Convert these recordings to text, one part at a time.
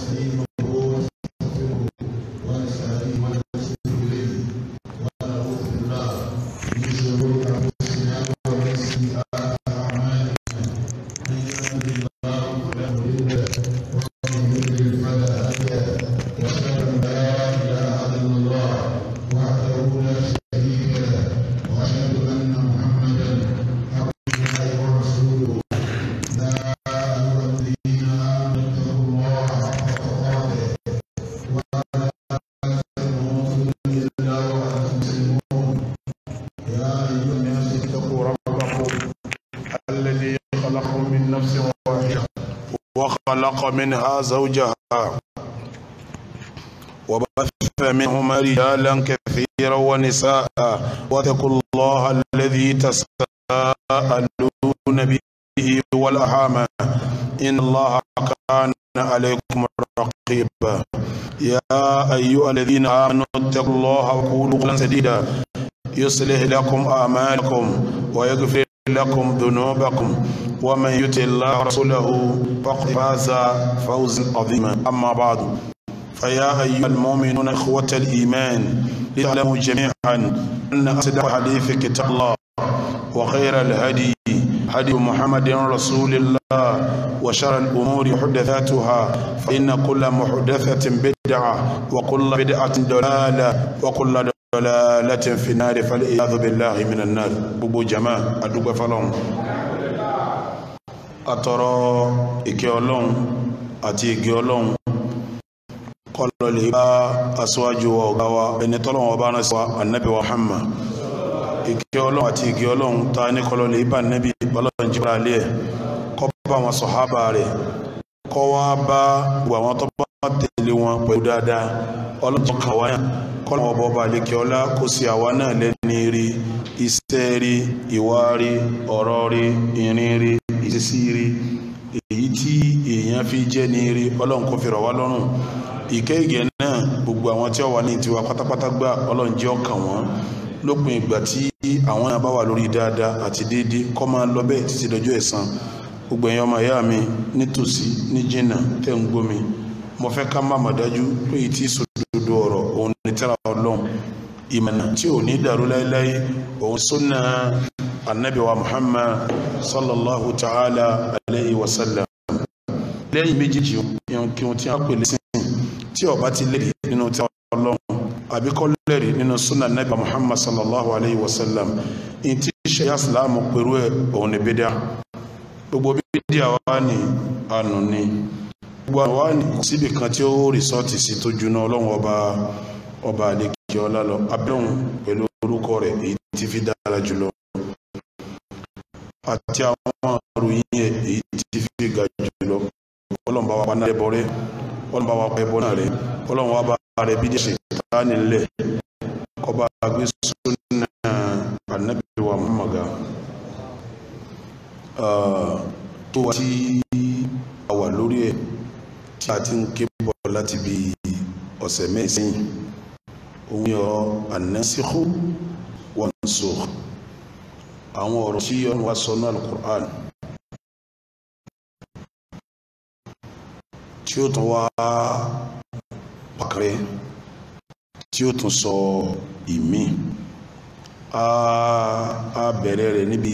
Deus livre. منها زوجها وبث منهما رجالا كثيرا ونساء واتقوا الله الذي تساءلون به والأحام إن الله كان عليكم رقيبا يا أيها الذين آمنوا اتقوا الله وقولوا قولا سديدا يصلح لكم أعمالكم ويغفر لكم ذنوبكم ومن يطع الله ورسوله فقد فاز فوزا عظيما اما بعد فيا ايها المؤمنون اخوه الايمان لتعلموا جميعا ان اصدق الحديث كتاب الله وخير الهدي هدي محمد رسول الله وشر الأمور محدثاتها فإن كل محدثة بدعة وكل بدعة ضلاله وكل ضلالة في النار فالعياذ بالله من النار gbogbo jama a dúpẹ́ fọ́lọ́run a tọrọ ìkẹ́ Ọlọ́run àti ìgẹ́ Ọlọ́run kó lọ lè bá aṣíwájú wa ọ̀gá wa ẹni tọ́lọ́run ọba rán sí wa annabi Muhammad ìkẹ́ Ọlọ́run kọ́ wá bá gbogbo àwọn tó bá tẹ̀lé wọn pẹ̀lú dáadáa ọlọ́jọ́ kàwáyà kọ́lá ọ̀bọ̀ ọba àlekè ọlá kó sí àwa náà lẹ́ni rí iṣẹ́ rí ìwà rí ọ̀rọ̀ rí ìrìn rí ìṣesí rí èyí tí èèyàn fi jẹ́ ní rí ọlọ́run kò fi rọ̀ wá lọ́rùn ìkẹ́ ìgẹ̀ náà gbogbo àwọn tí ó wà ní tiwa pátápátá gbà ọlọ́run jẹ́ ọkàn wọn lópin ìgbà tí àwọn náà bá wà lórí dáadáa àti déédéé kọ́ máa lọ bẹ́ẹ̀ títí dọjọ́ ẹ̀san gbogbo ẹ̀yin ọmọ ìyá mi nítòsí ní jìnnà tẹ́ ń gbọ́ mi mo fẹ́ ká má mà dájú pé ìtì sòdodo ọ̀rọ̀ òun ní tẹ́ra ọlọ́run ìmọ̀nà tí ò ní dàrú láéláé òun súnà anabi wa muhammad sallallahu ta'ala alayhi wa sallam lẹ́yìn méjèèjì yẹn kí wọ́n ti á pè lẹ́sìn tí ọba ti lẹ́rìí nínú tẹ́ra ọlọ́run àbíkọ́ lẹ́rìí nínú súnà anabi muhammad sallallahu alayhi wa sallam ìtì ṣe yá sàlámù pẹ̀lú ẹ̀ òun ní bídà gbogbo bídíà wá ní ànú ni gbogbo àwọn wá ní síbì kan tí ó rìsọ́ọ̀tì sí tó juná ọlọ́run ọba ọba àlekí ọlá lọ abẹ́hùn pẹ̀lú orúkọ rẹ̀ èyí tí fi dára jùlọ àti àwọn àròyìn ẹ̀ èyí tí fi ga jùlọ ọlọ́run bá wa pa náà ẹbọ rẹ ọlọ́run bá wa pa ẹbọ náà rẹ ọlọ́run wa bá rẹ bídíà ṣe tá nílẹ̀ kọba gbé ànábì Ah, tó wá tí a wà lórí ẹ̀ tí a ti ń ké bọ̀ láti bí ọ̀sẹ̀ mẹ́sìn òun yọ an-nasikhu wan-sukh àwọn ọ̀rọ̀ tí ọ̀rọ̀ wa sọ ní al tí ó tún wá pàkàrẹ́ tí ó tún sọ ìmí a bẹ̀rẹ̀ rẹ̀ níbi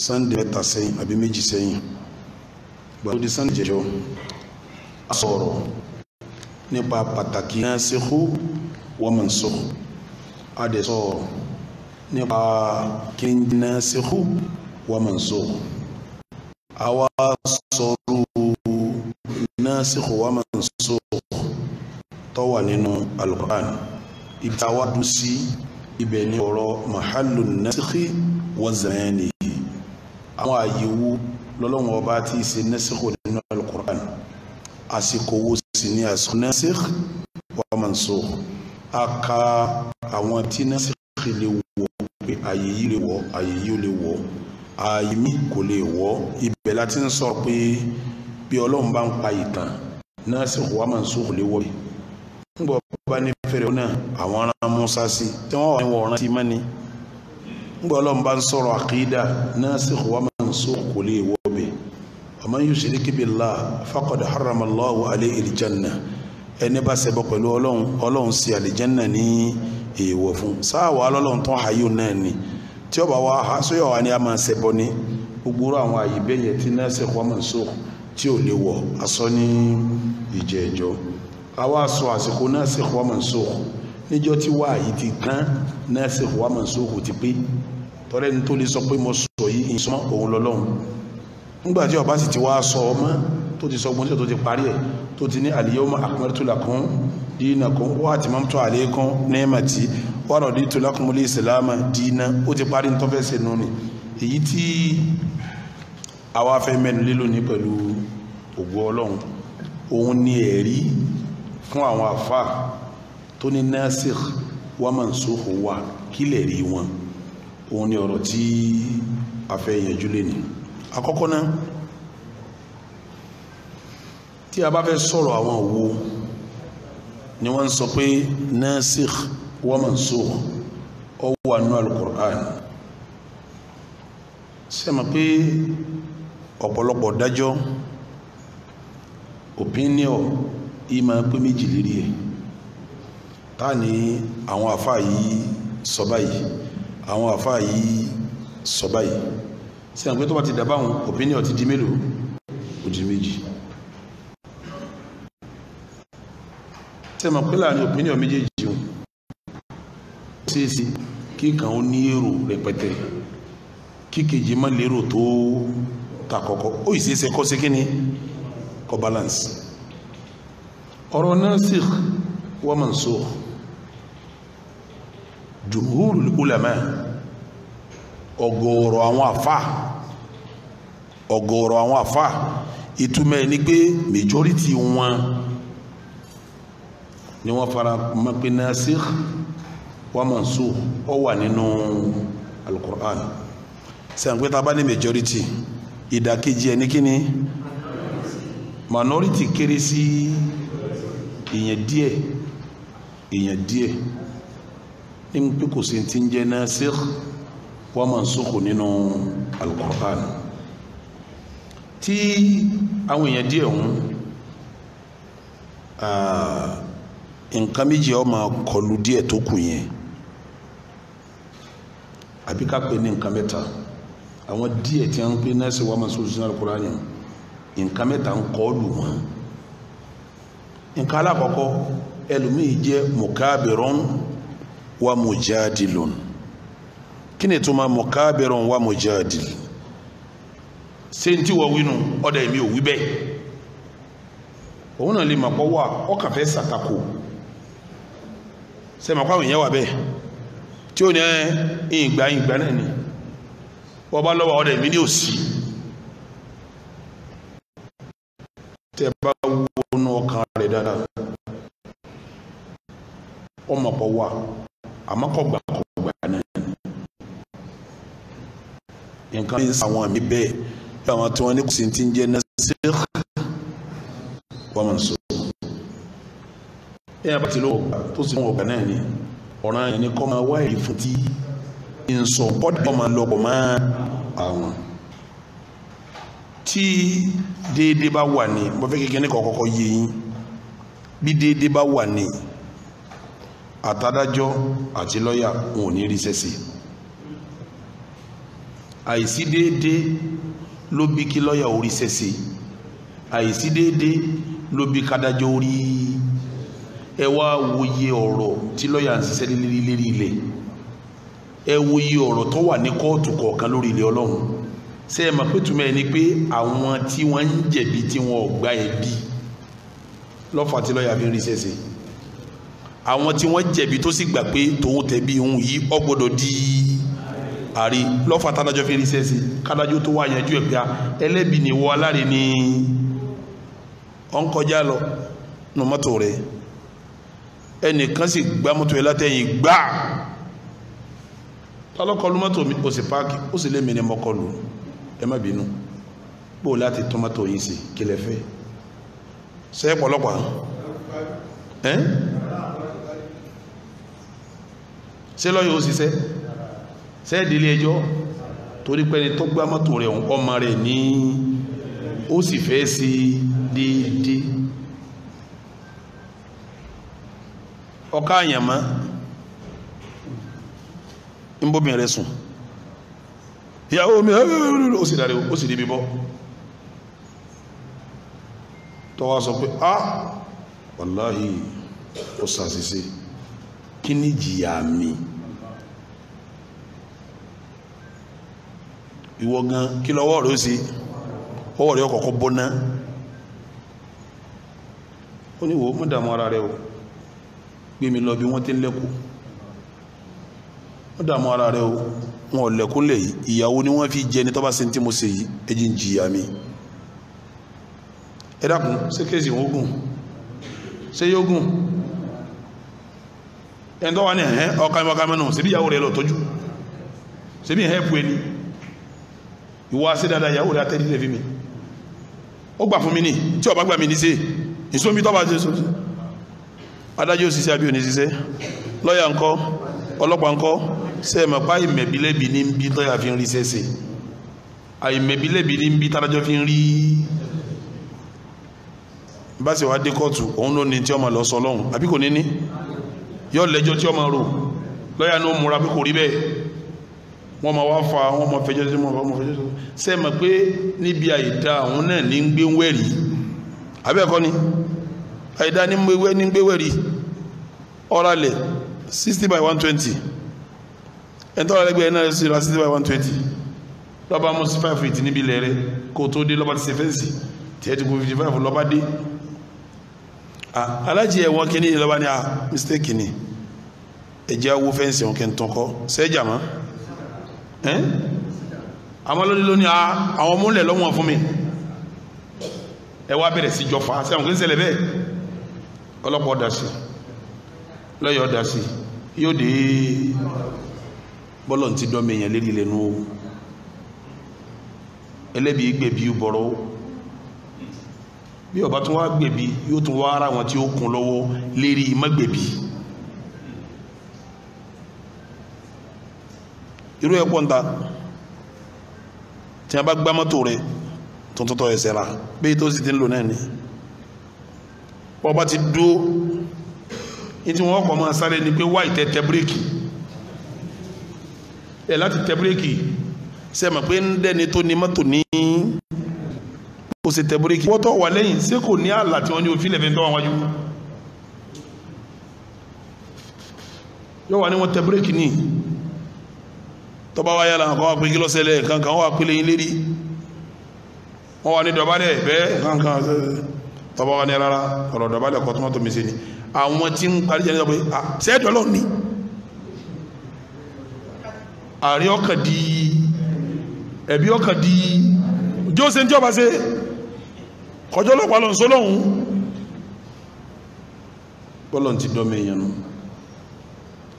sunday mẹ́ta sẹ́yìn àbí méjì sẹ́yìn gbàgbọ́ di sunday jẹjọ́ a sọ̀rọ̀ nípa pàtàkì nasikhu wa mansukh a dẹ̀ sọ̀rọ̀ nípa kíni nasikhu wa mansukh a wá sọ̀rọ̀ nasikhu wa mansukh tó wà nínú alukur'an ibi tá a wá dùn sí ibẹ̀ ni ọ̀rọ̀ mahalu nasikhi wa zamani àwọn àyèwò lọ́lọ́wọ́n ọba tí ì ṣe nẹ́sìkò nínú alukur'an àsìkò wo sì ni àsìkò nẹ́sìkò wà mansukh a ka àwọn tí nẹ́sìkò lè wọ̀ pé àyè yìí lè wọ̀ àyè yìí lè wọ̀ ààyè mi kò lè wọ̀ ibẹ̀ láti ń sọ pé bí ọlọ́run bá ń pa ìtàn násìkò wa mansukh lè wọ̀ bí. ń gbọ́ bá ní fẹ́rẹ̀ náà àwọn ará musa sí tí wọ́n wà ní wọ̀ọ́rán tí mọ́ni ngbọ́lọ́ bá ń sọ̀rọ̀ àkídà nasikh wa mansukh kò lè wọ́ bẹ̀ waman yushrik billah faqad harrama Allahu alayhi al-janna ẹni bá ṣẹbọ pẹ̀lú ọlọ́run ọlọ́run sí àlìjánà ní èèwọ̀ fún sáàwọ̀ alọ́lọ́run tán ayò náà ni tí ọba wa ha sóyọ̀ wa ni a máa ṣẹbọ ní gbogbo àwọn àyè bẹ́yẹ tí nasikh wa mansukh tí ò lè wọ̀ asọ́ ní ìjẹ́ àwa sọ àsìkò nasikh wa mansukh níjọ́ tí wà yìí ti tán nasikh wa mansukh ti pé tọ́lẹ́ ní tó lè sọ pé mo sọ yìí ìsọmọ òun lọ́lọ́run nígbà tí ọba sì ti wá sọ ọmọ tó ti sọ gbọ́n tí ó ti parí ẹ̀ tó ti ní al-yawma akmaltu lakum dinakum wa atmamtu alaykum ni'mati wa raditu lakumul islama dinan ó ti parí ní tọ́fẹ́ sẹ́nu ni èyí tí àwa fẹ́ mẹ́nu lélo ní pẹ̀lú ògo ọlọ́run òun ni ẹ̀rí fún àwọn àfáà tó ní nasikh wa mansukh wà kílẹ̀ rí wọn òun ni ọ̀rọ̀ tí a fẹ́ yanjú lẹ́ni àkọ́kọ́ náà tí a bá fẹ́ sọ̀rọ̀ àwọn òwò ni wọ́n sọ pé nasikh wa mansukh ó wà nínú alukur'an sẹ́mi pé ọ̀pọ̀lọpọ̀ dájọ́ opinion ìmọ̀ pé méjì lérí ẹ̀ táàní àwọn àfáà yìí sọ báyìí àwọn àfáà yìí sọ báyìí sí àwọn pé tó bá ti dàbá àwọn opinion ti di mélòó ó di méjì tẹ́mọ̀ pé láàrin opinion méjèèjì o ṣeéṣe kíkan ó ní èrò rẹpẹtẹ kíkejì má lérò tó takọ̀kọ́ ó ìṣeéṣe kọ́ sí kíni kọ́ balance ọ̀rọ̀ nasikh wa mansukh jumhurul ulama ọ̀gọ̀ọ̀rọ̀ àwọn àfà ọ̀gọ̀ọ̀rọ̀ àwọn àfà ìtumọ̀ ni pé majority wọn ni wọ́n fara mọ́ pé wamansu, wa mansukh ó wà nínú alukur'an sẹ́ǹpẹ́ tá bá ní majority ìdàkejì ẹ̀ ní kíni minority kéré sí ìyẹn díẹ̀ ìyẹn díẹ̀ níbi kò sí ti ń jẹ́ nasikh wa mansukh nínú alukur'an tí àwọn èèyàn díẹ̀ ń nǹkan méjì ó máa kọlu díẹ̀ tó kù yẹn àbí ká pè ní nǹkan mẹ́ta àwọn díẹ̀ tí a ń pè nasikh wa mansukh nínú alukur'an nǹkan mẹ́ta ń kọ́ lù wọ́n nǹkan alákọ̀ọ́kọ́ ẹlòmíì jẹ́ mukabirun wa mujadilun kí ni ìtumọ̀ mukabirun wa mujadil senti wọ winu ọdọ èmi ò wí bẹ́ẹ̀ òun náà lè mọ̀ pọ̀ wà ọkàn fẹ́ sàtakò sẹ́mi àpá òyìn yẹn wà bẹ́ẹ̀ tí ó ní ẹ ìgbà ìgbà náà ni wọ́n bá lọ́wọ́ ọdọ èmi ní òsì tẹ bá wọnú ọkàn rẹ̀ dáadáa ọmọ wà àmọ́ kò gbà kò gbà náà nǹkan bí àwọn mi bẹ́ẹ̀ bí àwọn tí wọ́n ní kùsì ti ń jẹ́ nasikh wọ́n mọ̀ sọ. ẹ̀yà bá ti lóò gbà tó sì mú ọ̀gá náà ni ọ̀ràn yẹn ni kọ́ máa wá èyí fún ti nsọ kọ́dà máa lọ pọ̀ mọ́ àwọn. tí déédéé bá wà ní mo kékeré kọ́kọ́kọ́ yé yín bí déédéé bá wà ní àtàdájọ́ àti lọ́yà wọn ò ní rí sẹ́sì àìsí déédéé ló bí kí lọ́yà orí sẹ́sì àìsí déédéé ló bí kádájọ́ orí ẹ wá wòye ọ̀rọ̀ tí lọ́yà ń ṣiṣẹ́ lérí lérí ilẹ̀ ẹ wòye ọ̀rọ̀ tó wà ní kóòtù kọ̀ọ̀kan lórí ilẹ̀ ọlọ́run ṣé ẹ mọ̀ pé túmọ̀ ẹ ni pé àwọn tí wọ́n ń jẹ̀bi tí wọ́n ò gba ẹ̀bi lọ́fà tí lọ́yà fi ń rí sẹ́sì àwọn tí wọ́n jẹ̀bi tó sì gbà pé tòun tẹ̀bi òun yìí ó gbọ́dọ̀ di àrí lọ́fà tádájọ́ fi rí sẹ́sì kádájọ́ tó wà yanjú ẹ̀ ah, ẹlẹ́bi ni wọ́n aláre ni ọ ń kọjá lọ nù mọ́tò rẹ̀ ẹnìkan sì gbá mọ́tò ẹ̀ látẹ̀yìn gbá tọ́lọ́kọlù mọ́tò mi ò sì páàkì ó sì lé ní mọ́kọlù ẹ má bínú bó láti tún mọ́tò yìí sí kílẹ̀ fẹ́ sẹ́yìn pọ̀lọ́pàá ẹ́ ṣé lọ́yọ̀ ó ṣiṣẹ́ sẹ́ẹ̀dì ilé ẹjọ́ torí pẹ́ni tó gbá mọ́tò rẹ̀ ọmọ rẹ̀ ní ó sì fẹ́ sí dídí ọká àyàmá ń bóbin rẹ̀ sùn ìyàwó mi ó sì dáre ó sì débi bọ́ tọwọ́ sọ pé a wàláhì ó sàṣìṣe kí ni jìyà mi. ìwọ gan kí lọ́wọ́ rẹ̀ ó ṣe ọwọ́ rẹ̀ ọkọ̀ọ̀kọ́ bọ́ná ó ní wo mọ́ dàmú ara rẹ̀ o gbé mi lọ bí wọ́n ti lẹ́kù mọ́ dàmú ara rẹ̀ o wọn ò lẹ́kúnlẹ̀ yìí ìyàwó ni wọ́n fi jẹ ní tọ́ba sí ti mo ṣe yìí ẹjí ń jìyà mi ẹ dákun ṣé kéèsì wọn gùn ṣé yóò gùn ẹni tó wà ní ẹ̀hẹ́ ọkàmọ́kàmọ́ náà ṣebí ìyàwó rẹ̀ lọ tọ́jú ṣebí ẹ̀hẹ́ pu ẹni ìwọ ṣe dáadáa ìyàwó rẹ̀ àtẹ́lẹ̀ fi mi ó gbà fún mi ní tí ó bá gbà mí ní sí ìsómi tọ́ba ṣe sọ sí adájọ́ òṣìṣẹ́ àbí oníṣiṣẹ́ lọ́yà ńkọ́ ọlọ́pàá ńkọ́ sẹ́ẹ̀mọ̀ pa ìmẹ̀bílẹ́bì ní bí lọ́yà fi ń rí sẹ́sẹ̀ àìmẹ̀bílẹ́bì ní bí tádájọ́ fi ń rí bá sì wá dé kóòtù òun ló ní tí ọmọ lọ sọ lọ́hùn àbí kò ní ní yọ lẹ́jọ́ tí ọmọ rò lọ́yà ní ó múra pé kò rí bẹ́ẹ̀ wọ́n ma wá fa wọ́n ma fẹjọ́ sí wọn ma fẹjọ́ sí wọn ṣe mọ̀ pé níbi àìda àwọn náà ní ń gbé wẹ̀rí abẹ́ẹ̀kọ́ ni àìda ní ń gbé wẹ̀rí ọ̀ralẹ̀ sixty by one twenty ẹ̀ńtọ́ ọ̀rẹ́gbẹ̀ẹ́ náà sì ra sixty by one twenty lọ́ba mú sí five feet níbi ilẹ̀ rẹ kó tó dé lọ́ba ti ṣe fẹ́ǹsì tiẹ̀ ti kú fifty five lọ́ba dé alájì ẹ̀wọ̀n kínní lọ́ba ní a mistake ni ẹ̀jẹ̀ awo fẹ́ǹsì ọ̀kẹ́ ń tán kọ́ sẹ́jà mọ́ àwọn lónìí lónìí ah, àwọn ọmọ ńlẹ̀ lọ́wọ́ fún mi ẹ wá bẹ̀rẹ̀ sí jọfà sẹ́wọ̀n kí ń ṣẹlẹ̀ bẹ́ẹ̀ ọlọ́pàá ọ̀dà sí lọ́yọ̀ ọ̀dà sí yóò dé bọ́lọ̀ ti dọ́mọ èèyàn lérí lẹ́nu o ẹlẹ́bi gbẹ̀bí bọ̀rọ̀ bí ọba tún wá gbẹ̀bí yóò tún wá ara wọn tí ó kún lọ́wọ́ lérí mọ́gbẹ̀bí. irú ẹ̀ pọ̀ ń ta tí a bá gbá mọ́tò rẹ̀ tuntun ẹsẹ̀ ra bí tó sì ti ń lò náà ni ọba ti dúó ní tí wọ́n pọ̀ máa sáré ni pé wá ìtẹ́ tẹ bíréèkì ẹ̀ láti tẹ bíréèkì sẹ́mọ̀ pé ń dẹ́ni tó ní mọ́tò ní kò sì tẹ bíréèkì wọ́tọ̀ wà lẹ́yìn ṣé kò ní ààlà tí wọ́n ní òfin lẹ́fẹ̀ẹ́ tó wọn wájú yóò wà ní wọ́n tẹ bíréèkì nìyí tọba wa yàrá kan wà pé kílọ̀sẹ̀lẹ̀ kankan wà pélé yín lérí wọn wà ní dọ̀bálẹ̀ bẹ́ẹ̀ kankan tọba wa ní rárá ọ̀rọ̀ dọ̀bálẹ̀ kọ́ tọ́mọ́tò mi sí ni àwọn tí ń parí jẹ́ ní sọ́pẹ́ sẹ́ẹ̀dọ̀ lọ ni àrí ọkàn di ẹ̀bí ọkàn di jọ́sẹ̀ ní tí ọba ṣe kọjọ́ lọ́pàá lọ́n sọ́lọ́hún bọ́lọ̀ ti dọ́mẹ̀ èèyàn nù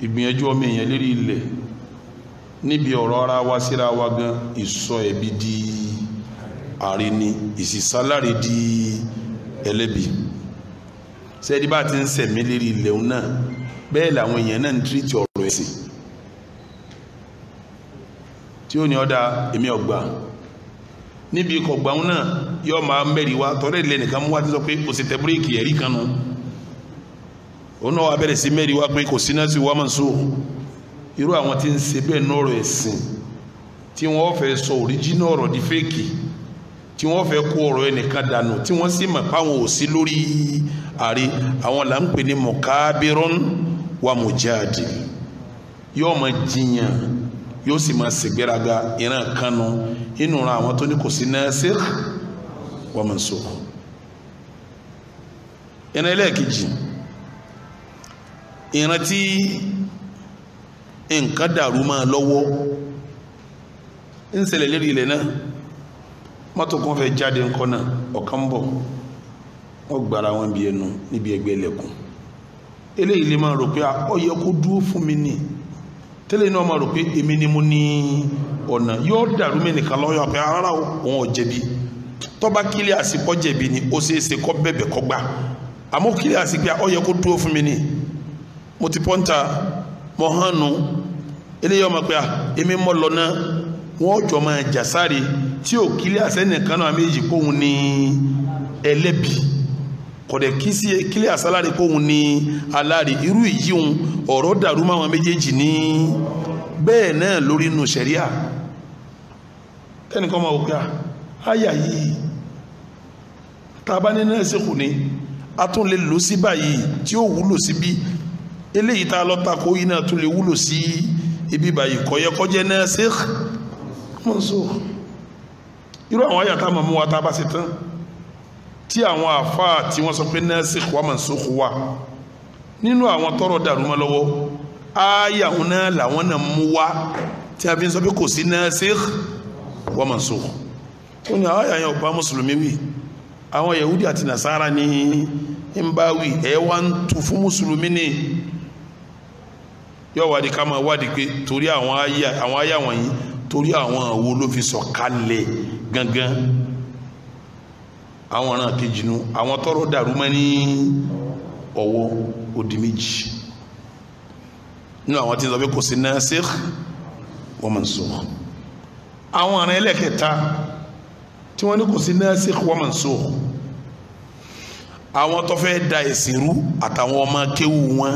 ìgbìyànjú ọmọ èèyàn lérí ilẹ̀ níbi ọ̀rọ̀ ara wa síra wa gan ìsọ ẹ̀bi di àríní ìsìsáláre di ẹlẹ́bi sẹ́ẹ̀dí bá ti ń sẹ̀mí lérí ilẹ̀ òun náà bẹ́ẹ̀ làwọn èèyàn náà ń tírìtì ọ̀rọ̀ ẹ̀sìn tí ó ní ọ̀dà èmi ọ̀gbà níbi ikọ̀ gbà òun náà yọ máa mẹ́rin wa tọ́lẹ̀ ilẹ̀ nìkan mú wa ti sọ pé kò sí tẹ búrẹ́kì ẹ̀rí kan nu òun náà wà bẹ̀rẹ̀ sí mẹ́rin wa pé kò sí náà sí wa sóò irú àwọn tí ń ṣe bẹ́ẹ̀ nọ́rọ̀ ẹ̀sìn tí wọ́n fẹ́ sọ òríjínà ọ̀rọ̀ di fẹ́ẹ̀kì tí wọ́n fẹ́ kó ọ̀rọ̀ ẹnìkan dànù tí wọ́n sì mọ̀ páwọn ò lórí àrí àwọn là ń pè ní mọ̀kábírọ́n wa mujadi yóò máa jiyàn yóò sì máa ṣègbéraga ìran kanu inú ra àwọn tó ní kò sí nasikh wa mansukh ìran ẹlẹ́ẹ̀kejì ìran tí. nǹkan dàrú máa lọ́wọ́ ń ṣẹlẹ̀ lérí ilẹ̀ náà mọ́tò kan fẹ́ jáde ńkọ́ náà ọ̀kan bọ̀ wọ́n gbára wọn bí ẹnu níbi ẹgbẹ́ ẹlẹ́kùn eléyìí lè máa rò pé ọ yẹ kó dúró fún mi nì tẹ́lẹ̀ náà máa rò pé èmi ni mo ní ọ̀nà yóò dàrú mi nìkan lọ́yọ̀ pé rárá òun ò jẹ̀bi tọ́ba kílẹ̀ àsìkọ́ jẹ̀bi ni ó ṣeé ṣe kọ́ bẹ̀bẹ̀ kọ́ gbà àmọ́ kílẹ̀ àsìkọ́ ọ yẹ kó dúró fún mi nì mo ti mọ hánu eléyìí ọmọ pé à èmi mọ lọ náà wọn jọ máa jà sáré tí ò kílẹ̀ àsẹ́nìkan náà méjì kóhun ní ẹlẹ́bi kọ̀dẹ̀ kí sí kílẹ̀ àsáláre kóhun ní aláre irú ìyíhun ọ̀rọ̀ dàrú máwọn méjèèjì ní bẹ́ẹ̀ náà lórí inú sẹ̀ríà tẹ́nìkan máa wòkúra àyà yìí tá a bá ní náà ṣe kù ní lè lò sí báyìí tí ó wúlò síbí eléyìí tá a lọ ta kó yìí náà tún lè wúlò sí ibi báyìí kọyẹ kọjẹ náà Sheikh Mansur irú àwọn àyà tá a mọ̀ mú wa tá a bá ṣe tán tí àwọn àfáà tí wọ́n sọ pé náà Sheikh wa Mansur wa nínú àwọn tọrọ dàrú mọ́ lọ́wọ́ àyà wọn náà làwọn náà mú wa tí a fi ń sọ pé kò sí náà Sheikh wa Mansur ó ní àyà yẹn ọba mùsùlùmí wì àwọn Yahudi àti Nasara ní ń bá wì ẹ̀ wá ń tu fún mùsùlùmí ni yóò wádìí ká máa wádìí pé torí àwọn àyà àwọn àyà wọ̀nyí torí àwọn àwo ló fi sọ kalẹ̀ gangan àwọn ọ̀ràn kejì nu àwọn tọrọ dàrú mọ́ ní ọwọ́ odi méjì nínú àwọn tí ń sọ pé kò sí nasikh wa mansukh àwọn ọ̀ràn ẹlẹ́kẹta tí wọ́n ní kò sí nasikh wa mansukh àwọn tó da ẹ̀sìn rú àtàwọn ọmọ kéwù wọn.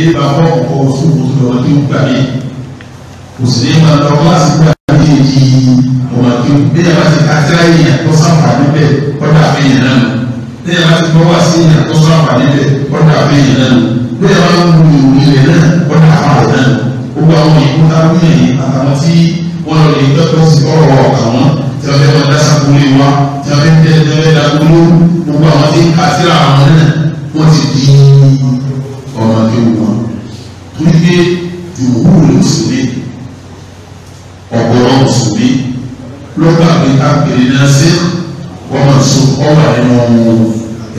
yé ba bọ́ ọ̀pọ̀ fún ọmọ tí ó gbà kò sì ní máa lọ kíláàsì gbà èyí ọmọ bí ẹ bá ti ká sí láyé yẹn tó sáfàdé bẹ ọ̀dà àfẹ́yìn náà bí ẹ bá ti gbọ́ wá sí yẹn tó sáfàdé bẹ ọ̀dà àfẹ́yìn náà bí ẹ bá ń lu ìwé rẹ̀ náà ọ̀dà àfàdé náà gbogbo àwọn èèyàn tá a wí yẹn àtàwọn tí wọ́n lọ lè dọ́kọ̀ sí ọ̀rọ̀ àwọn tí wọ́n fẹ́ wọn dásákúlé wa tí wọ́n fẹ́ tẹ́lẹ̀ tẹ́lẹ̀ gbogbo àwọn tí ń kásíra àwọn náà wọ́n ti di ọmọ akéwù wọn torí pé jùmùhúrì mùsùlùmí ọ̀gọ̀rọ̀ mùsùlùmí lọ́gbà pé káàkiri náà sí wọ́n máa so ọ̀wà nínú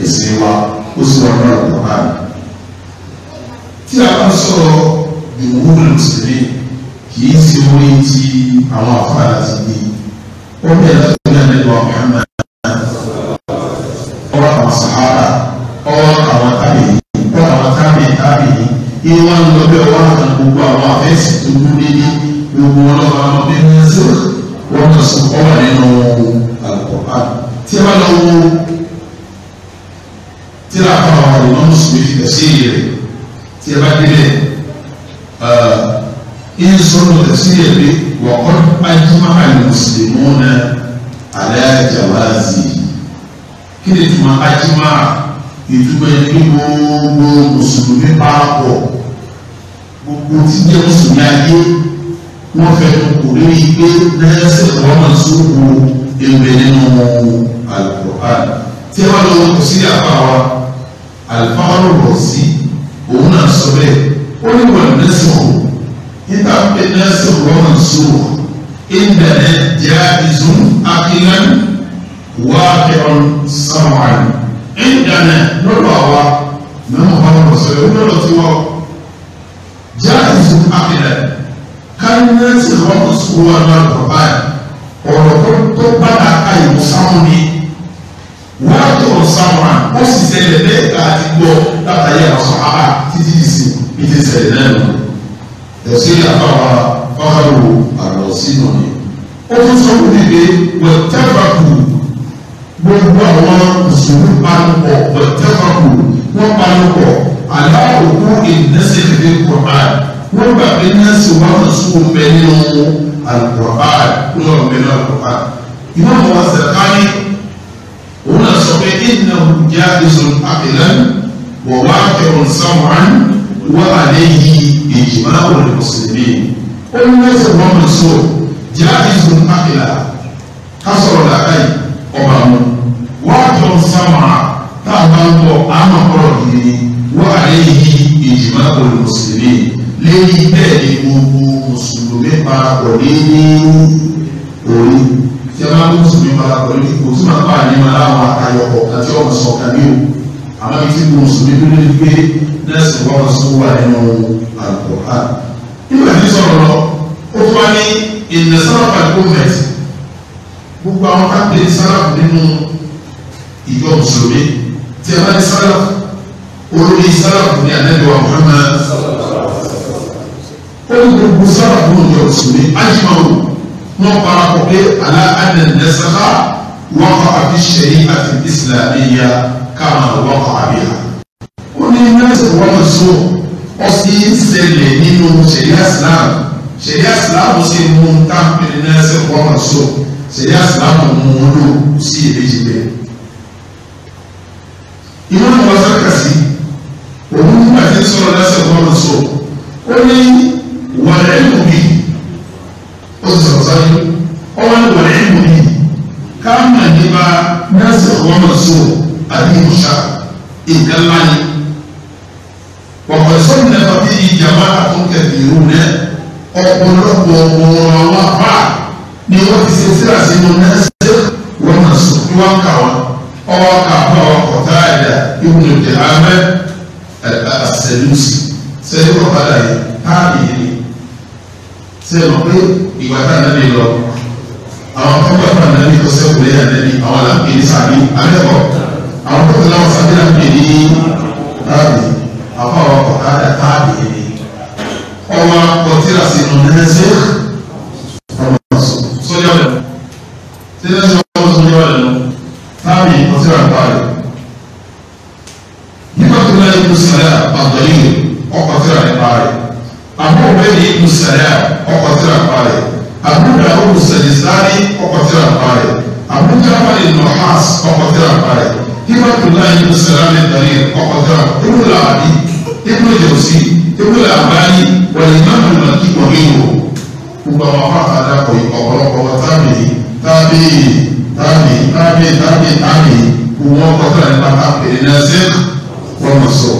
ẹ̀sìn wa ó sì wọ́n náà lọ́wọ́ náà. tí a bá sọ̀rọ̀ jùmùhúrì mùsùlùmí kì í ṣe orí ti àwọn afárá ti di wọ́n bẹ̀rẹ̀ láti ní àdéhùn Muhammad ọ̀rọ̀ àwọn sàhárà ọ̀rọ̀ àwọn tábìlì ìwọ ń lọ bí ọwọ́ àti gbogbo àwọn afẹ́sì tó kú dédé gbogbo wọn lọ́wọ́ àwọn ọmọdé ní ẹsẹ̀ wọn kà sọ ọwọ́ nínú àlùkọ́pá tí a bá lọ wo tí a kọ́ àwọn àwòrán mùsùlùmí fi tẹ̀sí rẹ̀ tí a bá délẹ̀ ń sọ̀rọ̀ tẹ̀sí rẹ̀ pé wọ́n kọ́ ajúmọ́ àlùmùsùlùmí náà alájà wáàzì kí ni tuma ajúmọ́ àlùmùsùlùmí ìdúpẹ́ ní gbogbo mùsùlùmí parapọ̀ gbogbo tí jẹ́ mùsùlùmí ayé wọ́n fẹnu kò lórí pé lẹ́sẹ̀ lọ́nà sóko ewé nínú Al-Qur'an tí a bá lọ kò sí àbáwa àlùfáàrò rọ̀ sí òun náà sọ bẹ́ẹ̀ ó ní wọ̀n lẹ́sẹ̀ o níta pé lẹ́sẹ̀ lọ́nà sóko ìdẹ̀rẹ̀ jẹ́ ìzún akínan wákẹ́rọ̀ sáwọn àná ìdáná lọ́dọ̀ àwa náà mọ̀ báwọn lọ sọ̀rọ̀ wọ́n lọ ti wọ́ jáàzù àkìlẹ̀ kárínẹ́sì lọ́dọ̀ sùwọ́ lọ́dọ̀ báyìí ọ̀rọ̀ tó bára káyì sáwọn ni wọ́n á tó sáwọn à ó sì ṣẹlẹ̀ bẹ́ẹ̀ ká ti gbọ́ látàyè àwọn àbá títí ìsìn bí ti ṣẹlẹ̀ náà lọ. ẹ̀sìn àbáwá fáwọn àlọ́ sínú ni ó tún sọ fún mi pé wọ́n tẹ́ gbogbo àwọn òṣèlú panupọ̀ pẹ̀tẹ́kọ̀kù wọ́n panupọ̀ aláwòkú ìdẹ́sẹ̀lẹ̀ kọ̀ọ̀án wọ́n gbà pé nẹ́ẹ̀sì wọn kò sún bẹ nínú alukọ̀ọ̀án kúlọ̀ bẹ nínú alukọ̀ọ̀án. ìwọ́n mọ̀ wọ́n sẹ̀káyé òun náà sọ pé ìnà òjá ìṣòro àbẹ̀lẹ̀ wọ̀ wá kẹrùn sáwọn wọ́n àlẹ́ yìí ìjìmá òun mùsùlùmí. ó ọba mu wájú sámà tá a bá ń bọ̀ àmà kọ́rọ̀ kiri wà lẹ́yìn ìjìmá olùmùsùlùmí lẹ́yìn bẹ́ẹ̀ ni gbogbo mùsùlùmí parapọ̀ ní orí tí a bá ń mùsùlùmí parapọ̀ ní kò tí màá bá a ní ma láwọn àtayọ̀kọ̀ àti ọ̀nà sọ̀kàmí o àmọ́ ibi tí mùsùlùmí dúró ní pé nẹ́ẹ̀sì wọ́n sọ wà nínú àlùkò ha. nígbà tí sọ̀rọ̀ lọ ó fọ́ ní ìnẹ̀sọ́rọ̀ pàtó gbogbo àwọn ká pè sáràfù nínú ìjọ mùsùlùmí tí a bá ní sáràfù olórí sáràfù ní àdẹ́dọ̀wà Muhammad ó gbogbo sáràfù ní ìjọ mùsùlùmí ajimawo wọn parapọ̀ pé alá àdàn nẹ́sàkà wọ́n kọ́ àfi ṣẹ̀yí àti ìsìlámíyà káwọn wọ́n kọ́ àbíyà. ó ní nẹ́sẹ̀ wọ́n sọ ọ sí ń ṣẹlẹ̀ nínú ṣẹ̀yí àsìlámù ṣẹ̀yí àsìlámù sì mú táǹpì nẹ́sẹ̀ wọ́n sọ sẹ̀yà sàlámù mú wọn lò sí èméjì bẹ́ẹ̀. inú ni wọ́n sọ́kà sí òun nígbà tí sọ̀rọ̀ lásán wọn sọ ó ní wàlẹ́ ìmùbí ó sì sọ̀rọ̀ sáyé ọwọ́ ní wàlẹ́ ìmùbí káàmà nípa lásán wọn sọ àbí ìmùsà nǹkan ńlá ni ọ̀pọ̀ sọ́ọ̀nù náà bá bí ìjàmbá àtúnkẹ́ bìrù náà ọ̀pọ̀lọpọ̀ ọ̀pọ̀ àwọn àbá ni wọ́n ti ṣe síra sínú nẹ́ẹ̀sì wọ́n mọ̀ sùn kí wọ́n kà wọ́n ọwọ́ kà fún ọwọ́ kọ̀tà ẹ̀dá ìwọ̀n ìdè amẹ́ àṣẹlùsì sẹ́yìn wọ́n yìí páàkì yìí ni sẹ́yìn wọ́n pé ìgbà tá a nàbí lọ àwọn tó bá fà nàbí tó sẹ́kù lẹ́yìn ànẹ́bí àwọn làǹkì ní sàbí àbẹ́kọ̀ àwọn tó ti láwọn sàbí làǹkì ní páàkì àfọwọ́ kọ̀tà ẹ̀dá yìí ni ọwọ́ kọ̀tìrà sórí ọ̀dọ̀ tí ó ṣe ọwọ́ sórí ọ̀dọ̀ tábì ọtí rà parí. nígbà tó lọ ikú sàlẹ̀ àgbẹ̀ yìí se tí rà parí. àbúrò bẹ́ẹ̀ ni ikú sàlẹ̀ ọkọ̀ tí rà parí. àbúrò dà ó sàlẹ̀ sáré se tí rà parí. àbúrò jábà lè nọ hàs ọkọ̀ tí rà parí. nígbà tó lọ ikú sàlẹ̀ àgbẹ̀ yìí ọkọ̀ tí rà parí. ibùdó àbí ibùdó jòsí ibùdó àbáyé wọ gbogbo àwọn afáàfà dàpọ̀ ìkọ̀ ọ̀pọ̀lọpọ̀ wọn tábì tábì tábì tábì tábì tábì gbogbo wọn kọ́ sílẹ̀ nípa tábì ìrìnà sí wọn mọ̀ sọ.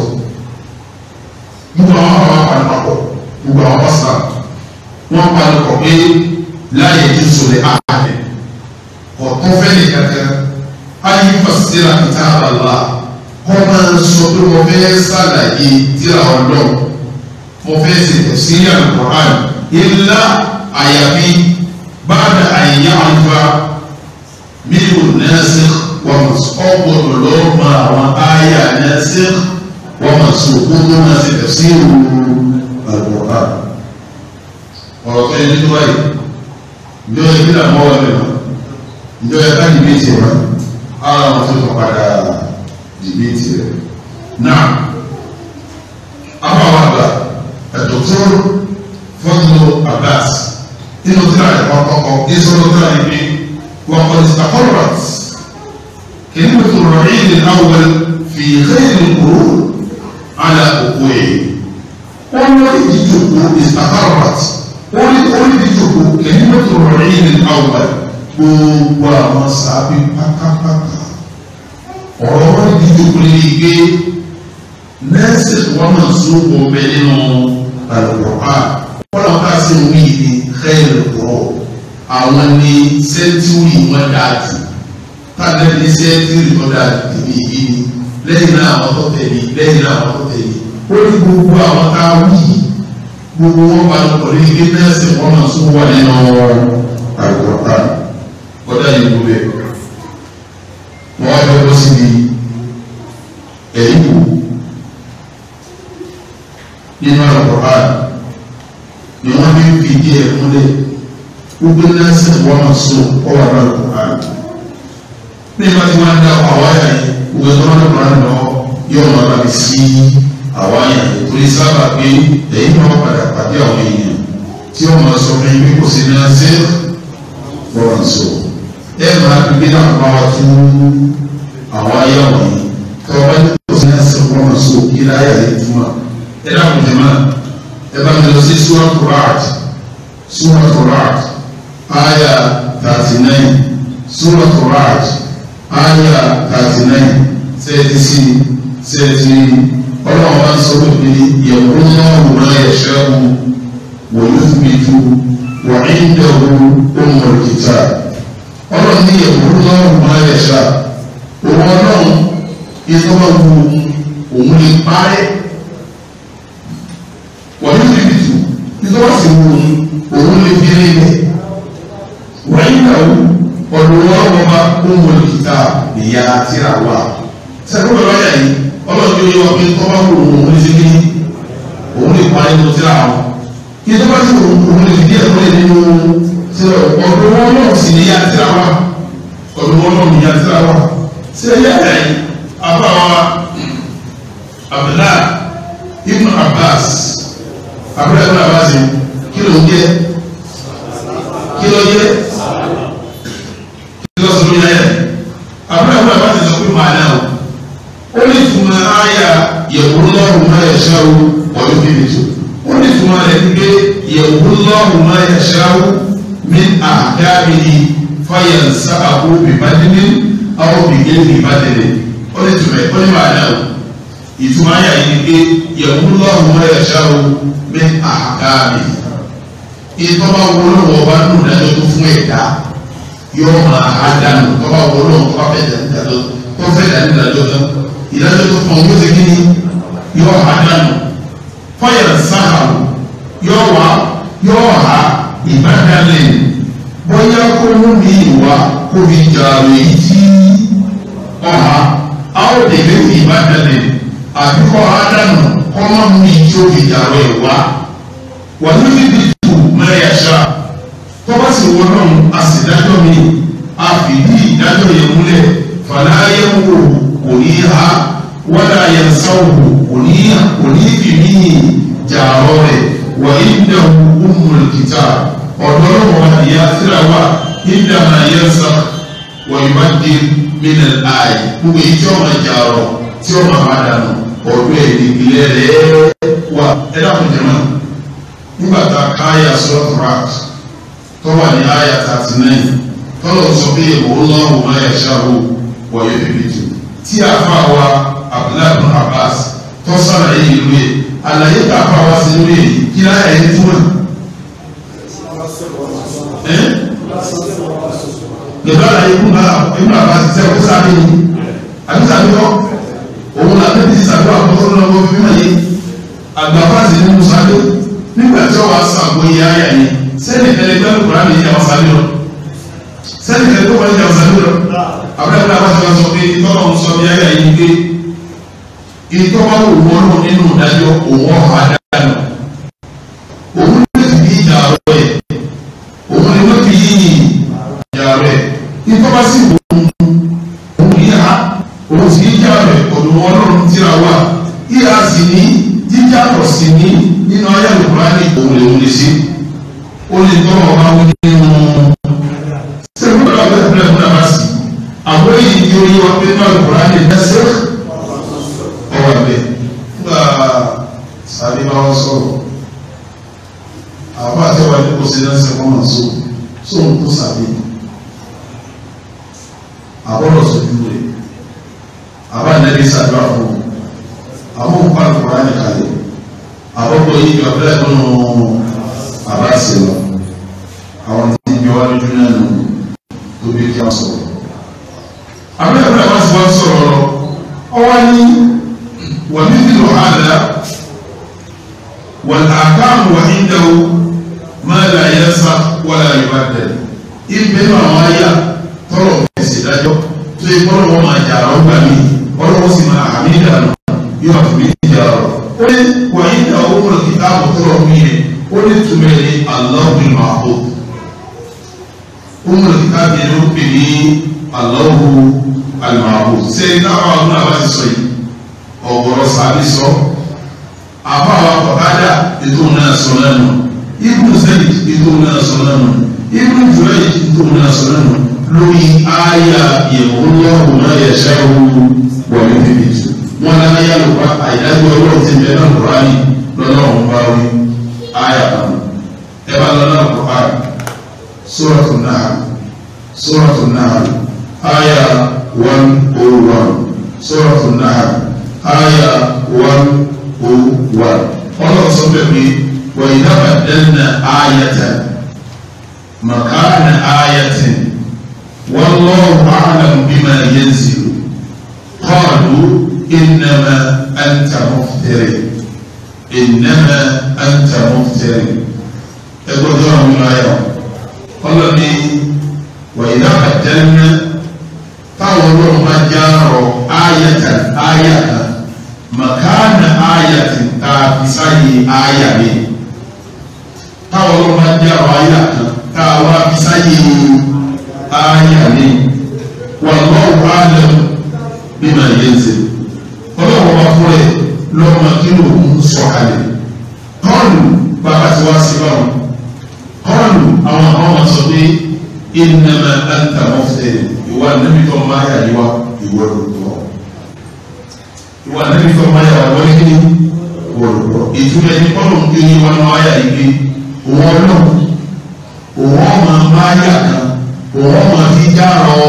gbogbo àwọn afáàfà pàdé papọ̀ gbogbo àwọn pásítà wọn pàdé pọ̀ pé láyé tí sọlẹ̀ àhàlẹ̀ ọ̀tún fẹ́lẹ̀ kankan ayé fàṣẹ́lá kìtà àbàlá kọ́ máa ń sọ pé wọ́n fẹ́ sàlàyé tíra ọ̀dọ́ mo fẹ́ ṣètò sí àlùkò ilá àyàfi báàdà àyíyá àlùfà mílíọ̀nù nẹ́ẹ̀sì wọ́n ọgbọ̀dọ̀ lọ́ọ́ mọ àwọn àyà nẹ́ẹ̀sì wọ́n mọ̀ sí òkú tó máa ṣe ẹ̀sìn ìrù àgbọ̀ká ọ̀rọ̀ tó yẹ nínú wáyé ìjọ yẹ bí làwọn ọ̀rọ̀ mẹ́wàá ìjọ yẹ ká dìbìtì rẹ̀ ara wọn tó kàn padà dìbìtì náà àwọn àgbà ẹ̀tọ́ tó fọ́tò Abbas nínú tíra rẹ̀ kọ́kọ́kọ́ ìṣòro tíra rẹ̀ bí wọ́n kọ́ ìsàkọ́rọ̀t kìnnìún tó rọ̀ ní ìdè náwó fi ìkéyìn kúrò àlà òkú yìí wọ́n lọ ìdíjòkó ìsàkọ́rọ̀t wọ́n ní orí ìdíjòkó kìnnìún tó rọ̀ ní ìdè náwó gbogbo àwọn sàbí pátápátá ọ̀rọ̀ wọn ìdíjòkó lè gbé nẹ́ẹ̀sì wọn náà sóko bẹ́ẹ̀ nínú àlùkò kọ́lọ̀ ká sí òun yìí ní kẹ́lẹ̀ kúrọ̀ àwọn ní sẹ́ńtúrì wọn dáa jù tábẹ́ ní sẹ́ńtúrì wọn dáa jù tèmi yìí ni lẹ́yìn náà àwọn tó tẹ̀lé lẹ́yìn náà àwọn tó tẹ̀lé ó ní gbogbo àwọn tá a wí gbogbo wọn bá lọ pọ̀lú ilé náà sì wọ́n máa sún wà nínú àgbọ̀tà kọ́dà yìí ló bẹ̀ wọ́n á bẹ̀ wọ́n ẹ̀yìn wò nínú àgbọ̀tà ni wọ́n fi ń fi díẹ̀ múlẹ̀ gbogbo náà sì wọ́n máa so ọwọ́ àbá kò bá rẹ̀. ní ìgbà tí wọ́n ń dá àwáyà yìí gbogbo ẹ̀tọ́ wọn lọ́kùnrin àná yóò máa bá mi sí àwáyà yìí torí sábà pé ẹ̀yìn náà padà pàdé àwọn èèyàn tí wọ́n máa sọ fún yín pé kò sí náà sí wọ́n ẹ máa fi gbé náà bá wa fún àwáyà wọ̀nyí tọ́wọ́ bá ní kò sí náà sí wọ́n so kí láyà yìí túmọ̀ ẹ dáhùn jẹ́ máa ẹ bá mi lọ sí suwa kurat suwa kurat aya thirty nine suwa kurat aya thirty nine sẹ́ẹ̀tì sí sẹ́ẹ̀tì ọlọ́run bá ń sọ pé mi yẹ̀wò náà wò náà yẹ̀ ṣẹ́gun wò ló wà ní ìdẹ̀wò ọmọ òkìtà ọlọ́run ní yẹ̀wò náà wò náà yẹ̀ ṣá òun ọlọ́run ìtọ́wọ́ wu òun lè parẹ́ wọ́n yóò fi bìtì nítorí wọ́n sì wù òun lè fi rí ilẹ̀ wọ́n yìí náà ọ̀dọ̀ wọn wọ́n bá ohun ìkìtà ìyá tíra wà sẹ́kọ̀ọ́ lọ́yà yìí ọlọ́dún yóò wọ́n fi tọ́ bá wù òun lè fi rí òun lè pa nínú tíra wọn kí tó bá sì wù òun lè fi díẹ̀ lórí nínú tíra ọ̀dọ̀ wọn náà sì ní yá tíra wà ọ̀dọ̀ wọn náà ní yá tíra wà sẹ́yà yìí Abdullah ibn Abbas àbúrò ẹ̀kọ́ làwọn àṣẹ kí ló ń jẹ́ kí ló jẹ́ kí ló sọ lórí ayẹ àbúrò ẹ̀kọ́ làwọn àṣẹ sọ pé màá náà ó ní ìtumọ̀ ayà yẹ̀wò lọ́rùn máa yẹ̀ ṣáwó pọ̀lú bíbí tó ó ní ìtumọ̀ rẹ̀ ń gbé yẹ̀wò lọ́rùn máa yẹ̀ ṣáwó ní àdábìlì fọyẹ̀ àbó bìbá dídí àwọn bìgé bìbá dídí ó ní ìtumọ̀ ó ní màá náà ìtumọ̀ ayà yìí pé yẹ̀kú lọ́rùn mọ́ ẹ̀ṣá o mẹ́ àkáàmì ìtọ́ bá wọlé wọ́n bá nù dájọ́ tó fún ẹ̀dá yóò máa há dànù tọ́ bá wọlé wọn kọ́ fẹ́ dànù dájọ́ tó fẹ́ dànù dájọ́ tó ìdájọ́ tó fún ọgbọ́n ṣẹ́gi ni yóò há dànù fọyẹ̀ sáà yóò wá yóò há ìbádàlẹ̀ bóyá kó mú mi ìwà kó mi jà lè yí ọ̀há àwọn òdèlè àbíkọ́ ádámù kọ́mọ mi tí ó fi dàrọ ẹ̀ wá wà ní bíbí tù mẹ́rẹ̀ àṣà tọ́wọ́ sì wọ́n náà àṣìdájọ́ mi a fìdí ìdájọ́ yẹn múlẹ̀ fàlàyé wò kò ní ha wọ́dà yẹn sáwò kò ní kò ní fi mí jàrọ̀ rẹ̀ wà ìdá ummul kitab ọ̀dọ́ lọ́wọ́ ìyá síra wa ìdá máa yẹn sá wà ìbá dé mí nà láàyè gbogbo ìjọ́ máa jàrọ̀ tí ó máa dànù ọdún ìdílé rẹ̀ wà ẹ̀dàkùn jẹ̀mọ́ nígbà tá a ká àyà sọ́ọ̀tù rat tó wà ní àyà thirty nine tọ́lọ̀ sọ pé ìwọ lọ́rùn náà yẹ ṣàwò wọ̀nyẹ́ bèbè jù tí a fà wá Abdullahi bin Abbas tó sọ̀rọ̀ yìí lóye àlàyé tá a fà wá sí lóye yìí kí láyà yìí túmọ̀. Yorùbá àlàyé ibùdó àbá ti sẹ́wọ̀n sábẹ́ yìí àbí sábẹ́ kọ́ òun làbẹ́ ti sàdúrà fọ́sọ́nà ọmọ fífún ayé àgbàfáàsì ní musaabe nígbà tí ọwọ́ àṣàgbò yẹ ayà yìí sẹ́ni ẹlẹgbẹ́ kura mi yà ọ̀sán mi lọ sẹ́ni ẹlẹgbẹ́ kura mi yà ọ̀sán mi lọ abẹ́rẹ́ àwọn ọ̀sán sọ pé ìtọ́nà ń sọ bí ayà yìí gbé ìtọ́wọ́ òwò náà nínú ìdájọ́ òwò ọ̀hà dáná òun ló fi yí ìjà rẹ̀ òun ló fi yí ìjà rẹ̀ ìtọ́wọ́ sì wò olùmọ̀ ọlọ́run tíra wà ìhà sì ní jíjà pọ̀ sí ní nínú ayé àlùkùránì òun lè wọlé sí ó lè tọ́ ọba wọn nínú. sẹ́kúndà wà bẹ́ẹ̀ fúnra fúnra wá sí àwọn èyí tí ó yẹ wọn pé nínú àlùkùránì lẹ́sẹ̀ ọwọ́ abẹ nígbà sáré bá wọn sọ̀rọ̀ àwọn àti ọba ní kò sí lẹ́sẹ̀ wọn mọ̀ sóò sóò ń kó sàdúrà fún un àwọn òǹkà àkùrá nìkan lè àkókò yìí ìjọba ẹ̀kọ́ nù ni ó pè ní alọ́hu alùpàpọ̀ ṣé táwọn ọdún náà bá ti sọ yìí ọ̀gọ̀rọ̀ sàbí sọ àbá wa kọ̀dájà ètò náà sọ lẹ́nu ibù sẹ́yìn ètò náà sọ lẹ́nu ibù jùlẹ̀ ètò náà sọ lẹ́nu lórí àyà ìyẹ̀wòlọ́hùn náà yẹ ṣẹ́wó wọlé bíbí wọn náà yà lópa àyájọ́ ọlọ́run ti bẹ̀rẹ̀ náà kúrò ní lọ́lọ́run bá wí àyà kan ẹ bá lọ́lọ́run kọ́ àyà suratul Nahl. Surah An-Nahl ayah 101 Surah An-Nahl ayah 101 ọlọ́run sọ pé pé wọ́n ìdá bàdẹ́nà ayata makana ayati wallahu a'lam bima yanzilu qalu innama anta muftari innama anta muftari ẹgbẹ́ ọjọ́ àwọn ọmọ ayọ̀ ọlọ́ni wọ̀nyìnbá àjẹ́nà táwọn ọlọ́run bá já ọ̀rọ̀ ayẹ̀tà ayẹ̀tà màkánà ayẹ̀tì ta fisáyè ayà mi táwọn ọlọ́run bá já ọ̀rọ̀ ayẹ̀tà tá a wá fisáyè ayà mi wà lọ́wọ́ àlọ́ bí màá yẹ ń sè ọlọ́run bá fún ẹ lọ́mọ kí lòun sọ̀kalẹ̀ kọ́ọ̀lù bàbá tí wàá sí báwọn kọ́ọ̀lù àwọn àwọn ọmọ sọ pé ìnana ẹ̀ńtà wọn ṣe ìwà níbi tó máa yà yíwá ìwọ lòpọ̀ ìwà níbi tó máa yà wọ́n ní ìwọ lòpọ̀ ìtumọ̀ ẹni kọ́nà ń gbé yíwá náà yà yígbé òun ọlọ́run òun ọmọ máa yà kan òun ọmọ fi já rọ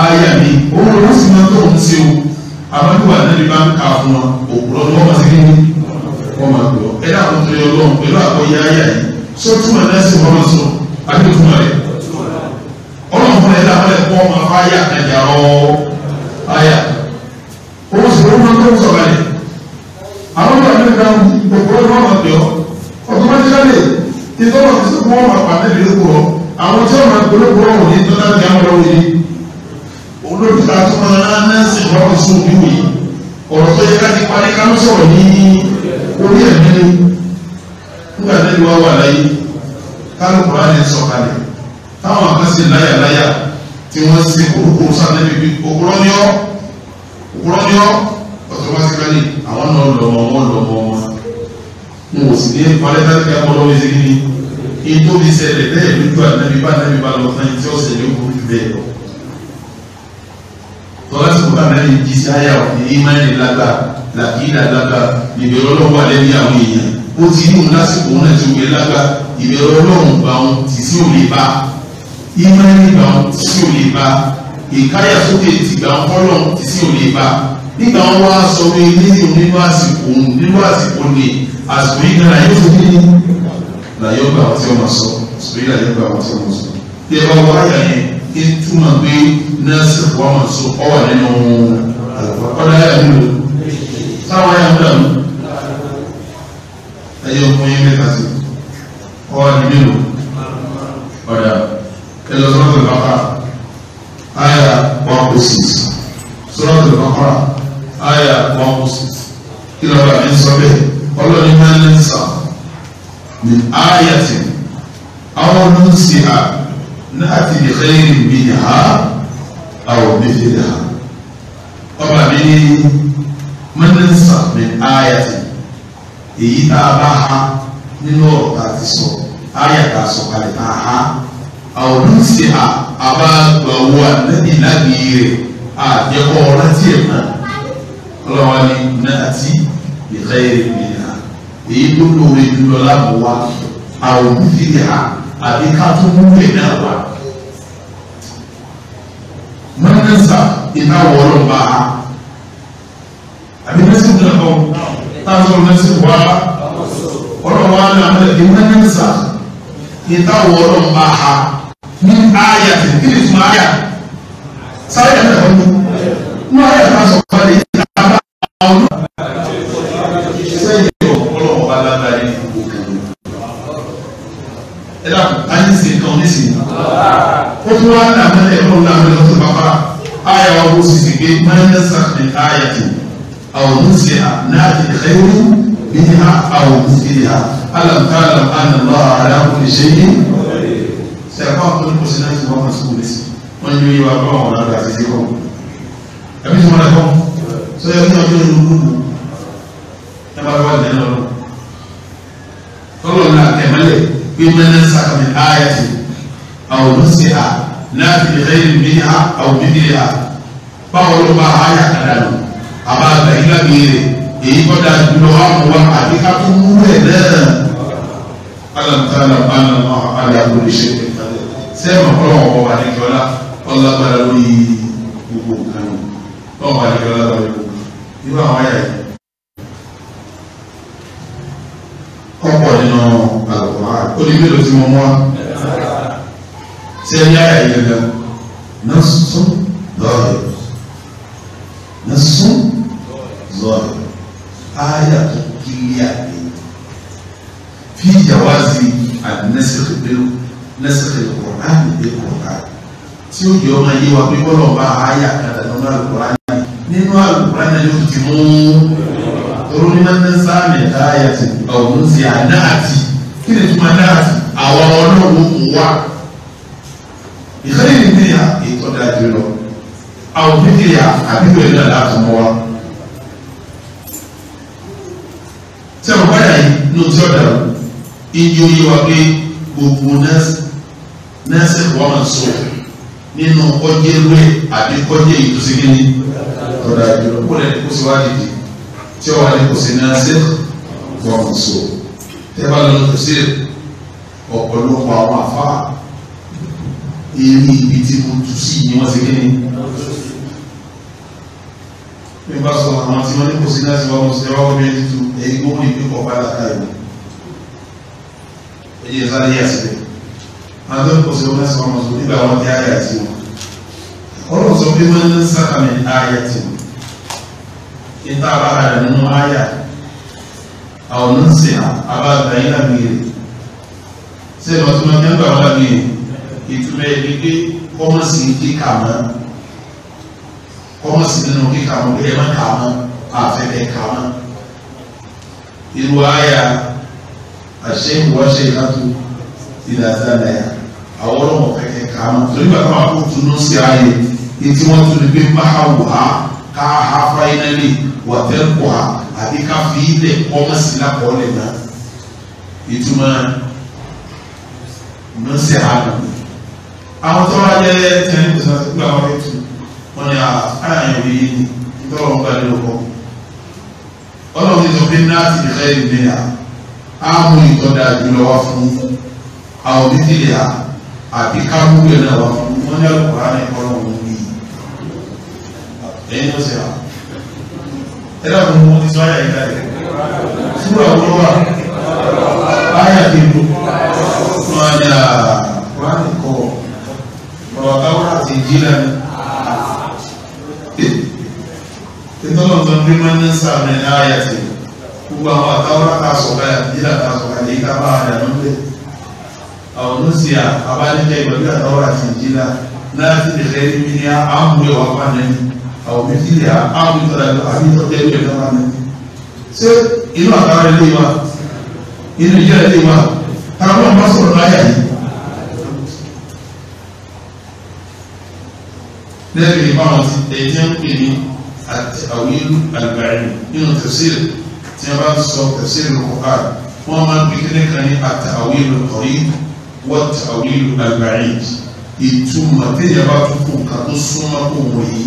ayà mi òun ló sì máa tó ń ṣe o amadu wa nani bá ń kà fún wa òkúrọ ní wọn bá segin ní wọn máa gbọ́ ẹ dàgbọn tó yọ lọ́run pẹ̀lú àkọyé ayà yìí sọ túmọ̀ náà sì wọn máa sọ àbí tó túmọ̀ rẹ ọlọ́run fún ẹ̀dá fún ẹ̀kọ́ ọmọ afáyà àtàjà lọ ayà owó sì ló máa tó ń sọ̀rọ̀ ẹ̀ àwọn ọmọ àti ẹ̀dá gbogbo ọmọ ọmọ pẹ̀ ọ́ ọ̀tọ́mọ́tíkálì ìtọ́nà tí kò wọ́n máa pàdé lóko ọ́ àwọn tí wọ́n máa gbólógbó ọ̀hún ní tó láti àwọn ọ̀rọ̀ yìí olórí ta tó máa rán nẹ́ẹ̀sì lọ́rùn sí òbí wì ọ̀rọ̀ tó yẹ láti parí ká ló sọ̀rọ̀ ní orí ẹ̀mí nígbà tẹ́lẹ̀ wá wà láyé kálukú á lè sọ̀kalẹ̀ táwọn kan sì láyàláyà tí wọ́n sì orúkọ sálẹ́bí bí òkúrọ́ ní ọ́ òkúrọ́ ní ọ́ ọ̀tọ̀mọ́síkálì àwọn náà lọ́mọ wọn lọ́mọ wọn wọn ò sì ní palẹ́tàlì kí akọ́lọ́ wí sí kí ni kí n tó fi ṣẹlẹ̀ bẹ́ẹ̀ lójú ànábi bá ànábi bá lọ fún ẹni tí ó ṣẹlẹ̀ ó burú bẹ́ẹ̀ lọ. tọ́lá sì kúta náà lè jí sí àyà òní ìmáìlì lágbà làkìlà lágbà ìbẹ̀rù ọlọ́wọ́ alẹ́ ní àwọn èèyàn ó ti mú lásìkò náà ti wọlé lágbà ìbẹ̀rù ọlọ́run bá wọn tì sí òní bá ìmọ̀ nígbà wọn tí ò lè bá ìkáyà sókè tìgbà ọlọ́run tí sí ò lè bá nígbà wọn wá sọ pé nínú nínú àsìkò nínú àsìkò ni àsìkò yìí náà yóò fi ní làyọ̀ gbà wọn tí wọn máa sọ àsìkò yìí làyọ̀ gbà wọn tí wọn máa sọ. bí ẹ bá wọ àyà yẹn kí n túmọ̀ pé nọ́ọ̀sì wa máa sọ ọ wà nínú ọ̀dà àyà mi lò táwọn àyà ń dà mí ẹ̀yọ̀ fún mẹ́ta sí ọ wà nínú ọ̀dà ẹlọ sọ́dọ̀ bàbá àyà one oh six sọ́dọ̀ bàbá àyà one oh six kí lọ́ba mi sọ bẹ́ẹ̀ ọlọ́ni máa ń sà ní àyà tì àwọn ọdún sí a náà ti lè fẹ́ rìn bí ha àwọn méjì ha ọba mi ní mọ́nẹ́sà ní àyà tì èyí tá a bá ha nínú ọ̀rọ̀ tá a ti sọ àyà tá a sọ kalẹ̀ tá a ha àwòránṣe àbágbàwò ànábì lábì rẹ̀ àjẹkọ̀ ọ̀rántí ẹ̀ mọ́ ọlọ́wà ni náà ti ìka èrè mìíràn èyí tó lóore jùlọ láàbò wa àwòránṣe àbí ká tó múlẹ̀ náà wà. mọ́nẹ́sà iná wọ́ọ́rọ̀ bá a àbí mẹ́sìn náà kọ́ táwọn mẹ́sìn wá ọlọ́wà náà mẹ́sìn náà ìta bá a ní àyà tí kí ni tuma àyà sáré yàtọ̀ ẹ̀kọ́ ní ní àyà tí a sọ fún ẹ yìí àbá àwọn sẹ́yìn ọ̀ ọlọ́wọ́ bá lábẹ́ ayé gbogbo kẹ́lẹ́ ẹ dàpọ̀ ayé ń sìn kan nísìn ó tún wá ní àmọ́lẹ̀ ẹ̀kọ́ ní àmọ́lẹ̀ ọ̀tún bàbá àyà wa kó sì gbé mẹ́rin sàkpẹ̀ àyà tí àwọn oníṣẹ́ náà ti ẹ̀rú bí ní àwọn oníṣẹ́ yà á làǹkà làǹkà nàlọ́ àlàkùn ìṣẹ́yìn c'est à que le ọ̀tún kò sí náà ti wọ́n máa sùn lé sí wọ́n yóò yíwa bá wọn lára àti sí kọ́ ẹbí tí wọ́n lè kọ́ sọ yẹ kí wọ́n tó lù lù lù ẹ bá wà lẹ́nu lọ kọ́lọ̀ náà tẹ̀mẹ́lẹ̀ pé mẹ́lẹ́ sàkàmì ayé ti àwọn olùsí à náà fi lè rẹ́yìn bí a àwọn bíbí a báwo ló bá ayé àkàdà lọ àbá àgbàyí lábìyẹ èyí kọ́ da jùlọ wà mú wa àbí ká tó wúrẹ̀ náà. alamtala de nà máa alẹ́ àbúrò ìṣẹ̀lẹ̀ sẹ́ẹ̀mọ̀ fọlọ́wọ́n ọba àdéjọ́lá ọlágbára lórí gbogbo nǹkan yìí lọ́wọ́ àdéjọ́lá lórí gbogbo nínú àwọn àyà yìí. ọ̀pọ̀ nínú àlùkò àrà ó ní mélòó tí mo mú wa sí ẹni àyà yìí gẹ́gẹ́ náà sún lọ́ọ̀rẹ́ náà sún lọ́ọ̀rẹ́ àyà tó kílíà ní fi ìjà wá sí àdínẹ́sẹ̀ tó gbé lẹ́sẹ̀kẹ̀ Kùránì dé Kùránì tí ó yọ ọmọ yìí wá pé bọ́lá ọba àáyà kàdà nínú Al-Kùránì nínú Al-Kùránì ló ti mú orílẹ̀-èdè sáàmì dáyà ti ọ̀hún ti àdáàtì kí ni túmọ̀ dáàtì àwọn ọlọ́run mú wá ìfẹ́ yìí ní ìtọ́jà jù lọ àwọn fífi àbíwẹ̀ náà láti mọ́ wa. tí àwọn báyà yìí ló ti ọ̀dà ìyóyè wa pé gbogbo nẹ́sì nẹ́ẹ̀sì wọ́n so nínú ọjọ́ ewé àbí kọjá ìtòsí níní ọ̀dà ìjọba kó lẹ́nu kó sì wá dìde tí ó wà ní kò sí nẹ́ẹ̀sì wọ́n so tẹ́bà lọ́nà tó sí ọ̀pọ̀lọpọ̀ àwọn afá eré ibi tí mo tù sí ni wọ́n ti kí ni bí wọ́n bá sọ àwọn tí wọ́n ní kò sí nẹ́ẹ̀sì wọ́n so ẹwà wọ́n bí ẹni tu ẹ̀yin gbóhùn ìpínkọ̀ àti ọkọ̀sí ọmọ ẹ̀sán ọmọ ọ̀sán nígbà wọn di ayé àti wọn ọlọ́run sọ pé máa ń sábà mi ayé àti wọn níta abára rẹ̀ nínú ayé àwọn ń sè abáàgbà yín lágbèrè ṣé ìmọ̀ tí wọ́n jẹ́ ń gbà wọ́n lágbèrè ìtumọ̀ ẹni pé kọ́mọ̀sì kíkà mọ́ kọ́mọ̀sì nínú kíkà mọ́ bí ẹ má kà mọ́ àfẹ́fẹ́ kà mọ́ irú ayé àṣẹ ìwọ́ṣe ìlàtú ìlàtà náà àwọn ọlọ́mọ kẹ̀kẹ́ ká mọ̀ torí bàtà wà kó tunu sí ààyè etí wọ́n tún ní pé máa wò á ká ha fáínálì wà tẹ́ kọ́ a àbí ká fi ilẹ̀ ọmọ sí lápọ̀ọ́lẹ̀ náà ìtumọ̀ ní sí àná àwọn tó wá jẹ́ tẹ́lẹ̀ kò sọ́sọ́ pé àwọn ètò wọn ni àyàwó yìí ni ìtọ́wọ́n gbà lé lọ́kọ́ ọlọ́run ti sọ pé náà ti fẹ́ ìlera á mú ìtọ́jà jùlọ fún àwọn òbí tìlẹ̀ àá àbí kámúrú ẹ̀ náà wà fún wọn ní àkùrá ní ọ̀rọ̀ òun ní ẹ̀yìn ọ̀sẹ̀ wa ẹ náà mú wọn ti sọ ayà ìgbà rẹ̀ fúra wọn wà ayà kébù wọn á yà wọn á kọ ọ̀rọ̀ káwọn àti ìjìlá ni ìtọ́lọ̀tọ̀ bí máa ń sàmì ní ayà tì gbogbo àwọn àtàwọn àtàsọ̀rọ̀ àyà ìjìlá àtàsọ̀rọ̀ àyè ká bá àdà lọ́lẹ̀. أو نسيا أبالي كي بدي أدور سنجيلا نأتي بخير منها أم يوافقني أو مثلها أم يتلقى أبي تطير يتمنى ṣé inú àkàrà ilé wa inú ìjẹ́ ilé wa káwọn ọmọ sọ̀rọ̀ láyà yìí lẹ́bi ìbáwọn ti ẹ̀jẹ̀ ń pè ní àwílú àgbàrin nínú tẹ̀síl tí wọ́n bá sọ tẹ̀síl lọ́kọ̀ọ́ wọ́n máa ń pè kíní kan ní àtàwílú ọ̀rí wọ́n tàwé ìlú àgbáyé ìtumọ̀ téèyàn bá tún fún nǹkan tó súnmọ́ kó wọ̀nyí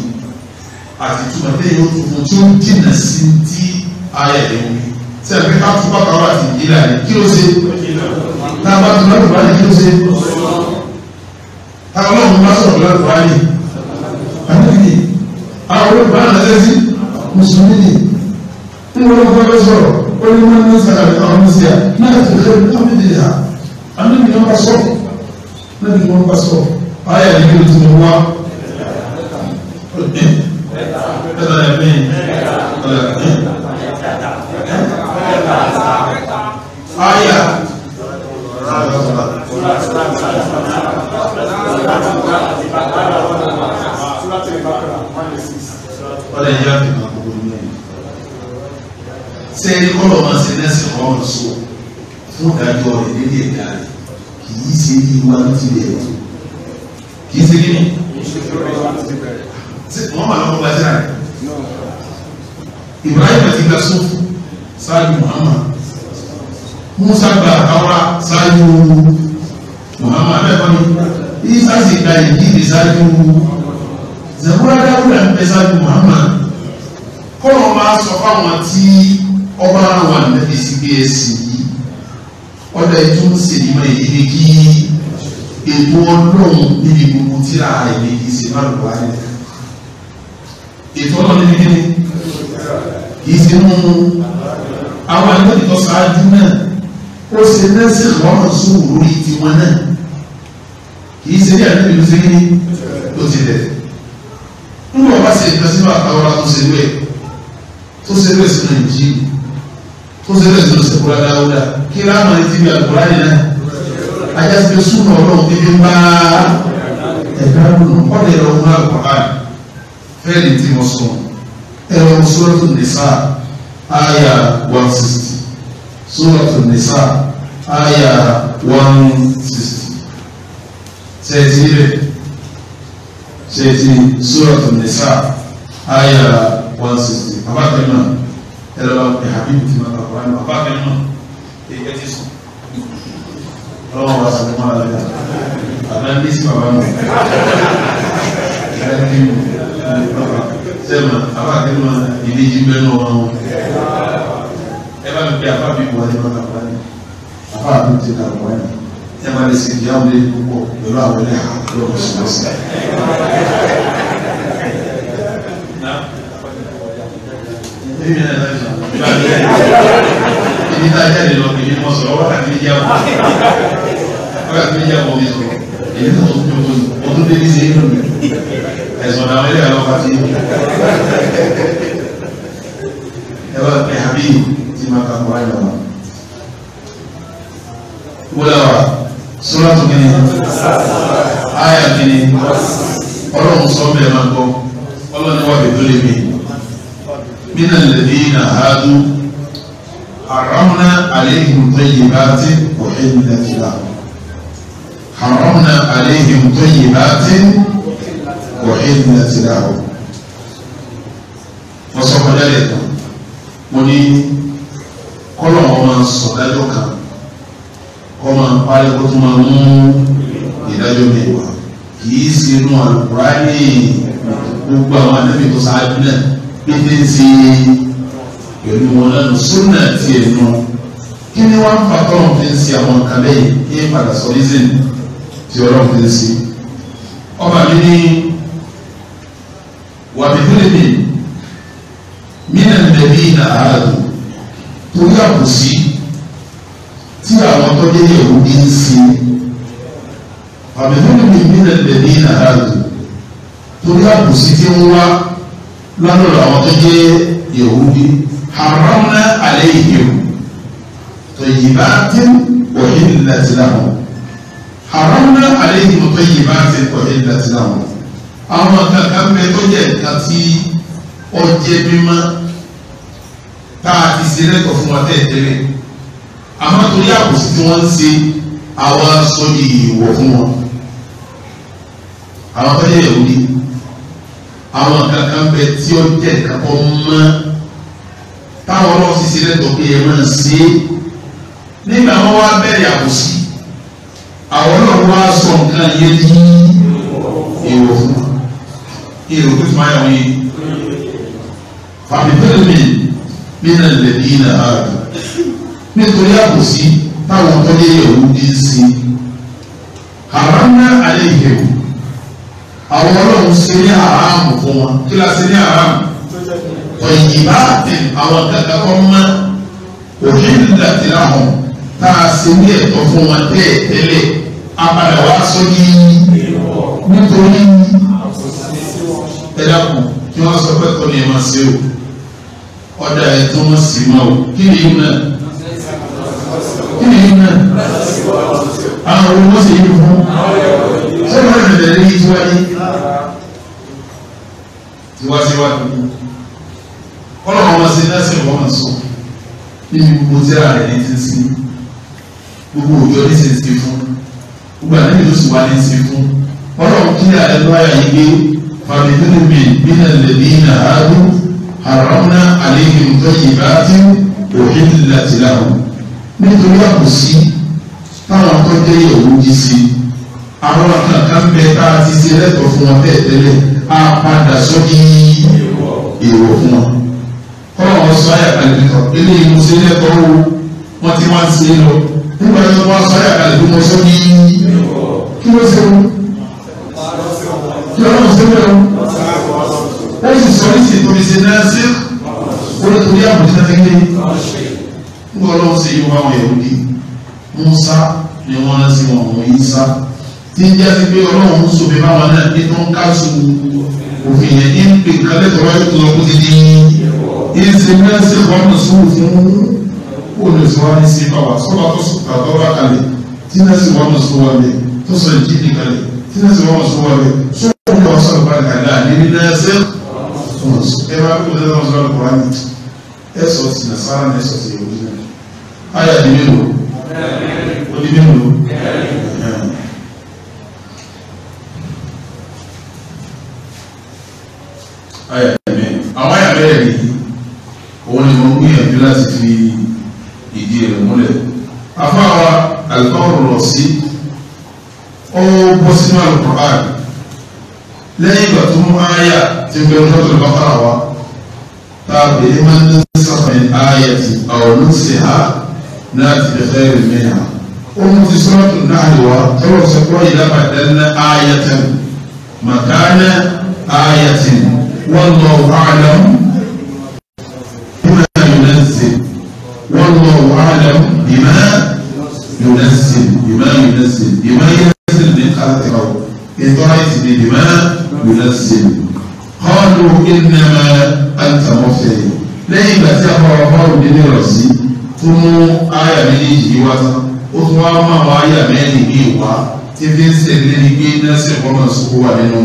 àti ìtumọ̀ téèyàn ó tún fún tí ó jìnà sí ti ayé ẹ̀ wọ̀nyí sẹ́ẹ̀fẹ́ ká tún bàbá wà sí ìlà rẹ̀ kí ló ṣe náà bá tún lọ́dún báyìí kí ló ṣe táwọn ọlọ́run bá sọ̀rọ̀ lọ́dún báyìí àbúrò ni àwọn olóògbé àná lẹ́sí mùsùlùmí ni ń wọ́n lọ́dún bá sọ̀rọ̀ ó ní wọ́n ní sàkàlẹ̀ àwọn mùsùlùmí náà tó lé àníbi tó bá sọ níbi tó bá sọ ayé àdìgbò tó ń wá ọdún ẹ̀dá ẹ̀mí ẹ̀dá ẹ̀mí ayé wọ́n lè yá kí n máa gbogbo ní ẹ̀yìn sẹ́yìn kọ́lọ̀ máa ṣe lẹ́sìn ọ̀rọ̀ sùn fún ìdájọ́ rẹ̀ lédè ẹ̀dá rẹ̀ kì í ṣe bí wá ló ti bẹ̀rẹ̀ kì í ṣe kí ni. wọ́n máa lọ́kọ́ gbajúmọ̀ rẹ̀ Ibrahim ti gba sófù ṣáájú Muhammad Musa gba àkàwá ṣáájú Muhammad abẹ́kọ́ ni Isa sì gba ìdíje ṣáájú Zabura Dawuda ń bẹ ṣáájú Muhammad kọ́ ló máa sọ fáwọn tí ọba àwọn ànábì sí bí ẹ sí i ọ̀dọ̀ ẹ̀ tún ṣèlímọ̀ ìdílé kí ètò ọlọ́run níbi gbogbo tíra ìdílé ṣe má lù wáyé ètò ọlọ́run níbi kíni kì í ṣe mú àwọn ẹgbẹ́ ìtọ́sáájú náà ó ṣe nẹ́sì lọ́rùn sóhùn lórí tiwọn náà kìí ṣe ní àdúgbò ìlú sẹ́yìn ló ti lẹ̀. ń bọ̀ wá sí ìgbà sínú àtàwọn tó ṣe wẹ̀ tó ṣe wẹ̀ sínú ìjì tó ṣe wẹ̀ sínú sẹ́kúrà dáúdà kí lámà ti bí àgbòrá yìí náà ajásí súnà ọlọ́run bíbí ń bá ẹ̀dá lónà kọ́lẹ̀ ẹ̀rọ ọmọ àgbàrá fẹ́ẹ̀lì tí mo sọ ẹ̀rọ sọ́ọ̀tù nìsà àyà 160 sọ́ọ̀tù nìsà àyà 160 sẹ́ẹ̀tì rẹ̀ sẹ́ẹ̀tì sọ́ọ̀tù nìsà àyà 160 abáfẹ́ náà ẹ̀rọ ẹ̀hàbí tí mo bá wà ní abáfẹ́ náà ẹ̀jẹ̀ ti sùn ọlọ́run wa sàlẹ̀ máa lọ́jà àbẹ́ndí sí bàbá mi ẹ̀ẹ́dì mi sẹ́mà àbáàkẹ́ mọ ìdí jí mẹ́nu ọ̀rọ̀ wọn ẹ bá mi pé àbá mi wọ ẹni wọn àbá mi àbá mi ti dà wọ́n ẹni ẹ bá lè sèdí àwọn ilé púpọ̀ pẹ̀lú àwọn ilé àkọ́kọ́ sọ̀rọ̀sì èyí tá a jáde lọ èyí mọ sọ̀rọ̀ wákàtí méjì àbọ̀ wákàtí méjì àbọ̀ mi sọ̀rọ̀ èyí tó tó tó tó tó dé ní sèé nù mí ẹ̀sùn ọ̀dà wẹ́lẹ̀ àlọ́ pàtí ẹ bá ẹ hàbí tí máa ka kọ́ra yọ̀ wọn. wúlò wa sọ́lá tó kí ni àyà kí ni ọlọ́run sọ bẹ́ẹ̀ máa gbọ́ ọlọ́run wà bẹ́ẹ̀ tó lè mi mí nà lè dín nà á dún. حرمنا عليهم طيبات أحلت لهم حرمنا عليهم طيبات أحلت لهم وصف ذلك وني كل ما صدق كان وما قال كنت مامون ìdájọ́ mi wà kìí sí gbogbo àwọn àdébì tó ṣáájú náà pété ń ṣe pẹ̀lú wọn lẹ́nu súnà tí ẹ̀ nù kí ni wọ́n fà tọ́lọ̀ fi ń ṣe àwọn nǹkan lẹ́yìn kí n padà sọ reason tí ọlọ́run fi ń ṣe ọba mi ní wàbíbílẹ̀mì mínà lẹ́bí ìnà àádùn torí àbùsí tí àwọn tọ́jú ẹ̀rù bí ń ṣe wàbíbílẹ̀mì mínà lẹ́bí ìnà àádùn torí àbùsí tí ń wá lọ́dọ̀ àwọn tọ́jú ẹ̀rù bí ń ṣe. حرمنا عليهم طيبات أحلت لهم حرمنا عليهم طيبات أحلت لهم àwọn kankan bẹ tó jẹ nǹkan tí ó jẹ mímọ́ tá a ti ṣe lẹ́tọ̀ọ́ fún wa tẹ́tẹ́lẹ̀ àmọ́ torí àbòsí tí wọ́n ń ṣe àwa sọ di ìwọ̀ fún wọn àwọn tó yẹ ìwúrí àwọn kankan bẹ tí ó jẹ nǹkan táwọn ọlọ́run sì ṣe lẹ́tọ̀ọ́ pé ẹ máa ṣe é nígbà wọn wá bẹ̀rẹ̀ àbòsí àwọn ọlọ́run wá sọ nǹkan yé ní èrò fún èrò tó ti máa yà wọ́n yé fàbíbélmi nínú ẹ̀lẹ́dí iná ààbò nítorí àbòsí táwọn tó lé ẹ̀wù ní í sí haramna alẹ́ ìhẹ̀wò àwọn ọlọ́run ṣe ní àràmù fún wọn kí la ṣe ní àràmù ọ̀yìn bá ti àwọn kankan kọ́ mọ́ òfin dàtí láwọn tá a ṣe ní ẹ̀tọ́ fún wọn tẹ́ẹ̀ tẹ́lẹ̀ abalẹ̀ wa sórí nítorí ẹ̀dá kù kí wọ́n sọ pé kò ní ẹ̀ máa ṣe o o kí ni yín náà kí ni yín náà àwọn olùkọ́ kọ́nà ọmọ sí lẹ́sìn ọmọ sọ níbi gbogbo tí ara rẹ̀ ní ti sí gbogbo òjò ní sì sí fún gbogbo àdéhùn ló sì wá ní sí fún ọlọ́run kí àdéhùn ayà yìí gbé fàmìlínú mi bínà lèmi nà áàrú àrọ́nà àléhìn tó yìnbá tí òhìn láti láwọn nítorí àkùsí táwọn tó jẹ́ ìyẹ̀wò jí sí àwọn kankan bẹ tá a ti ṣe lẹ́tọ̀ọ́ fún wọn bẹ́ẹ̀ tẹ́lẹ̀ á padà sókè ìwọ̀ fún wọn kọ́nà wọn sọ ayà kalẹ̀ nìkan ilé ìmúṣe ilé ẹ̀kọ́ wo wọ́n ti wá ń ṣe lọ nígbà tí wọ́n sọ ayà kalẹ̀ tó mọ sọ ní kí ló ṣe wọn kí ọlọ́run ṣe wọn ó sì sọ ní ṣètò ìṣe náà sí olótòrí àbòjá gẹ́gẹ́ nígbà ọlọ́run ṣe yóò máa wọ̀ yẹ̀wò ní Musa ni wọ́n ń sin wọn wọ̀nyí sá tí ń jẹ́ sí pé ọlọ́run ń sọ òfin yẹn ní pè kálẹ̀ tó wáyé tó lọ kó ti di ìṣe mẹ́sẹ̀ wọnà sóò fún olùsọ̀wárí sí bàbá sọ́ba tó sọ àtọ́ bá kalẹ̀ tí mẹ́sẹ̀ wọnà sóò wà lẹ̀ tó sọ ìjì ní kalẹ̀ tí mẹ́sẹ̀ wọnà sóò wà lẹ̀ sọ́wọ́n ní ọ̀sán bá kalẹ̀ àlẹ́ ní mẹ́sẹ̀ ẹ bá kó lẹ́nu ọ̀sán lọ́kọ̀ wáyé ẹ àwọn àyà bẹ́ẹ̀ ni òun ni mo ń gbìyànjú láti fi ìdí rẹ̀ múlẹ̀ afáwa alifáwọn rọ̀ sí ó bọ́ sínú alukur'an lẹ́yìn ìgbà tó mú àyà tí ń bẹ ní ọ̀tọ̀ lọ́kàrà wa táàbí ní máa ń ní sàfihàn àyà tí àwọn olùsè ha náà ti fẹ́ fẹ́ rìn mẹ́yà ó mú ti sọ́ọ̀tù náà wá tọ́wọ́ sọ pé ìlànà àyà tẹ̀ màkánà àyà tẹ̀ mú. والله أعلم بما ينزل والله أعلم بما ينزل بما ينزل بما ينزل من خلقه إضافة بما ينزل قالوا إنما أنت مرسل lẹ́yìn ìgbà tí afọwọ́ fọ́ọ̀rù nínú ọ̀rọ̀ sí tó mú àyà méjèèjì wá tán ó tún wá mú àwọn àyà mẹ́rin ní ìwá tí fi ń ṣe lé ní gbé nẹ́sìn kọ́nà sókó wà nínú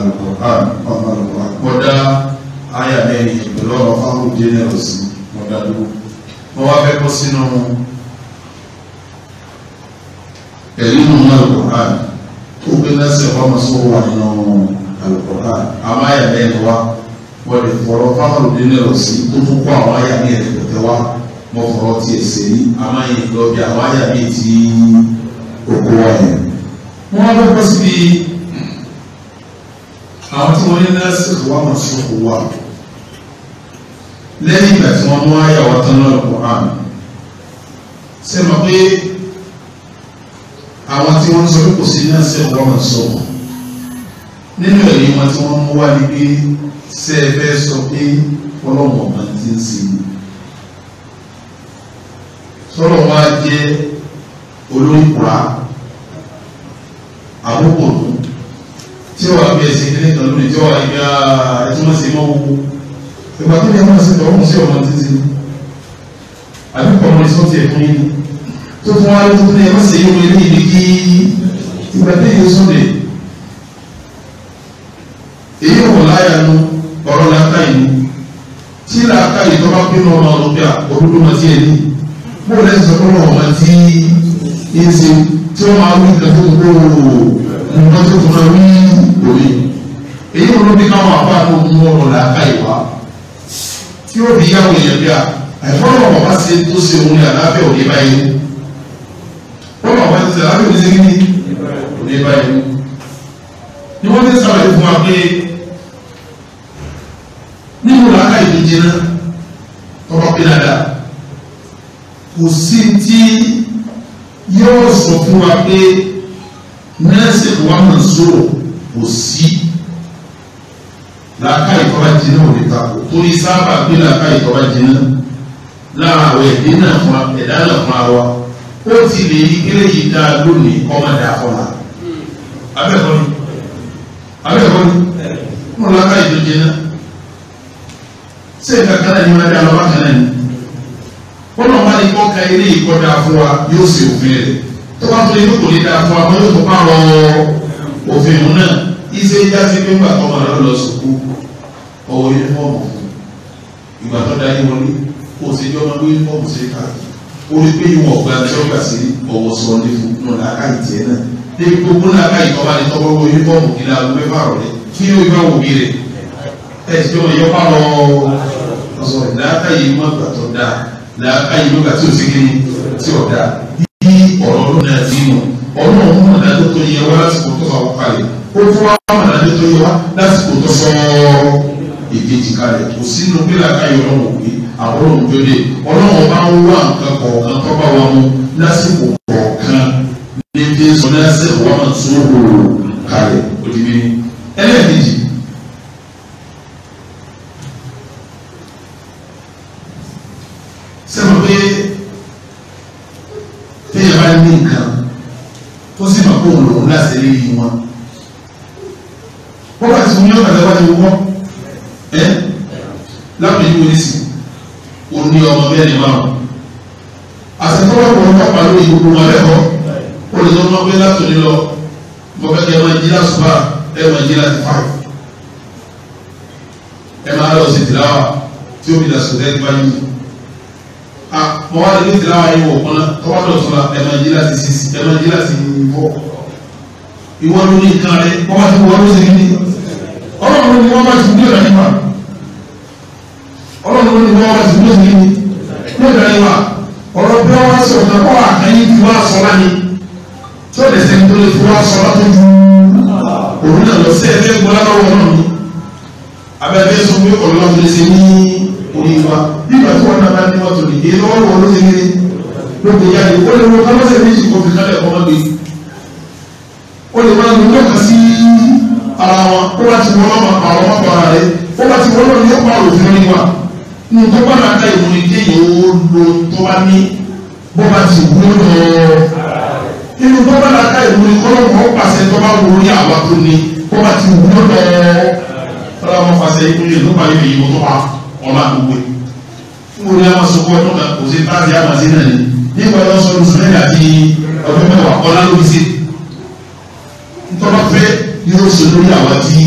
alukur'an ọmọ alukur'an kọ́dá ayà mẹ́rin pẹ̀lú ọ̀rọ̀ fáwọn jẹ́nẹ̀rọ̀sì kọ́dá dúró wọ́n wá fẹ́ kó sínú ẹ̀rí nínú alukur'an tó gbé lẹ́sẹ̀ wọ́n mọ̀ sọ́wọ́ wà nínú alukur'an àmọ́ ayà mẹ́rin wá wọ́n lè fọ̀rọ̀ fáwọn jẹ́nẹ̀rọ̀sì tó tún kó àwọn ayà mẹ́rin pẹ̀tẹ́ wá mọ́ fọ̀rọ̀ tiẹ̀ sẹ́yìn àmọ́ ayà ìlọ́bí àwọn ayà mẹ́rin tí ó kó wáyé wá fẹ́ kó síbi àwọn tí wọ́n ní nẹ́sìkò wà mọ̀ sọ́kò wà lẹ́yìn ìgbà tí wọ́n mú àyàwó tán náà kò hàn ṣe mọ̀ pé àwọn tí wọ́n sọ pé kò sí nẹ́sìkò wà mọ̀ sọ́kò nínú ẹ̀rí wọn tí wọ́n mú wá ní pé ṣe é fẹ́ sọ pé ọlọ́wọ́ ọ̀gá ti ń sin ní sọ́rọ̀ wá jẹ́ olóńgbà. ìjọ àìgbà ẹtúmọ̀sí mọ́ owó ìgbà tó ní ẹmọ́ sí lọ́wọ́ sí ọ̀nà títí àbíkọ̀ ọmọ ìsọ́ ti ẹ̀kún yìí tó fún wa lókún ní ẹmọ́ sí ìwé ní ibi kí ìgbà tó yẹ sóde èyí ò láyà nu ọ̀rọ̀ làákà yìí tí làákà yìí tó bá bínú ọmọ ọlọ́bíà orúkọ máa ti ẹni bó lẹ́sìn sọ pé ọmọ ti ń ṣe tí wọ́n máa wí ìgbà tó ń gbó nǹkan tó fún wa èyí ò ló bí káwọn àbá tó mú ọ̀rọ̀ làákà ìwà tí ó bí yàwó yẹn bíà àìfọ́nà bàbá ṣe tó ṣe òun ní àlàáfíà òde báyìí wọ́n bàbá ṣe àlàáfíà òde ní òde báyìí ni wọ́n ti sàlàyé fún wa pé nínú làákà ìlú jẹ́nà ọba pé dáadáa kò sí tí yóò sọ fún wa pé nẹ́ẹ̀sì wa mọ̀ sóò kò sí làákà ìtọ́ba jìnnà ò lè takò torí sábà bí làákà ìtọ́ba jìnnà lára àwọn ẹ̀dẹ́ náà fún ẹ̀dá náà fún àwa ó ti lè yí kílé yìí dáa lónìí ọmọ dà fọlá abẹ́kọ́ni abẹ́kọ́ni wọn làákà ìtọ́ jìnnà sẹ́yìn kankan náà ni wọn dá lọ́wọ́ kan náà ni wọn náà wọn lè kọ́ ka eré ìkọ́dà fún wa yóò ṣe òfin rẹ̀ tó bá tó lè yóò kò lè dáa fún wa wọn yóò tó bá rọ òfin náà iṣẹ́ ń jásí pé ńgbà tọ́mọ rẹ lọ sùkú ọwọ́ yunifọ́ọ̀mù ìgbà tó dá yín wọlé kó o ṣe jọ́ máa ń gbé yunifọ́ọ̀mù ṣe káàkiri ó rí pé ìwọ̀n ọ̀gbà tí ó gbà sí ọwọ́ sọ ní fún un náà láàkàyè tiẹ̀ náà débi gbogbo náà ká ìtọ́ba ní tọ́gbọ́ wo yunifọ́ọ̀mù kí náà wọ́n fà rọ̀ rẹ̀ kí yóò yọ wò mí rẹ̀ tẹ̀sí tó yọ pa lọ ọ̀sọ̀ làákàyè mọ́gbà tó dáa làákàyè mọ́gbà tí ò sí kiri tí ọ̀rọ̀ ọlọ́run náà ti mọ̀ ọlọ́run náà tó tó yẹ wá lásìkò tó fà wọ́n kalẹ̀ kó tún wá mọ̀nà nínú yìí wá lásìkò tó sọ èkejì kalẹ̀ kò sínú gbéra káyọ̀ ọlọ́run òwe àwọn ọlọ́run tó dé ọlọ́run bá ń wá nǹkan kọ̀ọ̀kan tó bá wa mu lásìkò kọ̀ọ̀kan ní bí sọ lásìkò wà máa tún wò kalẹ̀ òdìbí ẹlẹ́ẹ̀kejì sẹ́wọ̀n pé téèyàn bá ní nǹkan tó sì máa kó òun lòun láti rí wọn wọ́n bá ti mú yọ̀ọ̀kan lọ́wọ́ ti wọ́ ẹ́ lápẹ̀ yìí wọlé sí o ní ọmọ bẹ́ẹ̀ ni márùn àtẹ̀tọ́wọ́ kọ̀ ọ́n kápá lórí gbogbo wọn lẹ́kọ̀ọ́ o lè lọ́mọ pé látòlí lọ bọ́kẹ́ kẹ́ máa jí lásùbà ẹ máa jí láti fà ẹ máa lọ sí tìláwà tí ó fi dà sùn lẹ́gbàá yìí a mọ̀ wá lè ní tìláwà yìí wọ̀ kọ́ná tọ́wọ́ lọ sọ́la ẹ máa jí láti sísì ẹ máa jí láti wọ̀ ìwọ ló ní nǹkan rẹ wọ́n bá ti wọ́n ló ṣe ní ọlọ́run ni wọ́n bá ti gbé ìrànlọ́wọ́ ọlọ́run ni wọ́n bá ti gbé ìrànlọ́wọ́ ọ̀rọ̀ bí wọ́n sọ ọ̀nà kọ́ àkànyí fi wá sọ láyé tí ó lè ṣe tó lè fi wá sọ látó ju òun náà lọ sí ẹgbẹ́ gbọ́dá lọ́wọ́ náà ni abẹ́rẹ́ sọ pé ọlọ́run lè ṣe ní orí wa nígbà tí wọ́n nàbá ní wọ́n tó lè dé lọ́wọ́ wọn ló ṣe kéré lóko yá ni ó lè wọ́n kọ́ lọ́sẹ̀ méjì kó fi kálẹ̀ ọmọdé o lè máa lu lọ́kàn sí ara wọn ó bá ti wọ́n lọ́mọ àwọn ọmọ ara rẹ ó bá ti wọ́n lọ́mọ yóò pa òfin rí wa ní tó bá náà ká ìwúrí dé yòó lo tó bá ní bó bá ti wú lọ nínú tó bá náà ká ìwúrí kọ́lọ́mù ó pàṣẹ tó bá wù ní àwa tó ní bó bá ti wú lọ ọlọ́run wọn pàṣẹ ìkúlẹ̀ ló parí ìyẹ̀wò tó pa ọ̀la gbogbo fún orí àwọn sọ̀kọ́ ọdún kan kò sí táàzì àmàzí àti ntọ́ba fẹ́ ni ó ṣe lórí àwa tí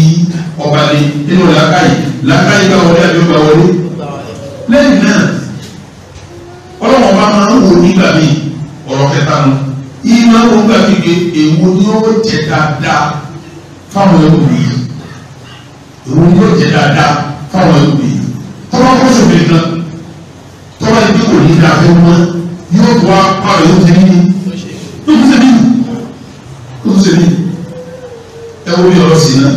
ọba ni nínú làákàyè làákàyè gbà wọlé àbí gbà wọlé lẹ́yìn náà ọlọ́wọ́n bá máa ń wò nígbà míì ọ̀rọ̀ kẹta mu yìí máa ń wò nígbà míì èwo ni ó jẹ dáadáa fáwọn ẹrù yìí èwo ni ó jẹ dáadáa fáwọn ẹrù yìí tọ́ba kó sóbì kan tọ́ba ìdí kò ní dáa fún wọn yóò tó apá rẹ̀ yóò tẹ̀lé ní yóò tẹ̀lé ní yóò tẹ̀lé ní ẹ wo bí ọ̀rọ̀ sí náà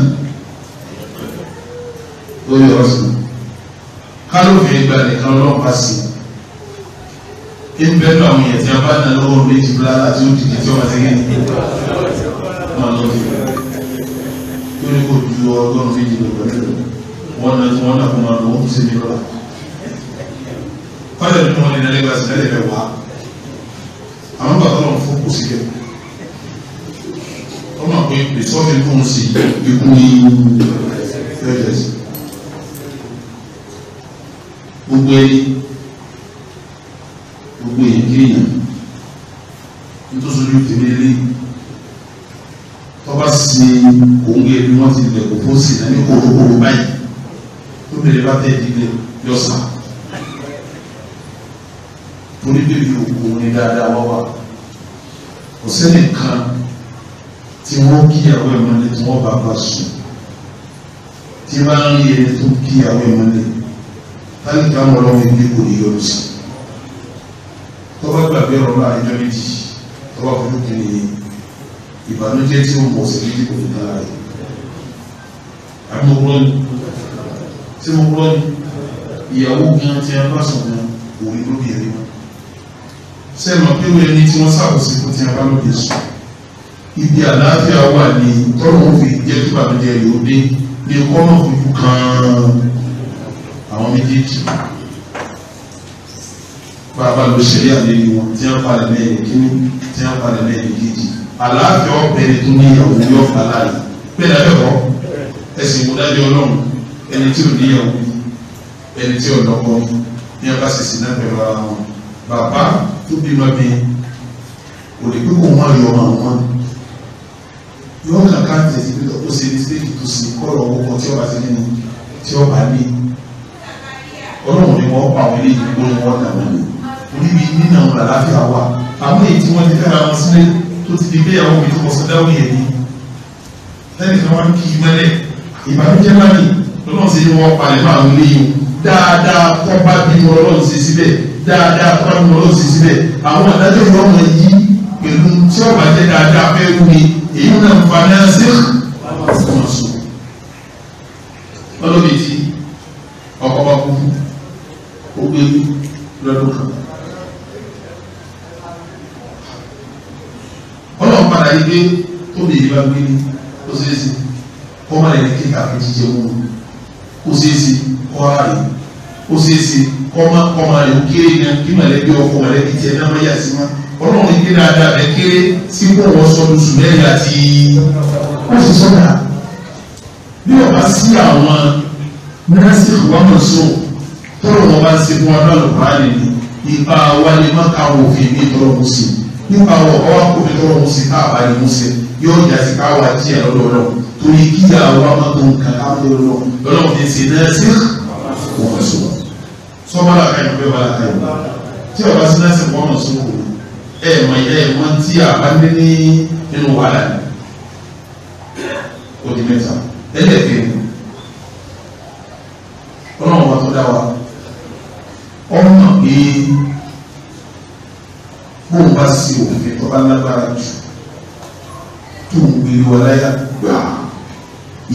lórí ọ̀rọ̀ sí náà kálófin ìgbà nìkan ọlọ́pàá sí i ń bẹ́ẹ̀ lọ àwọn èèyàn tí a bá nà lọ́wọ́ méjì bíláà láti ó dìde tí wọ́n ti yẹn náà lọ sí i lórí kò ju ọgọ́rùn-ún méjì lọ pẹ̀lú wọn náà wọn náà kò máa lọ wọ́n kù sí mi lọ́la kọ́lẹ̀ nínú wọn ní nàlẹ́ gbàsílẹ̀ lẹ́fẹ̀ẹ́ wá àwọn bàbá wọn fún kù sí kẹ́kọ̀ọ́ pé rìsọ́ọ̀tì fún un sí ikú ní fẹ́fẹ́sì gbogbo ẹni gbogbo èyí kí èèyàn nítòsójú tèmi rí tọ́ba sí òǹgẹ̀ ni wọ́n ti lẹ̀ kó fóòsì náà ní kòrókòrò báyìí tó lè bá tẹ̀ ìdílé yọ̀sà torí bíbí òkú ní dáadáa wọ́n wà kò sẹ́nìkan tí wọ́n kíyàwó ẹ̀ mọ́lẹ̀ tí wọ́n bá bá sùn tí bá ń rí ẹni tó kíyàwó ẹ̀ mọ́lẹ̀ láti ká wọn lọ́wọ́ ibi kò ní yọrù sí tó bá gbàgbé ọ̀rọ̀ náà ìjọ méjì tó bá fojú kìíní ìbànújẹ́ tí ó mọ̀ sí méjì kò ní dára rẹ̀ àbí mo gbọ́ ni ìyàwó gan tí a bá sùn gan òun ló bí ẹni wọn sẹ́nu pé wọ́n ẹni tí wọ́n sàkóso fún tí a bá lóde sùn ibi àlàáfíà wà ní tọ́lọ́wọ́n fi jẹ́ kí bàbájẹ́ yóò dé ní kọ́nà fojú kan àwọn méjèèjì bàbá ló ṣeré àlejò wọn tí wọ́n padà lẹ́yìn kíní tí wọ́n padà lẹ́yìn kejì àlàáfíà ọ̀bẹ̀rẹ̀ tó ní ìyàwó yóò fà láàyè bẹ́ẹ̀ lábẹ́ kọ́ ẹ̀sìn ìmúdájọ́ ọlọ́run ẹni tí ò níyàwó ẹni tí ò lọ́kọ́ ní ọba ṣèṣì náà pẹ̀lú ara wọn bàbá tó bímọ bí olùgbé kò wọ́n yọ ọmọ àwọn yóò kàn káàtì ẹ̀sìn pé ó ṣe mistake tó ṣe kọ́rọ̀ owó kan tí ọba ti nínú tí ọba ní ọlọ́run ni wọ́n pa àwọn ilé ìdìbò ni wọ́n dàgbà ní oríbi nínà wọn làlàáfíà wà àwọn èyí tí wọ́n ti fẹ́ra wọn sílẹ̀ tó ti di bí àwọn òbí tó kọ sí dáwọ́ yẹn ni lẹ́yìn tí wọ́n kì í mẹ́lẹ̀ ìbànújẹ́ máa lọ́nà sí wọn palẹ̀ máa ń lé yìí dáadáa tó bí wọn lọ́nà sí síbẹ̀ dáadáa tó bí wọn lọ́nà sí síbẹ̀ àwọn àdájọ́ ìwọ́n wọn yí pẹ̀lú tí ọba dáadáa fẹ́ wú èyí náà ń paná sí ọmọọsọ lọ́lọ́bì tí ọkọ̀ bá kú ó gbé lọ́dún kan. ọlọ́run padà yí pé tó lè bá gbé ní ó ṣeé ṣe kó má lè kíkà fún jíjẹ owó ó ṣeé ṣe kó ara rẹ̀ ó ṣeé ṣe kó má kó má rẹ̀ kéré ní kí mọ̀lẹ́bí ọkọ̀ mọ̀lẹ́bí tiẹ̀ náà má yà sí máa ọlọ́run yìí dáadáa bẹ̀ kéré tí kò wọ́n sọ lóṣù lẹ́yìn àti wọ́n sì sọ́dà bí ọba sí àwọn nẹ́ẹ̀sì ìwámọ̀sọ tọ́lọ̀ wọn bá ń ṣe fún ọdún àlùkùránì ni ipa wa lè má ka òfin ní tọ́lọ̀ mú sí nípa wọ ọwọ́ akófin tọ́lọ̀ mú sí káàbá lè mú sí yóò jà sí káwá jíà lọ́dọọdọ torí kíyà wa má tó nǹkan ká lọ́dọọdọ lọ́dọ̀ fi ṣe nẹ́ẹ̀sì ìwámọ̀sọ sọ́mọ́lá kan ìwé wà láàyè tí ọba sí nẹ́ẹ̀sì ìwámọ̀sọ kò ẹ mọ ẹ mọ tí a bá ní ní nínú wàhálà ni ó di mẹ́ta ẹlẹ́ẹ̀kẹ́ ọlọ́run wa tó dá wa ọmọ pé bó o bá sí òfin tó bá lágbára jù tó ń gbé wa láyà gbà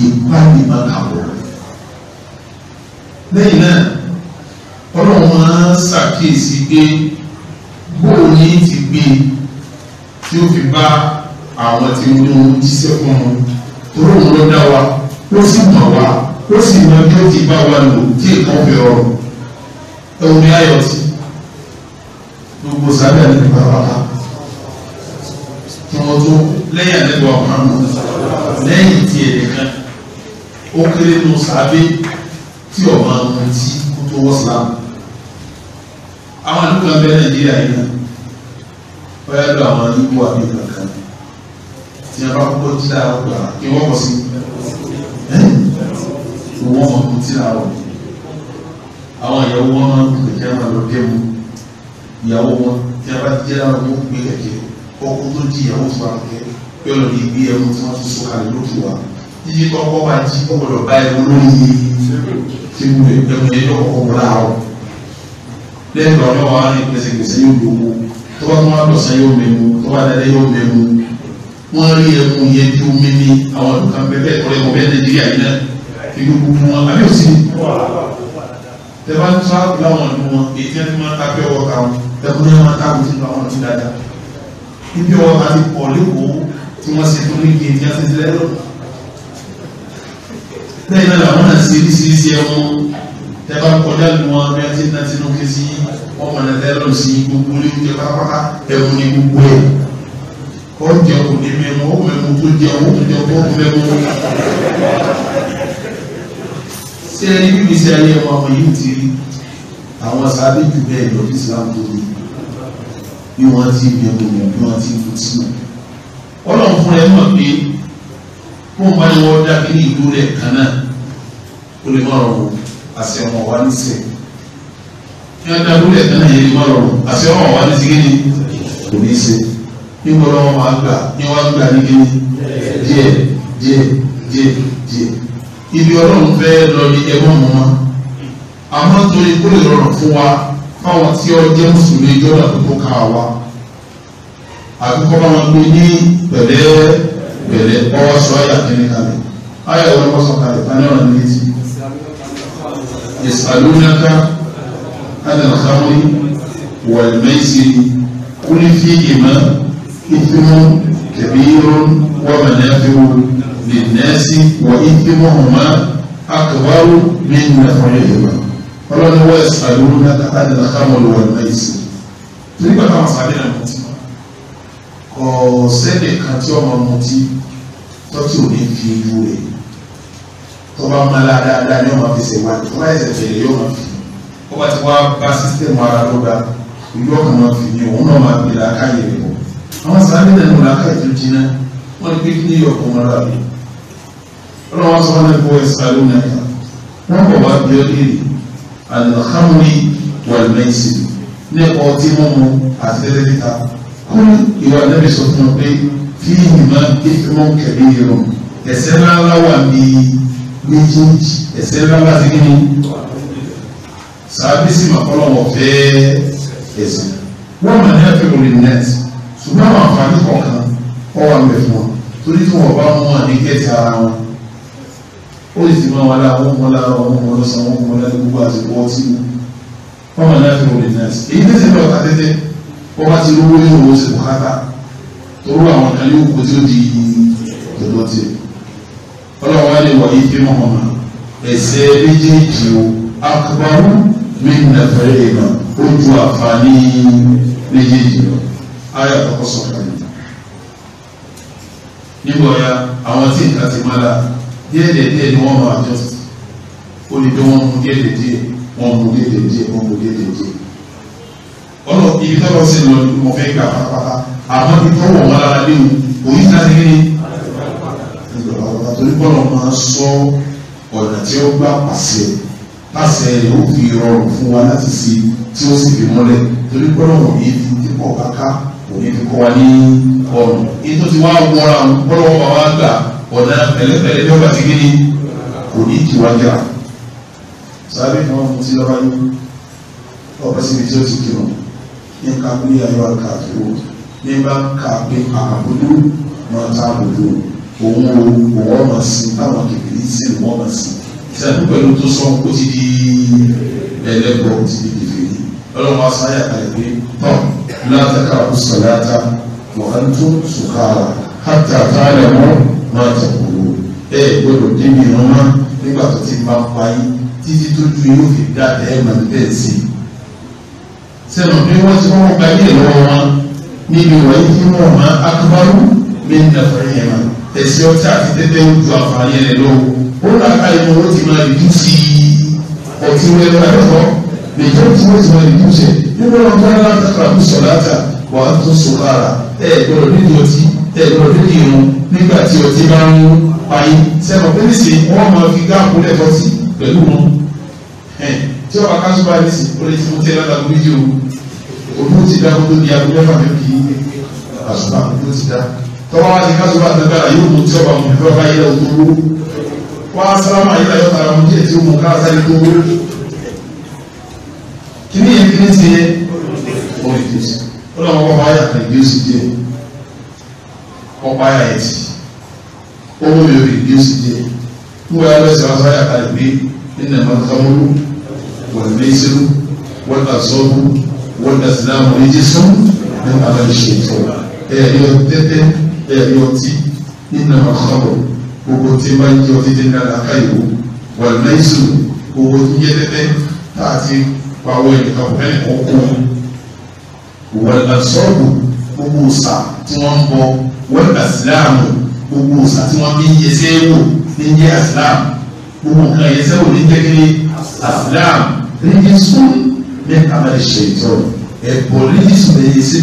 ìpàdé má kà wọ̀ lẹ́yìn náà ọlọ́run máa ń ṣàkíyèsí pé bóun ní ti gbé e, tí ó fi bá àwọn tí ó ń jíṣẹ́ fún wọn torí òun ló dá wa ló sì mọ̀ wá ló sì mọ bí ó ti bá wa lò tí ìkan fi rọrùn ẹ̀wọ̀n ní ayọ̀ tí gbogbo sábẹ́ ní bàbá wa wọ́n tó lẹ́yìn àlẹ́gbọ̀ àmọ́ lẹ́yìn tí ẹ̀ẹ̀kan ó kéré tó sábẹ́ tí ọ̀ma ń kó tó wọ́ sílámù àwọn àdúgbò ń bẹ nàìjíríà yìí náà wọ́n yá lọ àwọn igbó àbí kankan tí wọ́n bá kókó tíra ọgbà kí wọ́n kọ́ sí wọ́n mọ̀ kó tíra ọ̀ àwọn ìyàwó wọn máa ń gbé kí wọ́n lọ dé mu ìyàwó wọn tí wọ́n bá ti jẹ́ láwọn wọn gbé kẹ̀kẹ́ ọkọ tó di ìyàwó tó wà kẹ́kẹ́ pé ọ̀nà ìgbé ẹ̀rù tí wọ́n ti sọ kalẹ̀ lóṣù wa yíyí kọ́kọ́ bá jí ọ̀gbọ̀dọ̀ bá ẹ̀rù lórí ṣé mo lè gbẹ̀mọ̀ lẹ́yìn ọ̀rọ̀ wa ní pẹ̀sẹ̀pẹ̀sẹ̀ yóò lówó tó bá tún wá lọ́sàn yóò mẹ́mu tó bá dẹ́dẹ́ yóò mẹ́mu wọ́n rí ẹmu yẹn bí omi ní àwọn nǹkan bẹ́ẹ̀ ọ̀rẹ́ ọ̀bẹ nàìjíríà yìí náà ìlú gbogbo wọn àbí òsì. tẹ́lá ń sá láwọn ọ̀dún wọn èyí tí wọ́n ta pé ọwọ́ kan ẹ̀kú ní wọn ta òtún láwọn ọ̀dún dáadáa. níbi ọwọ́ kan ti pọ̀ lẹ́kọ̀ọ́ tí wọ́n ṣe fún níbi èyí tí wọ́n ṣe sílẹ̀ lọ. lẹ́yìn náà làwọn náà ṣe oríṣiríṣi ẹ̀wọ̀n tẹ́bá kọjá ní wọn bí a ti náà tinú ké sí ọmọ nàdá lọ sí gbogbo ní oúnjẹ pátápátá ẹ̀wù ní gbogbo ẹ̀ kọ́ jẹ kò ní mẹ́mu ó mẹ́mu tó jẹ ó tó jẹ kó mẹ́mu. ṣé ẹni bíbí sí ayé ọmọ ọmọ yìí ti rí àwọn sábẹ́ jù bẹ́ẹ̀ lọ bí Islam tó ní bí wọ́n ti bí ọmọ mi bí wọ́n ti fún sí mi. ọlọ́run fún ẹ mọ̀ pé kó o bá ní wọ́n dá ìlú rẹ̀ kan náà àṣẹ ọmọ wa ní sè. ní ọjà lúlẹ̀ tán náà yẹ kí wọ́n rọrùn àṣẹ ọmọ wa ní sí kíni kò ní í ṣe ní gbọ́dọ̀ wọn máa gbà ní wọ́n gbà ní kíni díẹ̀ díẹ̀ díẹ̀ díẹ̀ ibi ọlọ́run fẹ́ lọ ní ẹgbọ́n mọ́ wọn àmọ́ torí kó lè rọrùn fún wa fáwọn tí ó jẹ́ mùsùlùmí jọ́dá tó tó ká wa àkókò bá wọn gbé ní pẹ̀lẹ́ pẹ̀lẹ́ ọwọ́ sọ ayà kìnnìkan rẹ̀ ayà ìwọ̀n kọ́sọ̀kan rẹ̀ tani ọ̀rọ̀ nílé ti يسألونك عن الخمر والميسر قل فيهما إثم كبير ومنافع للناس وإثمهما أكبر من نفعهما ọlọ́ni wọ́n ẹ̀sàlùmí náà ní àkàmọ̀lù wọn náà ìsìn nígbà táwọn sàbẹ̀ náà mutí kò sẹ́nìkan tí ọmọ mutí tọ́tí ò ní fi irú rẹ̀ tó bá máa la dáadáa ni ó máa fi ṣèwádìí tó bá ẹsẹ̀ fèrè yóò máa fi ó bá ti wá bá sísítẹ̀mù ara ló ga ìlú ọkàn máa fi ní òun náà máa gbé làákàyè rẹ̀ bọ̀ àwọn sáré náà nù làákàyè tó jiná wọ́n ní pé kí ní ọkùnrin máa rà bí ọlọ́wọ́n sọ wọn kó ẹsẹ̀ aló náà wá bí ọdún alhamri wàlmẹ́sì ní ẹ̀kọ́ ọtí mímu àti tẹ́lẹ̀tẹ́ta kún ìwà nẹ́bí sọ fún wọn pé fíìmù máa ń gbé yìí rọ ẹ̀sẹ̀ ńlá ńlá bíi méjèèjì ẹsẹ̀ ńlá bá ti kíni sábẹ́sì màkọ́lọ́ wọ̀ fẹ́ ẹ̀sìn wọ́n mọ̀ ní ẹ̀fẹ́ wọlé nẹ́ẹ̀tì ṣùgbọ́n àwọn àǹfààní kọ̀ọ̀kan ọ wà mẹ́ fún wọn torí tí wọn bá mú wọn ní kẹ́ẹ̀tì ara wọn ó sì ti máa wọn lára wọn wọn lára wọn wọn lọ́sàn wọn wọn lára gbogbo àsìkò ọtí wọn mọ̀ ní ẹ̀fẹ́ wọlé nẹ́ẹ̀tì èyí tẹ̀sí lọ́ta tẹ́tẹ́ wọ́n bá ti rówó yóò wọ́n sì bùkátà torú àwọn kan yóò kó tí ó di ọ̀dọ́ ọlọ́run wá lè wọ ibi mọ́ ọmọ ẹsẹ̀ méjèèjì o akọbárú mi nàfẹ́rẹ́ ìmọ̀ ó ju àǹfààní méjèèjì lọ ayé àkọ́kọ́ sọ̀rọ̀ yìí nígbà ọ̀ya àwọn tí nǹkan ti máa la díẹ̀ díẹ̀ ni wọ́n máa jọ ó ní bí wọ́n mú díẹ̀ díẹ̀ wọ́n mú díẹ̀ díẹ̀ wọ́n mú díẹ̀ díẹ̀ ọlọ́ ibi tọ́lọ́ sí lọ mo fẹ́ gbà pátápátá àmọ́ ibi tọ́wọ̀ wọn lára léwu òyìnbá ti rí ni torí bọ́lá máa sọ ọ̀nà tí ó gbà pàṣẹ pàṣẹ rẹ̀ ó fi rọrùn fún wa láti ṣe tí ó sì fi mọ́lẹ̀ torí bọ́lá wọn yìí fi dípọ̀ káká òní fi kọ́ wa ní ọrùn ètò tí wàá wọra àwọn bọ́lá wọn bá wá gbà ọ̀nà pẹ̀lẹ́pẹ̀lẹ́ bí wọ́n bá ti gé ní kò ní kí jà sábẹ́ kan mo ti lọ́ba yín ọ̀pẹ́ síbi tí ó ti kírun ní ká kúlé àkàtúwò ní bá ka pé àbúrò máa ta àbúrò òun òun ọmọ sí táwọn kékeré sí òun ọmọ sí sẹ́ni pẹ̀lú tó sọ ó ti di ẹlẹ́gbọ́ ó ti di kékeré ọlọ́run wá sáyà kalẹ̀ pé tọ́ látàkà ọ̀sọ̀láta wàhántún sùkàrà hátà táyà mọ́ máa tẹ̀kùrù ẹ gbọ́dọ̀ débi ìrànmá nígbà tó ti máa pa yín títí tó ju yóò fi dá ẹ̀ máa bẹ́ẹ̀ sí i sẹ́nu pé wọ́n ti wọ́n gba ilé lọ́wọ́ wọn níbi wọ̀nyí tí wọ́n máa akọ́bárù ní èsì ọtí àti tẹ́tẹ́ ń ju àǹfààní ẹ̀ lọ ó là ká inú owó ti máa rìdú sí ọtí wẹ́rẹ́ àtọ́ lèjọ́ tí wọ́n ti máa rìdú sẹ̀ nínú ọ̀nà tó ń láta kàkú sọ̀láta wà á tó sọ̀kára ẹ̀ gbọ́dọ̀ nídìí ọtí ẹ̀ gbọ́dọ̀ nídìí irun nígbà tí ọtí bá ń parí sẹ́wọ̀n pé níṣẹ́ wọ́n máa fi gáàpù lẹ́kọ̀ọ́ sí pẹ̀lú wọn tí ọba káṣí bá ní sí ó lè ti mú tẹ́lá lágbo méjì o òun ti dá gbogbo di agbẹ́fà mẹ́fì àṣùpá òun ti dá tọ́ba wa ti ká sọ́ba àtàkàrà yóò mú tí ọba mú ìfẹ́ ọba yẹlẹ òtúrú wá sálámà yìí láyọ̀ tara mú díẹ̀ tí ó mú ká sáré tó wó kíní yẹn kíní ti yẹ ọ̀rọ̀ ìdíyèsí ó lọ́wọ́ ọba ayà kan ìdíyèsí díẹ̀ ọba ayà yẹn ti owó lè rí ìdíyèsí díẹ̀ wọ́n yà lọ́sẹ̀ wọn sáyà kan ìgbé nínú ẹ̀ma kàmúrú wọ́n lè sẹ́nu wọ́n kà sọ́ọ̀bù wọ́n kà sílámù ẹ̀jẹ̀ sọ́ọ̀bù ní abẹ́rẹ́ ṣe ìtọ́ ẹ̀yà yọ tẹ́tẹ́ ẹ̀rí ọtí nínú ọ̀ṣọ́bọ̀ gbogbo tí máa ń jẹ ọtí tí nínú àlàkà ìwò wà lẹ́sù gbogbo tó yẹ tẹ́tẹ́ tá a ti pawọ́ ẹ̀nìkan fẹ́ ọkùn wà lẹ́sọ́ọ̀bù gbogbo òòsà tí wọ́n ń bọ wọ́n àsìláàmù gbogbo òòsà tí wọ́n fi ń yẹ sẹ́wò ní jẹ́ àsìláàmù gbogbo nǹkan yẹ sẹ́wò ní jẹ́ kiri àsìláàmù rídí sùn ní àmàlẹ̀ ṣètò ẹ̀bọ̀ rídí sùn lè yẹ sí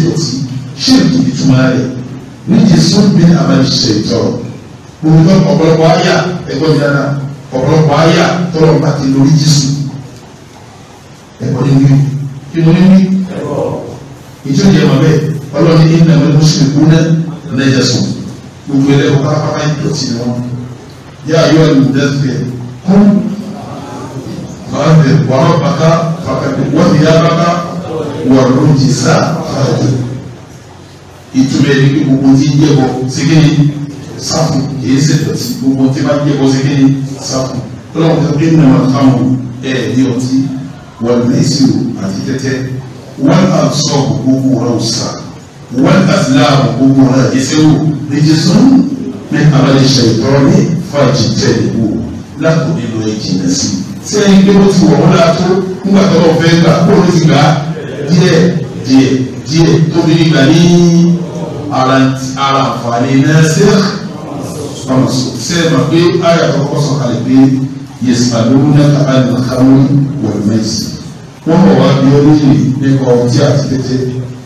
ṣé ìdí ìtumọ̀ rẹ̀ ní jésù bí àmàlùsẹ̀ tọ̀ gbogbo ọ̀pọ̀lọpọ̀ àyà ẹ̀gbọ́n mi dáná ọ̀pọ̀lọpọ̀ àyà tọrọ bá ti lórí jésù ẹ̀gbọ́n ní wí kí ló ní wí ìjọ yẹ mọ̀ bẹ́ẹ̀ ọlọ́ni ní ìnáwó mùsùlùmí kú náà lẹ́jà sùn gbogbo ẹlẹ́wọ̀n pátápátá ìdọ̀tí wọn yá ayọ́ ìdẹ́fẹ̀ kún fàáfẹ̀ wàrọ̀ bàtà fàkàtì wọ́n ti yá bàtà wọ̀rọ̀ jìsà fàáfẹ̀ ìtumọ̀ ẹni pé gbogbo tí ń jẹ́bọ sí kíni sáfù kìí ṣe dọ̀tí gbogbo tí bá ń jẹ́bọ sí kíni sáfù ọlọ́run tó dé nínú àtàwọn ẹ̀ ní ọtí wọ́n lẹ́sìn àti tẹ́tẹ́ wọ́n àtúnṣọ́ gbogbo ọ̀rọ̀ ọ̀sà wọ́n àtìláàbò gbogbo ọ̀rọ̀ ìṣẹ́wò lẹ́jẹ̀sán ní abàlẹ́ṣẹ̀ ìtọ́ni fàájì tẹ̀lé wò lápò nínú ìjìnlẹ̀ sí i sẹ́yìn pé ó ti wọ̀ wọ́n láàtó nígbà tó lọ́ fẹ́ gbà kó o ti gbà díẹ̀ díẹ̀ díẹ̀ tó fi nígbà ní ara àǹfààní náà ṣe ṣe é mà pé àyà kọ́kọ́ sọ̀kalẹ̀ pé yẹ̀sùn àdúgbò náà kàkà ní kàwé wọ̀lùmẹ́sì wọ́n bọ̀ wá bí olóyè nípa ọtí àti tẹ́tẹ́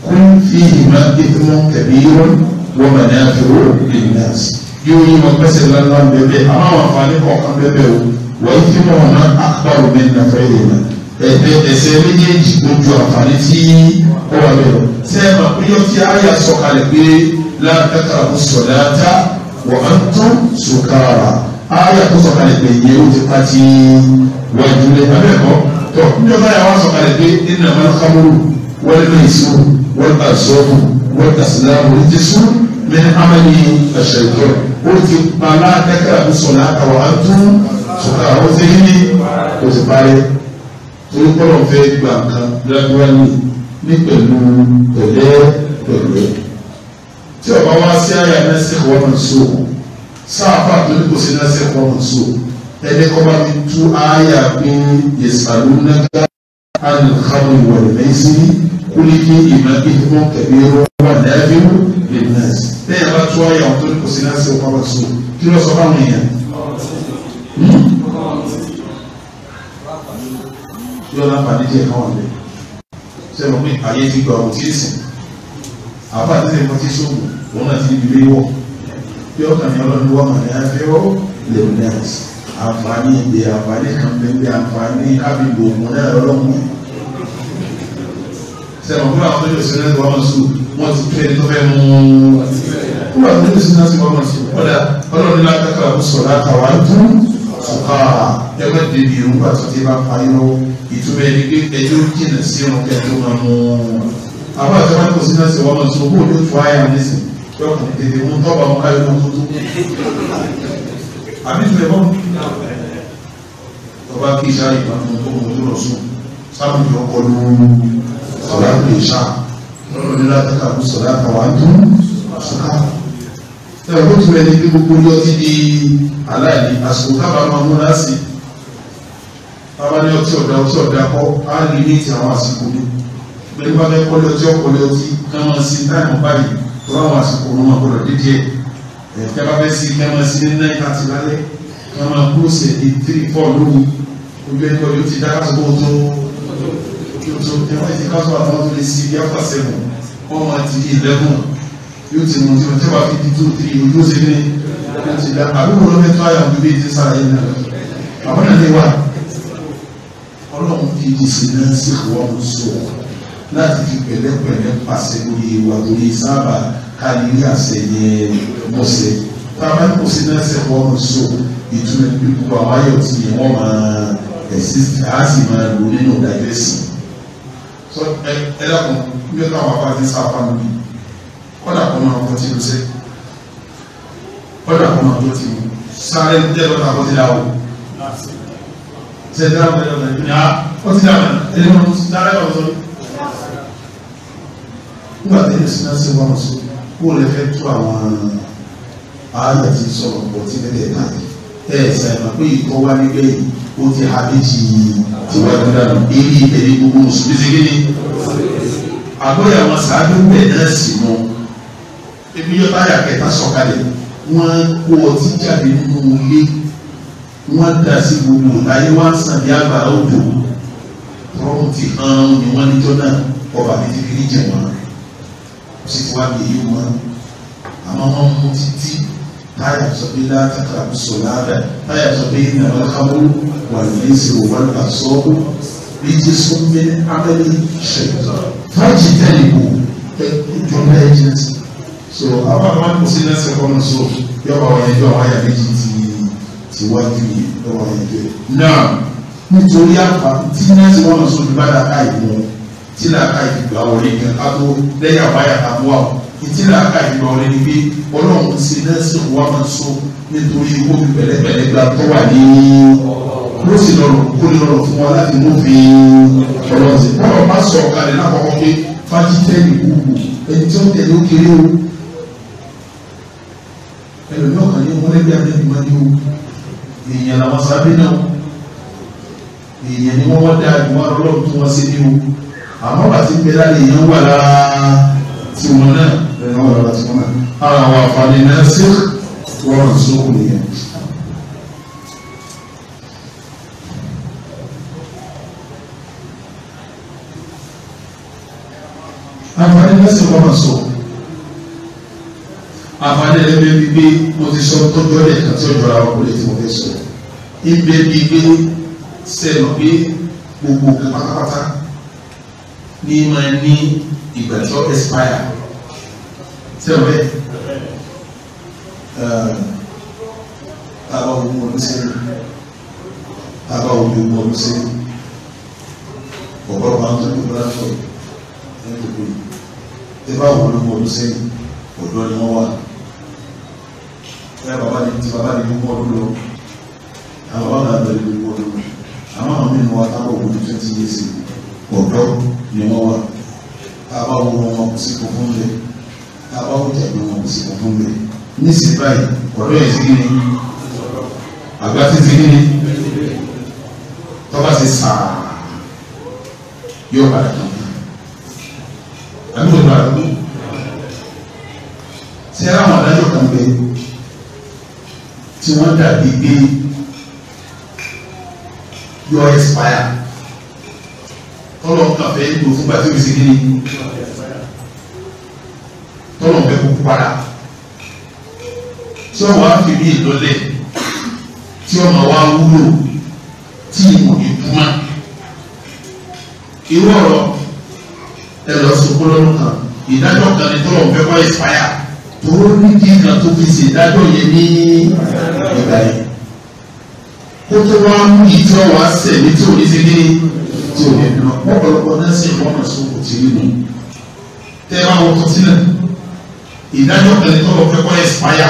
kún fi ìmọ̀ ìfimọ́ kẹ̀mí wọn wọ́n mọ̀ ní àfẹ́wò ìgbìyànjú yóò yí wọn pẹ́sẹ̀ lánàá bẹ́ẹ̀ bẹ́ẹ̀ àwọn àǹfààní kọ̀ọ̀kan bẹ́ẹ̀ bẹ́ẹ̀ o wọ́n yí fímọ̀ wọn náà àkpàrọ̀ bẹ́ẹ̀ nàfẹ́ yẹn náà ẹsẹ̀ méjèèjì tó ju àǹfààní tí ó wà lọ ṣe é máa péye tí àyà sọ̀kalẹ̀ pé láàbẹ̀ká kò sọ̀dá tá wọ́n á tó sùkàrà àyà tó sọ̀kalẹ̀ pé iye ó ti pa ti wájú lẹ́ abẹ́ẹ̀kọ́ tó ní ọ̀gá yà wá sọ̀kalẹ̀ pé nínú àwọn akábúrú wọ́n lè sùn wọ́n bá sọ́ọ̀bù wọ́n bá sìlámù ó ti sùn mẹ́rin amẹ́ni ẹ̀ṣẹ̀ ti pa láàbẹ̀ká kò sọ̀dá tá wọ́n á tó sùkàrà ti yí ni ó ti parí orúkọlọ fẹ́ gbà kan gradually ní pẹ̀lú pẹ̀lẹ́ pẹ̀lẹ́ tí ọba wá sí àyà mẹsẹ wọn so sáfà tó ní kò sí mẹsẹ wọn so ẹni kọ́ bá mi tú àyà pé yẹsàlú nàgà ànàkàwé wọlẹmẹsì kúlíkì ìmọ ìfọ kẹbí rọwà dàbíwò lẹmẹsì lẹ́yìn bá tú àyà tó ní kò sí mẹsẹ wọn so kí ló sọ fáwọn èèyàn. Hmm? tí ó láǹfààní díẹ̀ náà lẹ̀ sẹ́wọ̀n pé ayé ti gba ọ̀rọ̀ tí ì sìn àbá àti ẹ̀kọ́ tí sóògùn òun náà ti ibi lé wọ̀ bí ọkàn ní ọlọ́run wọ́n mọ̀ ní afẹ́wọ́ lèmi náà àǹfààní ìdè àǹfààní kan bẹ́ẹ̀ àǹfààní ábìlì òun náà lọ́lọ́mù sẹ́wọ̀n pé àwọn tó yọ sí náà wọ́n mọ̀ sùn wọ́n ti fẹ́ tó fẹ́ mú un wọ́n tó yọ sí náà wọ́n mọ̀ sùn kọ́dà ọlọ́run náà kẹ́kọ̀ọ́ àkóso láta wà á dún sùkà ẹgbẹ́ dèbì ìrúgbà tó ti bá parí lọ́wọ́ ìtumọ̀ ẹni pé ẹjọ́ jìnnà sí irun kẹtó máa mú un àwọn àti wọn kò sí náà sí wọn lọ sọ bóòlù fún àyà nísìn yọkùn tètè mú tọ́ba mú káyọ̀ mú tuntun àbí tìlẹ̀ mọ́ tọ́ba kí iṣẹ́ ayé máa mú tó mú tó lọ sùn sáà mú yọ kọlu sọ̀rọ̀ àti ìṣá lọ́dọ̀ nílá tẹ́ka kú sọ̀rọ̀ àtàwọn àdún sọ̀ká tẹ̀wọ́n tó ẹni pé gbogbo lọ́ọ́ ti aláìní àsìkò tábà máa mú láti bàbá ní ọtí ọ̀dà ọtí ọ̀dà kọ́ á lè ní ti àwọn àsìkò ní pẹ̀lú bá fẹ́ kọ́lé ọtí ọ̀kọ́lé ọtí kẹ́mọ́ sí táìmù báyìí tó láwọn àsìkò wọn gbọ́dọ̀ dédé ẹ̀ kẹ́bá fẹ́ sí kẹ́mọ́ sí ní náírà ti lálẹ́ kẹ́mọ́ kúròsẹ̀ ní tírì fọ́ lóru ojú ẹ̀kọ́ yóò ti dáká tó tó tó ẹ̀wọ́n ti kásọ̀ àtàwọn tó lè sí ibi áfà sẹ́wọ̀n wọ́n máa ti di eleven yóò ti mọ̀ tí wọ́n tẹ́wàá fi di two three ojú ó ṣe ní àbúrò lọ́mẹ́tọ́ àyàwó bíbí ti sára yìí náà àbọ̀nà lè wà ọlọ́run fi ìsìn náà sì wọ́n mú sùn láti fi pẹ̀lẹ́pẹ̀lẹ́ pàṣẹ lórí ìwà lórí sábà kárílé àṣẹ yẹn mọ̀ṣẹ́ tábà ní kò sí náà ṣe wọ́n mú sùn ìtumọ̀ ìpínlẹ̀ àwọn ayọ̀ tí wọ́n máa ẹ̀sìn á sì máa lò nínú ìdájọ́ ẹ̀sìn so ẹ ẹ dàpọ̀ bí ọ̀nà àwọn afáàtì sáfà lórí kọ́dà kan máa kọ́ tí o ṣe kọ́dà kan máa kọ́ tí o sáré ń tẹ́ lọ́ta kọ́ ṣe dá àwọn ẹ̀yọ̀ nàìjíríà ó ti dàgbà ẹni wọn tó dára ẹ̀yọ̀ sọ. nígbà tí èsì náà ṣe wọn sọ kó lè fẹ́ tú àwọn ààyè ti sọ̀rọ̀ pọ̀ tí lè dẹ̀ ẹ̀ ṣàìmọ̀ pé ìkọ́ wá nígbẹ́ yìí ó ti ha méjì tí wọ́n ti dànù eré ìbẹ̀rẹ̀ gbogbo mùsùlùmí ṣe kéde. àgbóyàwó sàájú bẹ̀ náà sì mọ́ ebi yọ táyà kẹta sọ̀kalẹ̀ wọ́n kó ọtí jáde nínú ilé wọ́n da sí gbogbo ayé wá sàn ní agbára odò tọ́rọ́ ti hàn ní wọ́n ní jọ́nà ọba mi ti fi ní jẹ̀ wọ́n kò sì ti wá bí èyí wọn àmọ́ wọ́n mú títí táyà sọ pé látàkàrà sọ láàbẹ̀ táyà sọ pé ní àwọn wà ní ẹsẹ̀ wò wọ́n sọ ọ́ bí jésù ń bẹ abẹ́lé ṣẹ̀tọ̀ fájì tẹ̀lé kù ẹ jọba ẹ jẹ́ so àwọn àwọn àmì sí lẹ́sẹ̀ kọ́nù so yọ̀wọ̀ ẹ̀jọ̀ àwọn àyà méjì ti yé iwájú yìí lọ́wọ́ ẹ̀jẹ̀ náà nítorí àǹfààní tí nẹ́ẹ̀sì wọn sọ ní bàdà káìmù tí làákà ìgbà wọlé kan ká tó lẹ́yà báyà ká tó wà ó ìtí làákà ìgbà wọlé ni pé ọlọ́run ti nẹ́ẹ̀sì wọn máa sọ nítorí owó pẹ̀lẹ́pẹ̀lẹ́ gba tó wà ní ló sì lọ́rọ̀ kó lè lọ́rọ̀ fún wa láti mú fi ọlọ́run sí bọ́lá bá sọ kalẹ̀ lákọ̀ọ́kọ́ pé fájítẹ́ẹ̀lì kúkú ẹni tí ó tẹ̀lé ó kéré o ẹlòmíràn kan ní ọmọlẹ́gbẹ̀ẹ́ èèyàn làwọn sábẹ́ náà èèyàn ni wọ́n wọ́n dá ìwọ́n ọlọ́run tó wọ́n sí ní o àmọ́ wà tí bẹ́ẹ̀ láti èèyàn wà lára tiwọn náà èèyàn wà lára tiwọn náà ara àwọn àfààní náà sí wọ́n sókùn nìyẹn. àfààní náà sì wọ́n sókùn àfàdé ẹgbẹ́ bíi pé mo ti sọ tọ́jú ọ̀rẹ́ kan tí ó jọra wọn kò lè tí mo fẹ́ sọ ìgbẹ́ bíi pé sẹ́nu pé gbogbo pátápátá ní máa ní ìgbà tí ó expire sẹ́nu bẹ́ẹ̀ àbá ogun ọdún sẹ́yìn àbá ogun ọdún sẹ́yìn ọ̀pọ̀lọpọ̀ àwọn tó ń gbọ́dọ̀ sọ̀rọ̀ ẹ̀ ń gbogbo ẹ̀ bá ogun ọdún sẹ́yìn ọ̀dọ́ ni wọ́n ẹ bàbá ni ti bàbá ni gbogbo ọdún lọ àwọn bàbá náà bẹ̀rẹ̀ gbogbo ọdún lọ àwọn àwọn mìíràn wa táwọn òkú ní twenty years ọ̀dọ́ ni wọ́n wà àbá wọn wọn kò sí kókó ń bẹ àbá wọn jẹ̀bi wọn kò sí kókó ń bẹ ní sí báyìí ọ̀dọ́ yẹn ti kíni àgbà ti ti kíni tọ́ba ti sàá yóò padà tó àbí òdòdó àdúgbò tí ara wọn adájọ́ kan bẹ́ẹ̀ tí wọ́n dàbí pé yọ expire tọ́lọ̀ kàfẹ́ lò fún gbàtí òbísí kí ni tọ́lọ̀ bẹ kúkú para tí wọ́n wá fi mí ìlọlẹ̀ tí wọ́n máa wá wúlò tí ìmọ̀ ní kúmá irú ọ̀rọ̀ ẹ lọ sọ kan ìdájọ́ kan ní tọ́lọ̀ bẹ kọ́ expire tòró ní kíkan tó fi ṣèdájọ́ yẹn ní ìgbà yẹn kó tó wá mú yìí tí wọ́n wá sẹ̀ ní tí ò ní ṣe ní tí ò ní dùn ọ̀pọ̀lọpọ̀ náà sì wọ́n náà sọ kò tí ì mú tẹ́ ẹ bá wọ́n tó sílẹ̀ ìdájọ́ kan ní tọ́lọ̀ fẹ́ kọ́ ẹ̀sìpáyà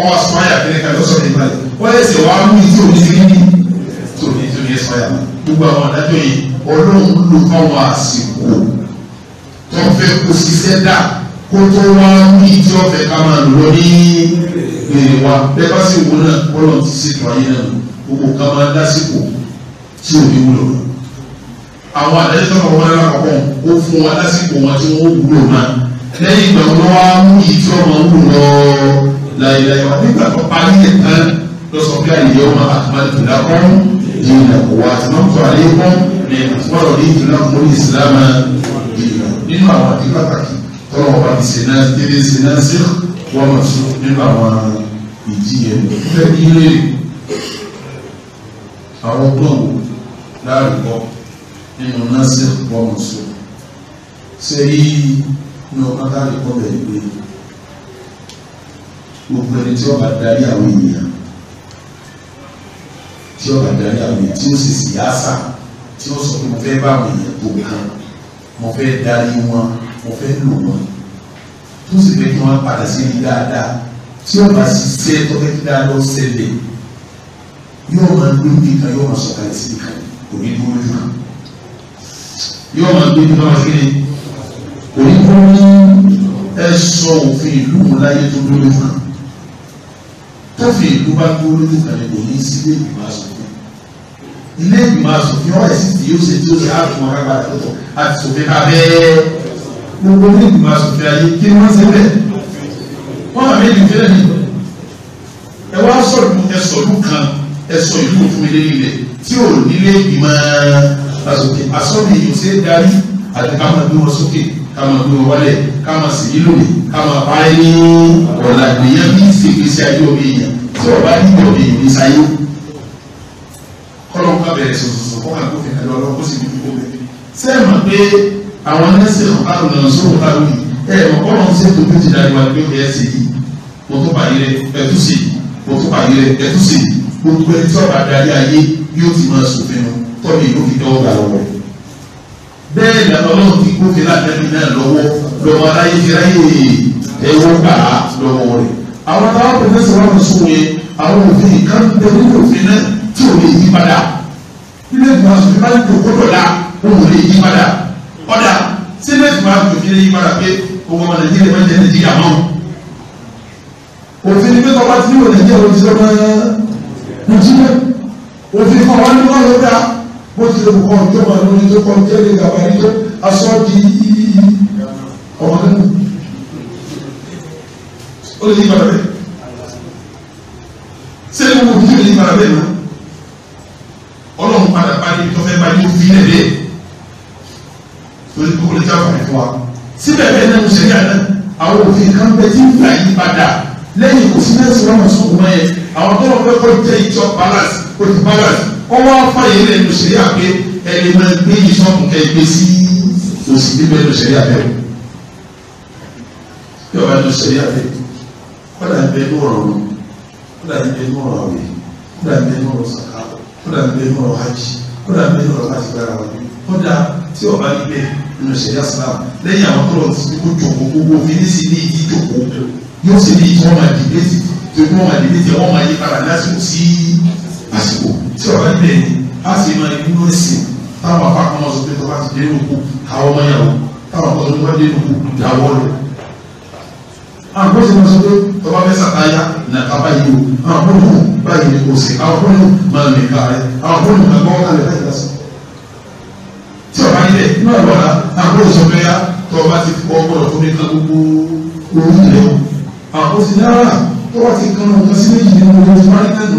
ọ́ ẹ̀sìpáyà kẹ́lẹ́ ká lọ́sọ̀ nípa rẹ̀ wọ́n ẹ̀sẹ̀ wá mú yìí tí ò ní ṣe ní tí ní tí ò gbogbo àwọn àdájọ́ yìí ọlọ́run ló fáwọn àsìkò tó fẹ́ kó ṣiṣẹ́ dáa kó tó wá ní tí ọ̀fẹ́ ká máa lò ní èrè wa bẹ́ẹ̀ bá sì wò náà bọ́lọ̀ ti ṣètò ayé náà gbogbo ká máa dásìkò tí ò ní wúlò àwọn àdájọ́ tó kọ̀ wọ́n lára kọ̀kọ́ ó fún wa lásìkò wọn tí wọ́n wúlò náà lẹ́yìn ìgbà wọn wá mú yìí tí ọmọ ń wù lọ láyéláyé wa nígbà tó parí ẹ̀ tán lọ sọ pé àyè ọmọ àtúmọ̀tò lápọ́n di ìlàkọ̀ wa àtúmọ̀tò àlékún ní àtúmọ̀tò ní kọ́nà ọba ti ṣe náà kéde ṣe náà sí wọ́n mọ̀ sí nínú àwọn ìjìyẹn fẹ́ ilé àwọn ọgbọ́n láàrúkọ nínú náà sí wọ́n mọ̀ sí ṣe yí ní ọba láàrúkọ bẹ̀rẹ̀ pé gbogbo ẹni tí ọba darí àwọn ènìyàn tí ọba darí àwọn ènìyàn tí ó sì sì yá sà tí ó sọ pé mo fẹ́ bá àwọn ènìyàn tó kàn mo fẹ́ darí wọn mo fẹ́ lò wọ́n tó sì fẹ́ kí wọ́n padà sí ibi dáadáa tí wọ́n bá ṣiṣẹ́ tó fẹ́ kí dáadáa ó ṣẹlẹ̀ yóò máa gbé ibi kan yóò máa sọ̀kalẹ̀ sí ibi kan kò ní dúró jù kan yóò máa gbé ibi kan wọ́n fi ni kò ní kó ní ẹ sọ òfin ìlú wọn láyé tó dúró jù kan tófin ìlú bá dúró jù kan ni kò ní sílé ìgbìmọ̀ àṣọ ilé ìgbìmọ̀ asòfin ọ̀rẹ́ sì ti yóò ṣe tí ó ṣe àtúnwọ̀n agbára tó tọ̀ àti sòfin abẹ́ gbogbo ní ìgbìmọ̀ asòfin ayé kí ni wọ́n ṣe bẹ́ẹ̀ wọ́n máa méjì fẹ́rẹ̀ ní ẹ wá sọ̀rọ̀ ẹ̀sọ̀lù kan ẹ̀sọ̀ ìlú òfin mi lélẹ̀ rẹ̀ tí ò nílé ìgbìmọ̀ asòfin asọ́bì yìí ṣe é darí àti ká máa gbé wọn sókè ká máa gbé wọn wálẹ̀ ká máa sì yí lónìí ká máa bá ẹ ní ọ̀la ìgbìyàn bí ìṣègbésí ayé òbí èèyàn tí ọba níbi òbí èèyàn sáyé kọ́lọ́ àwọn ẹsẹ̀ ọ̀páàrù náà sọ̀rọ̀ ọ̀páàrù yìí ẹ̀ ọ̀pọ̀lọ̀ ń ṣètò méjì dáa ìwà gbé ẹ̀ sí i mo tó bá yẹ ẹtú sí i mo tó bá yẹ ẹtú sí i gbogbo ẹni tí ọba adarí ayé yóò ti máa sòfin nu tọ́lú ìlú fi dánwó gbà lọ́wọ́ bẹ́ẹ̀ ìdáná ọlọ́run ti gbófin látẹ́bí náà lọ́wọ́ lọ́wọ́ aráyé fi ráyè ẹ̀wọ́ gbà á lọ́wọ́ rẹ̀ àwọn táwọn pẹ̀lẹ́sì wọn kò sún yẹn àwọn òfin kan bẹ nínú òfin náà tí ò lè yí padà ilé ìgbà sòfin bá ń dòkó dọ̀la òun ò lè yí padà ọ̀dà síbẹ̀sì máa gbé òfin yìí padà pé owó ọmọ nàìjíríà máa ń jẹ nàìjíríà mọ́ òfin ní pẹ́tọ́ bá ti níwò nàìjíríà ó ti sọ máa nàìjíríà òfin kan wá ní wọ́n lọ dá bó ti lè kọ́ ọ̀jọ́ máa lórí tó kọ́ ọ̀jọ́ lè gàbà rí tó aṣọ di ọmọ nínú ó lè yí padà bẹ́ẹ̀ sẹ́yìn wo òfin yóò yí padà bẹ́ẹ̀ náà ọlọ́run padà bá ní tó fẹ́ bá ní òfin ẹ̀ bẹ́ẹ̀ torí kó lè jáfàá fún wa síbẹ̀ bẹ́ẹ̀ náà ṣe yà náà àwọn òfin kan bẹ tí ń gbà yí padà lẹ́yìn kò sí mẹ́sì wọn mọ̀ sókùn náà yẹ àwọn tó wọn fẹ́ kọ́ jẹ́ ìjọ balance kò ti balance wọ́n wá fàyè lẹ́nu ṣe yà pé ẹni máa gbé ìṣọ́kùn kẹ́ gbé sí òsì níbẹ̀ ló ṣe yà bẹ́ẹ̀ yóò bá ló ṣe yà bẹ́ẹ̀ kọ́dà ń bẹ ní ọ̀rọ̀ wọn kọ́dà ń bẹ ní ọ̀rọ̀ àwẹ̀ kọ́dà ń bẹ ní ọ̀rọ̀ sàkà kọ́dà ń bẹ ní ọ̀rọ̀ hajj kọ́dà ń bẹ ní ọ̀rọ̀ láti kódà tí ọba níbẹ̀ nínú ìṣẹ̀lẹ̀ islam lẹ́yìn àwọn kúrò tí kò jòkó gbogbo òfin ní sí ní ìdí jòkó yóò sì ní ìdí wọn máa dìbẹ́tì tó kí wọn máa dìbẹ́tì wọn máa yí padà lásìkò sí àsìkò tí ọba níbẹ̀ ni a sì máa ní nínú ẹ̀sìn táwọn apákan wọn sọ pé tọ́ba ti dé nùkú àwọn ọmọ yàwó táwọn ọmọ tó bá dé nùkú ìdáwọ́ lọ. àwọn ọmọ sọ pé tọ́ba fẹ́ sàtáyà nàkà báyìí o àwọn ọmọ báyìí ni kò sí àwọn ọmọ máa mẹ̀ká rẹ àwọn ọmọ àgbọ̀wọ́ kalẹ̀ báyìí tí ọba yẹ ní ọba la àbúrò sọ bẹ́ẹ̀ yá tó ọba ti fọ ọgbọ́dọ̀ fún mi kan gbogbo òun yẹ o àwọn sì náírà tó wà ti kan ọmọ sí méjì nínú owó tó wá ní nànú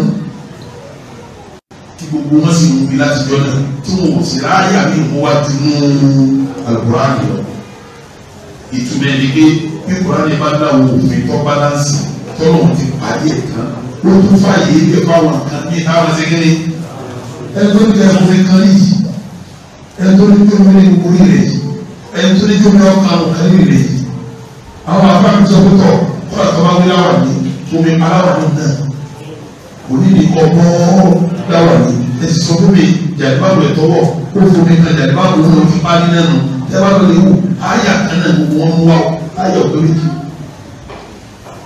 kí gbogbo wọn sì wù mí láti jọ náà tí wọn ò sì ráyà mí mú wá ju nú Al-Kùránì lọ ìtumẹ̀ ni pé bí Kùránì bá dáwọ́ òfin tó bálánsì tọ́lọ̀ ti parí ẹ̀ tán ó tún fàyè ẹgbẹ́ fáwọn kan ní táwọn ṣe kéré ẹgbẹ́ kẹfọ́fẹ́ kan yìí ẹni tó ní kéwòn ní orí rẹ̀ yìí ẹni tó ní kéwòn ní ọkàn òkàlì rẹ̀ yìí àwọn afáàmì sọ́kútọ̀ kọ́lá tó bá wí láwà ní omi aláwà ní náà kò ní ní ọmọ láwà ní ẹsì sọ fún mi jàdìbáwò ẹ̀ tọwọ́ ó fún mi kan jàdìbáwò ó lọ fún pálí náà nù jàdìbáwò lè wù áyà kan náà wọn mú wa áyà ọ̀gbẹ́ méjì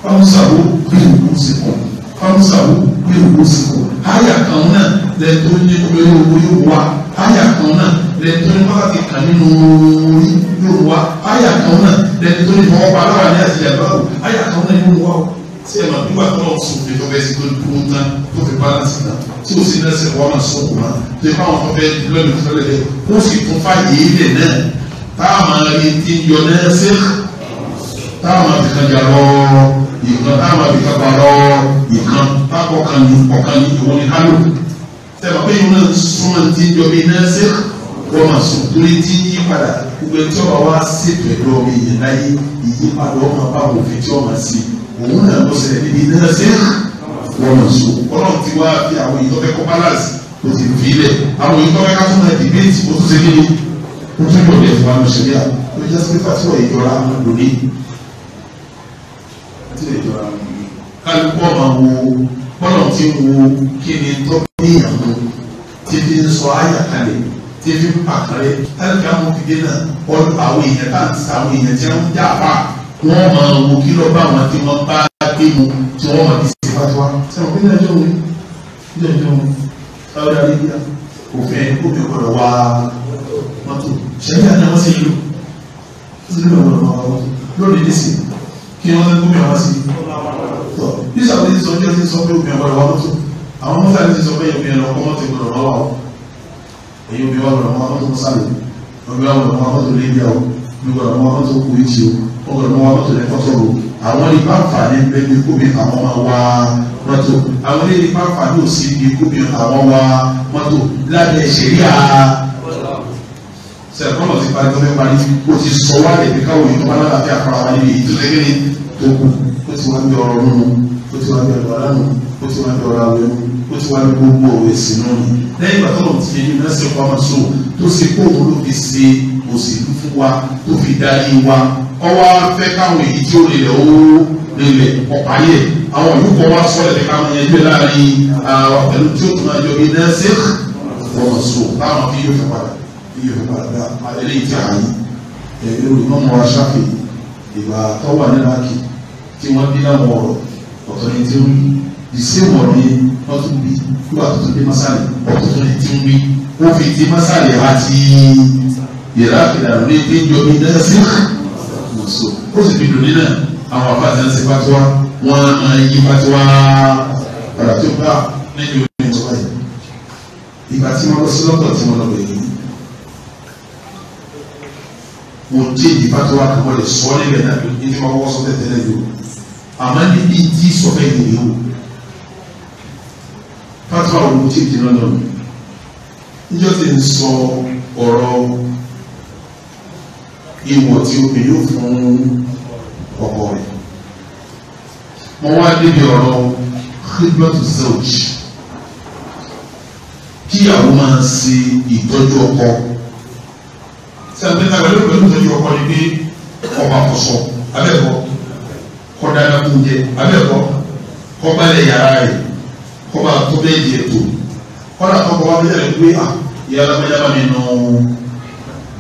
fámúsàwò bí òkú sí kù fámúsàwò bí òkú sí kù áyà kan náà lẹ́tọ́ ní gbẹ́rẹ́ owó yóò wá áyà kan náà lẹ́yìn tó ní bá fi kàn nínú orí Yorùbá àyà kan náà lẹ́yìn tó ní fọwọ́ pa alára ní àti ìyàgbá o àyà kan náà nínú wa o tí ẹ̀ máa dúpọ̀ àtọ́ ọ̀sùn ní tó bẹ́ẹ̀ sí tó dúró tán tó fi balance náà tí o sì náà sẹ̀kọ́ máa sọ òun náà tó yẹ káwọn fẹ́ lọ́nà fẹ́lẹ́ lẹ́ kó sì tún fàyè ilẹ̀ náà táà máa rí ti yọ náà sí táà máa fi kan jà lọ́ọ́ ìkan táwọn àbí kápá lọ ìkan pápọ̀ kan ní ọ̀kan ní ìwọ́n ní kálò tẹ̀wọ́ pé ìwọ́n náà súnmọ́ ti ń jọ bí náà sí wọ́n máa sùn torí tí yí padà gbogbo ẹni tí wọ́n bá wá sí pẹ̀lú ọmọ èèyàn láyé ìyípadà wọ́n máa bá òfin tí wọ́n máa sí òun náà lọ sílẹ̀ níbi náà sí wọ́n máa sùn ọlọ́run ti wá fi àwọn èèyàn fẹ́ kọ́ balance o ti fi ilẹ̀ àwọn èèyàn fẹ́ ká tún máa debate o tún ṣe kí ni o tún yọ̀ lẹ́fọ̀ àwọn ìṣẹ̀lẹ̀ à o jẹ́ sípẹ́fà tí wọ́n ìjọra àwọn lórí kálukú ọmọ wo bọ́lọ̀ ti wo kí ni tọ́ ní ìyàwó ti fi ń sọ àyà tí ebi ń pa kan rẹ tálíkà wọn fi dé náà ọlù àwọn èèyàn tá à ń sa àwọn èèyàn tí wọn ń jà wá wọn máa wo kí lọ bá àwọn tí wọn bá gbé mu tí wọn máa fi ṣe wájúwá. sẹ́wọ̀n bí nàìjọ́ òun ní nàìjọ́ òun sáwọ́dà arábíà òfin òbí ọ̀rọ̀ wá mọ́tò ṣẹ́yìn àti àwọn sẹ́yìn lò sí ìlú ọ̀rọ̀ wá mọ́tò lórí ìdísì kí wọ́n lé gómìnà wá sí i. bí sàbẹ̀sì sọ èyí obì ọ̀rọ̀ ọmọ ọmọ tó sáré obì ọ̀rọ̀ ọmọ ọmọ tó lé jẹ́ o obì ọ̀rọ̀ ọmọ ọmọ tó kú ìtì o obì ọ̀rọ̀ ọmọ ọmọ tó lè kọ́sọ̀rọ̀ àwọn ipa nfààní ń bẹ ní kóbi àwọn ọmọ wa mọ́tò àwọn ilé ipa nfààní ò sí ní kóbi àwọn wa mọ́tò lábẹ́ ìṣẹ̀ríà sẹ̀kọ́nà ti parí ọdún parí o ti sọ wá lè káwọn èèyàn bá ó ti wá ní gbogbo ọ̀rọ̀ ẹ̀sìn náà ni lẹ́yìn ìgbà tọ́lọ̀ ti fi mẹ́sẹ̀ pamọ́ so tó ṣe kó òun ló fi ṣe òṣèlú fún wa tó fi darí wa ọwọ́ afẹ́ káwọn èyí tí ó rẹlẹ̀ ó rẹlẹ̀ ọ̀páyẹ̀ àwọn olùkọ́ wa sọ̀rọ̀ ẹ̀ káwọn yẹn gbé láàrin pẹ̀lú tí ó tún àjọ bíi mẹ́sẹ̀ pamọ́ so táwọn fi yóò fẹ́ padà yóò fẹ́ padà dá àlẹ́lẹ́ ìtì àyè ẹ̀rọ ìmọ̀mọ́ aṣáfì ìgbà tọ́wà tí wọ́n bí láwọn ìṣèwọ̀n ni wọ́n tún bí nígbà tó tún dé mọ́sálẹ̀ ọ̀tún tún ti tún bí ó fi ti mọ́sálẹ̀ àti ìrákìlà lórí pé ń jọbi náà sí wòsàn ó sì fi dùn nínà àwọn àbájá ń ṣe fatiwa wọn á máa yí fatiwa padà tó bá nínú ìlú ìjọba yìí ìgbà tí wọ́n lọ sí lọ́tọ̀ tí wọ́n lọ bẹ̀ yìí mo dé ìdí fatiwa kan wọ́n lè sọ ọ́ nílẹ̀ náà ní tí wọ́n kọ́kọ́ sọ tẹ̀tẹ̀lẹ̀ yìí o àmọ́ níbi tí sọ fẹ́ yìí o pátá òun tí ìdí lọ́dọ̀ mi níjọ́ tí ń sọ ọ̀rọ̀ ìwọ̀ tí obìnrin yóò fún ọkọ rẹ̀ mo wá débi ọ̀rọ̀ hiblet zilch kíyàwó máa ṣe ìtọ́jú ọkọ tí a ti ń ta pẹ̀lú pẹ̀lú ìtọ́jú ọkọ ni pé ọba àkọsọ abẹ́ẹ̀kọ́ kọ́ dáná kúnjẹ abẹ́ẹ̀kọ́ kọ́ balẹ̀ yàrá rẹ̀ kọ́ máa tó bẹ́ẹ̀ di ètò kọ́dà kan kọ́ wá bí ẹ̀rọ pé à ah, ìyá alágbèjà ba mi nù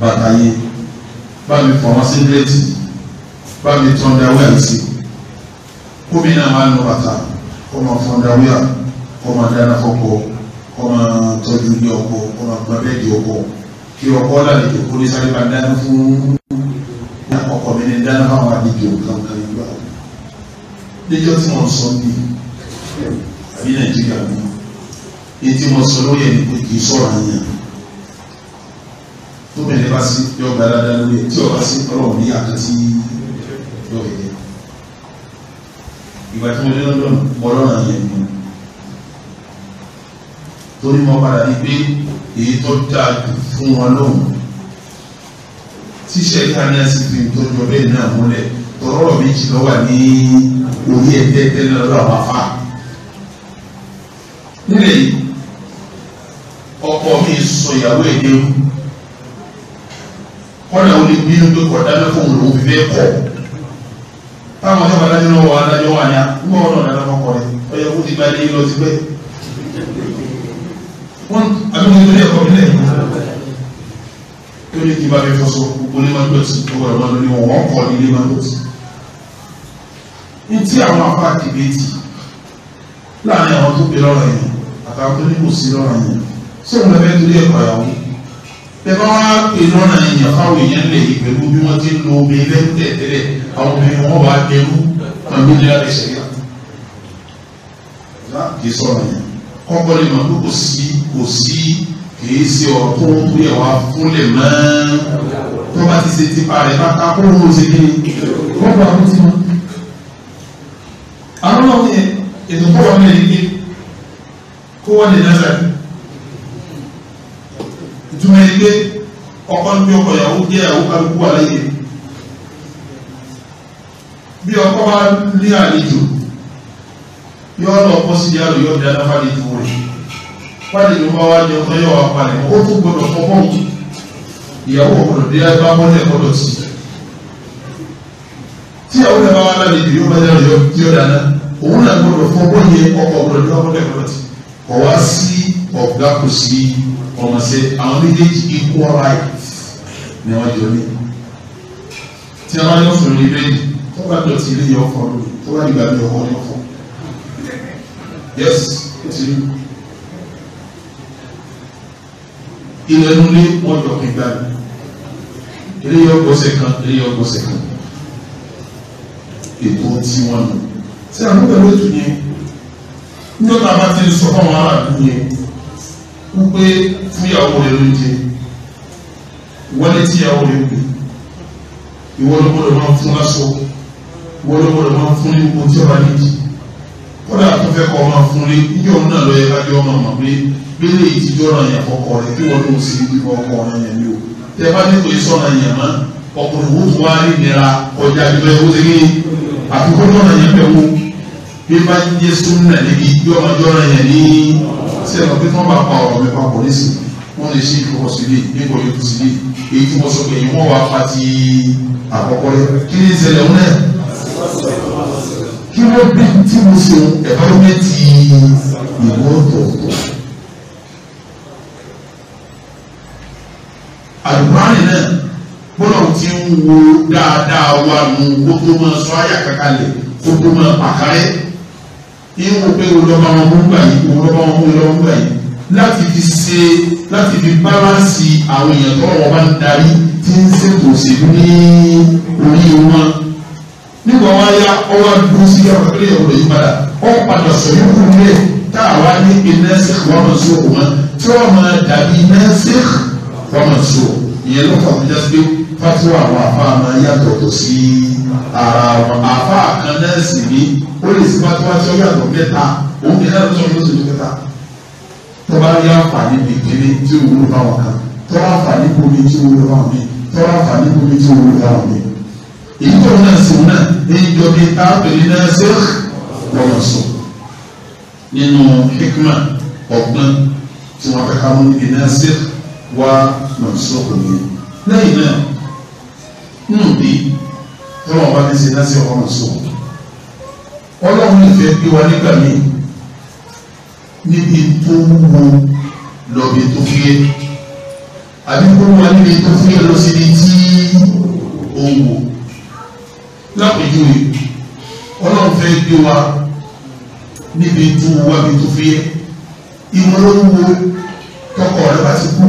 bàtà yìí bá mi fọ àwọn singlet bá mi tọ́ underwear sí kó mi náà máa nù bàtà kó máa fọ underwear kó máa dáná fọ́kọ̀ọ́ ọmọ tọ́jú ní ọkọ ọmọ gbọ́dọ̀ di ọkọ kí ọkọ lálejò kó ní sáré máa dáná fún ọkọ mi ní dáná fáwọn àlejò kankan ìgbà níjọ́ tí wọ́n sọ ní ní nàìjíríà mi etí mo sọ lóye ní pé kì í sọ̀rọ̀ àyàn tó bẹ̀rẹ̀ bá sí yọ gbàdádá lóye tí ọba sí ọlọ́run ní àkàtì yọ ẹ̀yẹ ìgbà tí mo dé london mo lọ́nà yẹn mi torí mo padà rí pé èyí tó dáa jù fún wọn lóhùn tíṣẹ́ ìhànà sí fi tó jọ bẹ́ẹ̀ náà múlẹ̀ tọrọ méjì lọ́wọ́ ní orí ẹ̀ẹ́dẹ́gbẹ́ lọ́wọ́ àwọn afá nílẹ̀ yìí ọkọ mi sọ ìyàwó ẹ̀ dẹ́rù kọ́nà ó lè bínú pé kọ̀ dáná fún òun lòún fi fẹ́ kọ̀ táwọn ọjọ́ adájọ́ náà wọ adájọ́ wà ní àkúmọ̀ ọ̀nà ìdáná ọkọ rẹ̀ ó yẹ kó ti gba ilé lọ sí pẹ́ wọ́n àbíkú ilé ẹ̀kọ́ mi lẹ̀ tó ní kí n bá fi fọ́ sọ onímọ̀dọ̀tì tó wà lọ́dún ní wọ́n kọ́ ilé mọ̀dọ̀tì ní tí àwọn afá kìbẹ́ẹ̀tì láàrin àwọn tó pe lọ́rọ̀ yẹn àtàwọn tó ní kò sí lọ́nà yẹn ṣé òun lọ́bẹ̀ torí ẹ̀kọ́ ìyàwó bẹ́ẹ̀ bá wá pè lọ́nà yẹn fáwọn èèyàn lè yí pẹ̀lú bí wọ́n ti ń lo omi lẹ́tẹ̀ tẹ́lẹ̀ àwọn obìnrin wọn wàá dẹrú pẹ̀lú ní alẹ́ ṣẹ̀yà kì í sọ̀rọ̀ yẹn kọ́kọ́ lè mọ̀ pé kò sí kò sí kì í ṣe ọ̀rọ̀ tó ń tó yẹ wá fúnlẹ̀ mọ́ tó bá ti ṣe tipa rẹ̀ bá kó ló ṣe kí ni àwọn ọmọ yẹn ètò kọ́ wọn lè yí kowane nazari ìtumọ̀ yìí pé ọkọ ń bí ọkọ ìyàwó jẹ́ ìyàwó kálukú wà láyé bí ọkọ bá ní àlejò yóò lọ ọkọ sí yàrá yóò dáná fàlẹ́ ìfowó rẹ̀ fàlẹ́ ìlú bá wá jẹ ọkọ yóò wá palẹ̀ ó tún gbọdọ̀ fọ́pọ́ ìyàwó ọ̀gbọ̀dọ̀ bí bá mọ́lẹ̀ gbọdọ̀ sí tí ìyàwó rẹ̀ bá wá lálejò yóò bá yàrá yóò dáná òun náà gbọdọ̀ fọ́pọ́ yẹ ọkọ ọ̀gbọ̀dọ̀ bí wọ́n mọ́lẹ̀ gbọdọ̀ sí ọwá sí ọ̀gá kò sí ọmọ sẹ àwọn méjèèjì equal rights. ni wọ́n jọ ní tí a bá yọ fún ilé bẹ́ẹ̀ tó bá dọ̀tí ilé yọ ọkọ lórí tó bá dìgbà bí ọkọ yọ ọkọ yes ti ilẹ̀ nulé wọ́n jọ kí n gbà mí ilé yọ gbọ́sẹ̀ kan ilé yọ gbọ́sẹ̀ kan ètò tí wọ́n lò tí àwọn pẹ̀lú ètò yẹn níjọ́ tá a bá ti sọ fáwọn aráàlú yẹn wípé fúnyàwó rẹ̀ ló jẹ wọlé tíyàwó rẹ̀ gbé ìwọ ló gbọ́dọ̀ máa fún aṣọ ìwọ ló gbọ́dọ̀ máa fún ipò tí ọba níjì kódà tó fẹ́ kọ́ máa fún lé níjọ́ náà lọ yẹ kájọ́ máa mọ̀ pé gbélé ìtijọ́ náà yẹn kọ́kọ́ rẹ̀ kí wọ́n ló sì ń bíbọ̀ ọkọ̀ náà yẹn ní o tẹ bá nípa ìsọ̀nà yẹn mọ́ ọkùnrin wo fún wa rí nira ọjà ìgbẹ́ wo ti rí àfikún náà yẹn bẹ̀ wo bí bá ń jẹ́ súnmọ́ níbi yọmọjọ́ra yẹn ní sẹ́wọ̀n pé wọ́n bá pa ọ̀rọ̀ mi papọ̀ lẹ́sìn wọ́n lè ṣe ìfọwọ́ sílé nígbà yóò tún sílé èyí tí wọ́n sọ pé ìwọ́n wà fa ti àkọ́kọ́ rẹ̀ kí ni ìṣẹ̀lẹ̀ òun náà kí wọ́n bí tí mo ṣe ẹ̀fọ́nmẹ́tì ìwọ́ ọ̀tọ̀ọ̀tọ̀. àlùbárì náà gbọ́dọ̀ ti ń wo dáadáa wa nù kó tó máa sọ àyà kankan lẹ̀ kó tó máa pàkárẹ́ yín wò pé olọ́ba wọn mú gbà yìí olọ́ba wọn mú lọ́wọ́ gbà yìí láti fi ṣe láti fi bálánsì àwọn èèyàn tó wọn bá ń darí tí ń ṣètò òṣèlú ní orí wọn nígbà wọn yá ọwọ́ dúró sí ọ̀rọ̀ pé ọ̀rọ̀ yìí padà ó padà sọ̀rọ̀ fún mi táwa ní inẹ́sì wọn mọ̀ sí òkú wọn tí wọ́n máa dàbí inẹ́sì wọn mọ̀ sí òkú ìyẹn ló fà mí jásí pé fásiwò àwọn àfáà máa yàtọ̀ tó sí ara wọn àfáà kan náà sì ní ó lè sí fásiwò tí ó yàtọ̀ mẹ́ta òun ní náà sọ lóṣù tó mẹ́ta tó bá rí àǹfààní kékeré tí ó wúlò báwọn kan tó bá àǹfààní bomi tí ó wúlò báwọn mi tó bá àǹfààní bomi tí ó wúlò báwọn mi èyí tó náà sì wọn náà ní ìjọba tábìlì náà ṣe wọ́n sọ nínú hikma ọ̀gbọ́n tí wọ́n fẹ́ ká mú ìnáṣẹ́ wá lọ́sọ̀kùnrin lẹ́yìn náà nínú bí tọ́lọ̀ bá ti ṣe lásì ọ̀rọ̀ sọ ọlọ́run nífẹ̀ẹ́ gbé wa nígbà míì níbi tó wúwo lọ́bi tó fúyẹ́ àbí kó wa níbi tó fúyẹ́ lọ síbi tí ó ń wò lápèjúwe ọlọ́run fẹ́ gbé wa níbi tó wúwo àbí tó fúyẹ́ ìwọ ló wúwo tọkọ rẹ bá ti kú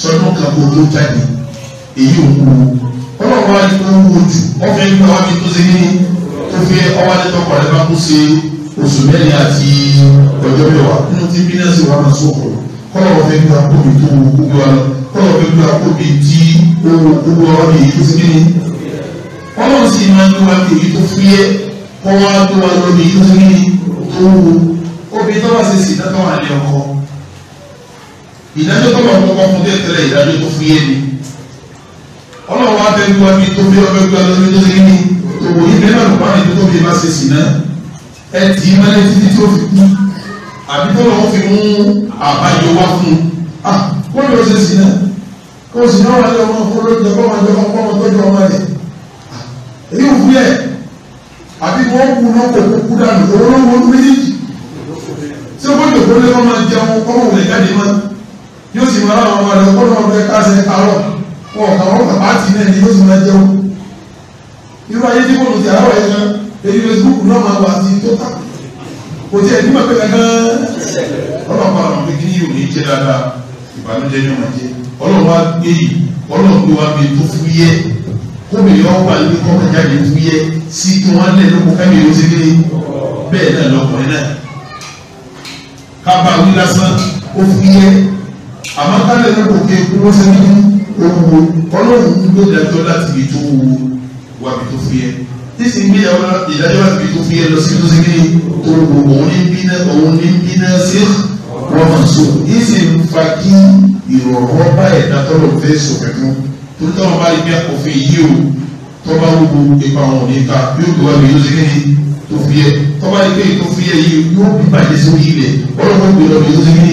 sọdún kan kó tó jáde èyí ò wúwo ọlọ́run wájú tó wù jù wọ́n fẹ́ gbé wájú tó ṣe ní tó fi ọwọ́ adé tọkọ rẹ̀ bá kó ṣe oṣù mẹ́rin àti ọjọ́ mẹ́wàá nínú tí bí náà ṣe wà náà sọ̀kọ̀ kọ́lọ̀ fẹ́ gbé akóbi tó wù gbogbo wa kọ́lọ̀ fẹ́ gbé akóbi tí ó wù gbogbo wa ní èyí tó ṣe ní. ọlọ́run sì máa ń gbé wájú èyí tó fúyẹ́ kọ́ wá tó wá lọ ní èyí tó ṣe ní tó ọlọ́run wa fẹ́ gbọ́ ẹbí tó bí ọbẹ̀ gbọ́ ẹbí tó bí ní òwò yìí mẹ́rin àlùkò àyè tó bí má ṣe sì náà ẹ tì í mẹ́lẹ́ títí tí ó fi kú àbí tó lọ́wọ́ fi mú àbáyọ wá fún un kó ló ṣe sì náà kó sì náà wà ní ọmọ ọkọ lóde ọmọ ọjọ ọmọ ọmọ tọjú ọmọ rẹ èyí ò fúyẹ àbí wọn kú náà kò kú kú dànù owó ló wọ méjì tí ó gbọ́dọ̀ kó lé wọn máa jẹun ọmọ òun lè jáde mọ wọn ọ̀gá wọn kà pàtì náà ni yóò sì máa jẹun irú ayé tí bọ́ọ̀lù ti àárọ̀ yẹn kan èyí facebook náà máa wà sí tó tà kò tí ẹ̀ ní màpẹ́ kankan ọlọ́pàá àwọn pé kí ni òní jẹ́ dáadáa ìbànújẹ́ ni wọ́n jẹ́ ọlọ́run wá gbé yìí ọlọ́run tó wá gbé tó fú yẹ kóbìnrin ọgbà ló kọ́ ọ̀gá jáde fú yẹ sí kí wọ́n lẹ̀ lóko kábíyè ó ti lé bẹ́ẹ̀ náà lọkùnrin náà kábàáwí lásán ó fú yẹ àmọ́ kálẹ̀ lóko kéèkú ló ṣe níbi owó ọlọ́run ń gbé ìdájọ́ láti ibi tó wúwo wà ibi tó fi yẹ nísì ń gbé ìdájọ́ láti ibi tó fi yẹ lọ sí lọ́sí ní owó òun ní bínà òun ní bínà sí wọ́n máa so nísì ń fa kí ìrọ̀rọ̀ bá ẹ̀dá tọ́lọ̀ fẹ́ sọ pẹ̀lú tó táwọn bá rí bí akọ̀fẹ́ yìí o tó bá wúwo ipa wọn ní ta yóò tó wá ibi tó sí ní tó fi yẹ tó bá rí pé tó fi yẹ yìí yóò bí bàjẹ́ sí orí rẹ̀ ọlọ́run gbé lọ ibi tó sí ní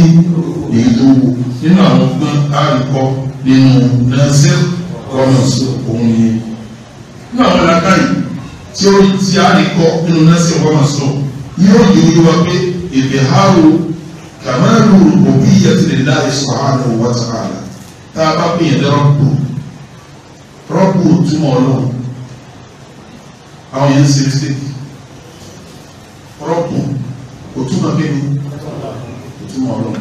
èyí tó wù nínú àwọn gbọ́n á rí kọ́ nínú nẹ́sẹ̀ kọ́mọ̀sí òun ni nínú àwọn ìlàkà yìí tí ó ti á lè kọ́ nínú nẹ́sẹ̀ kọ́mọ̀sí yóò yí orí wa pé èdè haro kàmáàlú òbí yẹtìlélá subhanahu wa ta'ala tá a bá pè yẹn lọ́rọ̀pù rọ́pù túmọ̀ ọlọ́run àwọn yẹn ń ṣe mistake rọ́pù kò túmọ̀ kí ni kò túmọ̀ ọlọ́run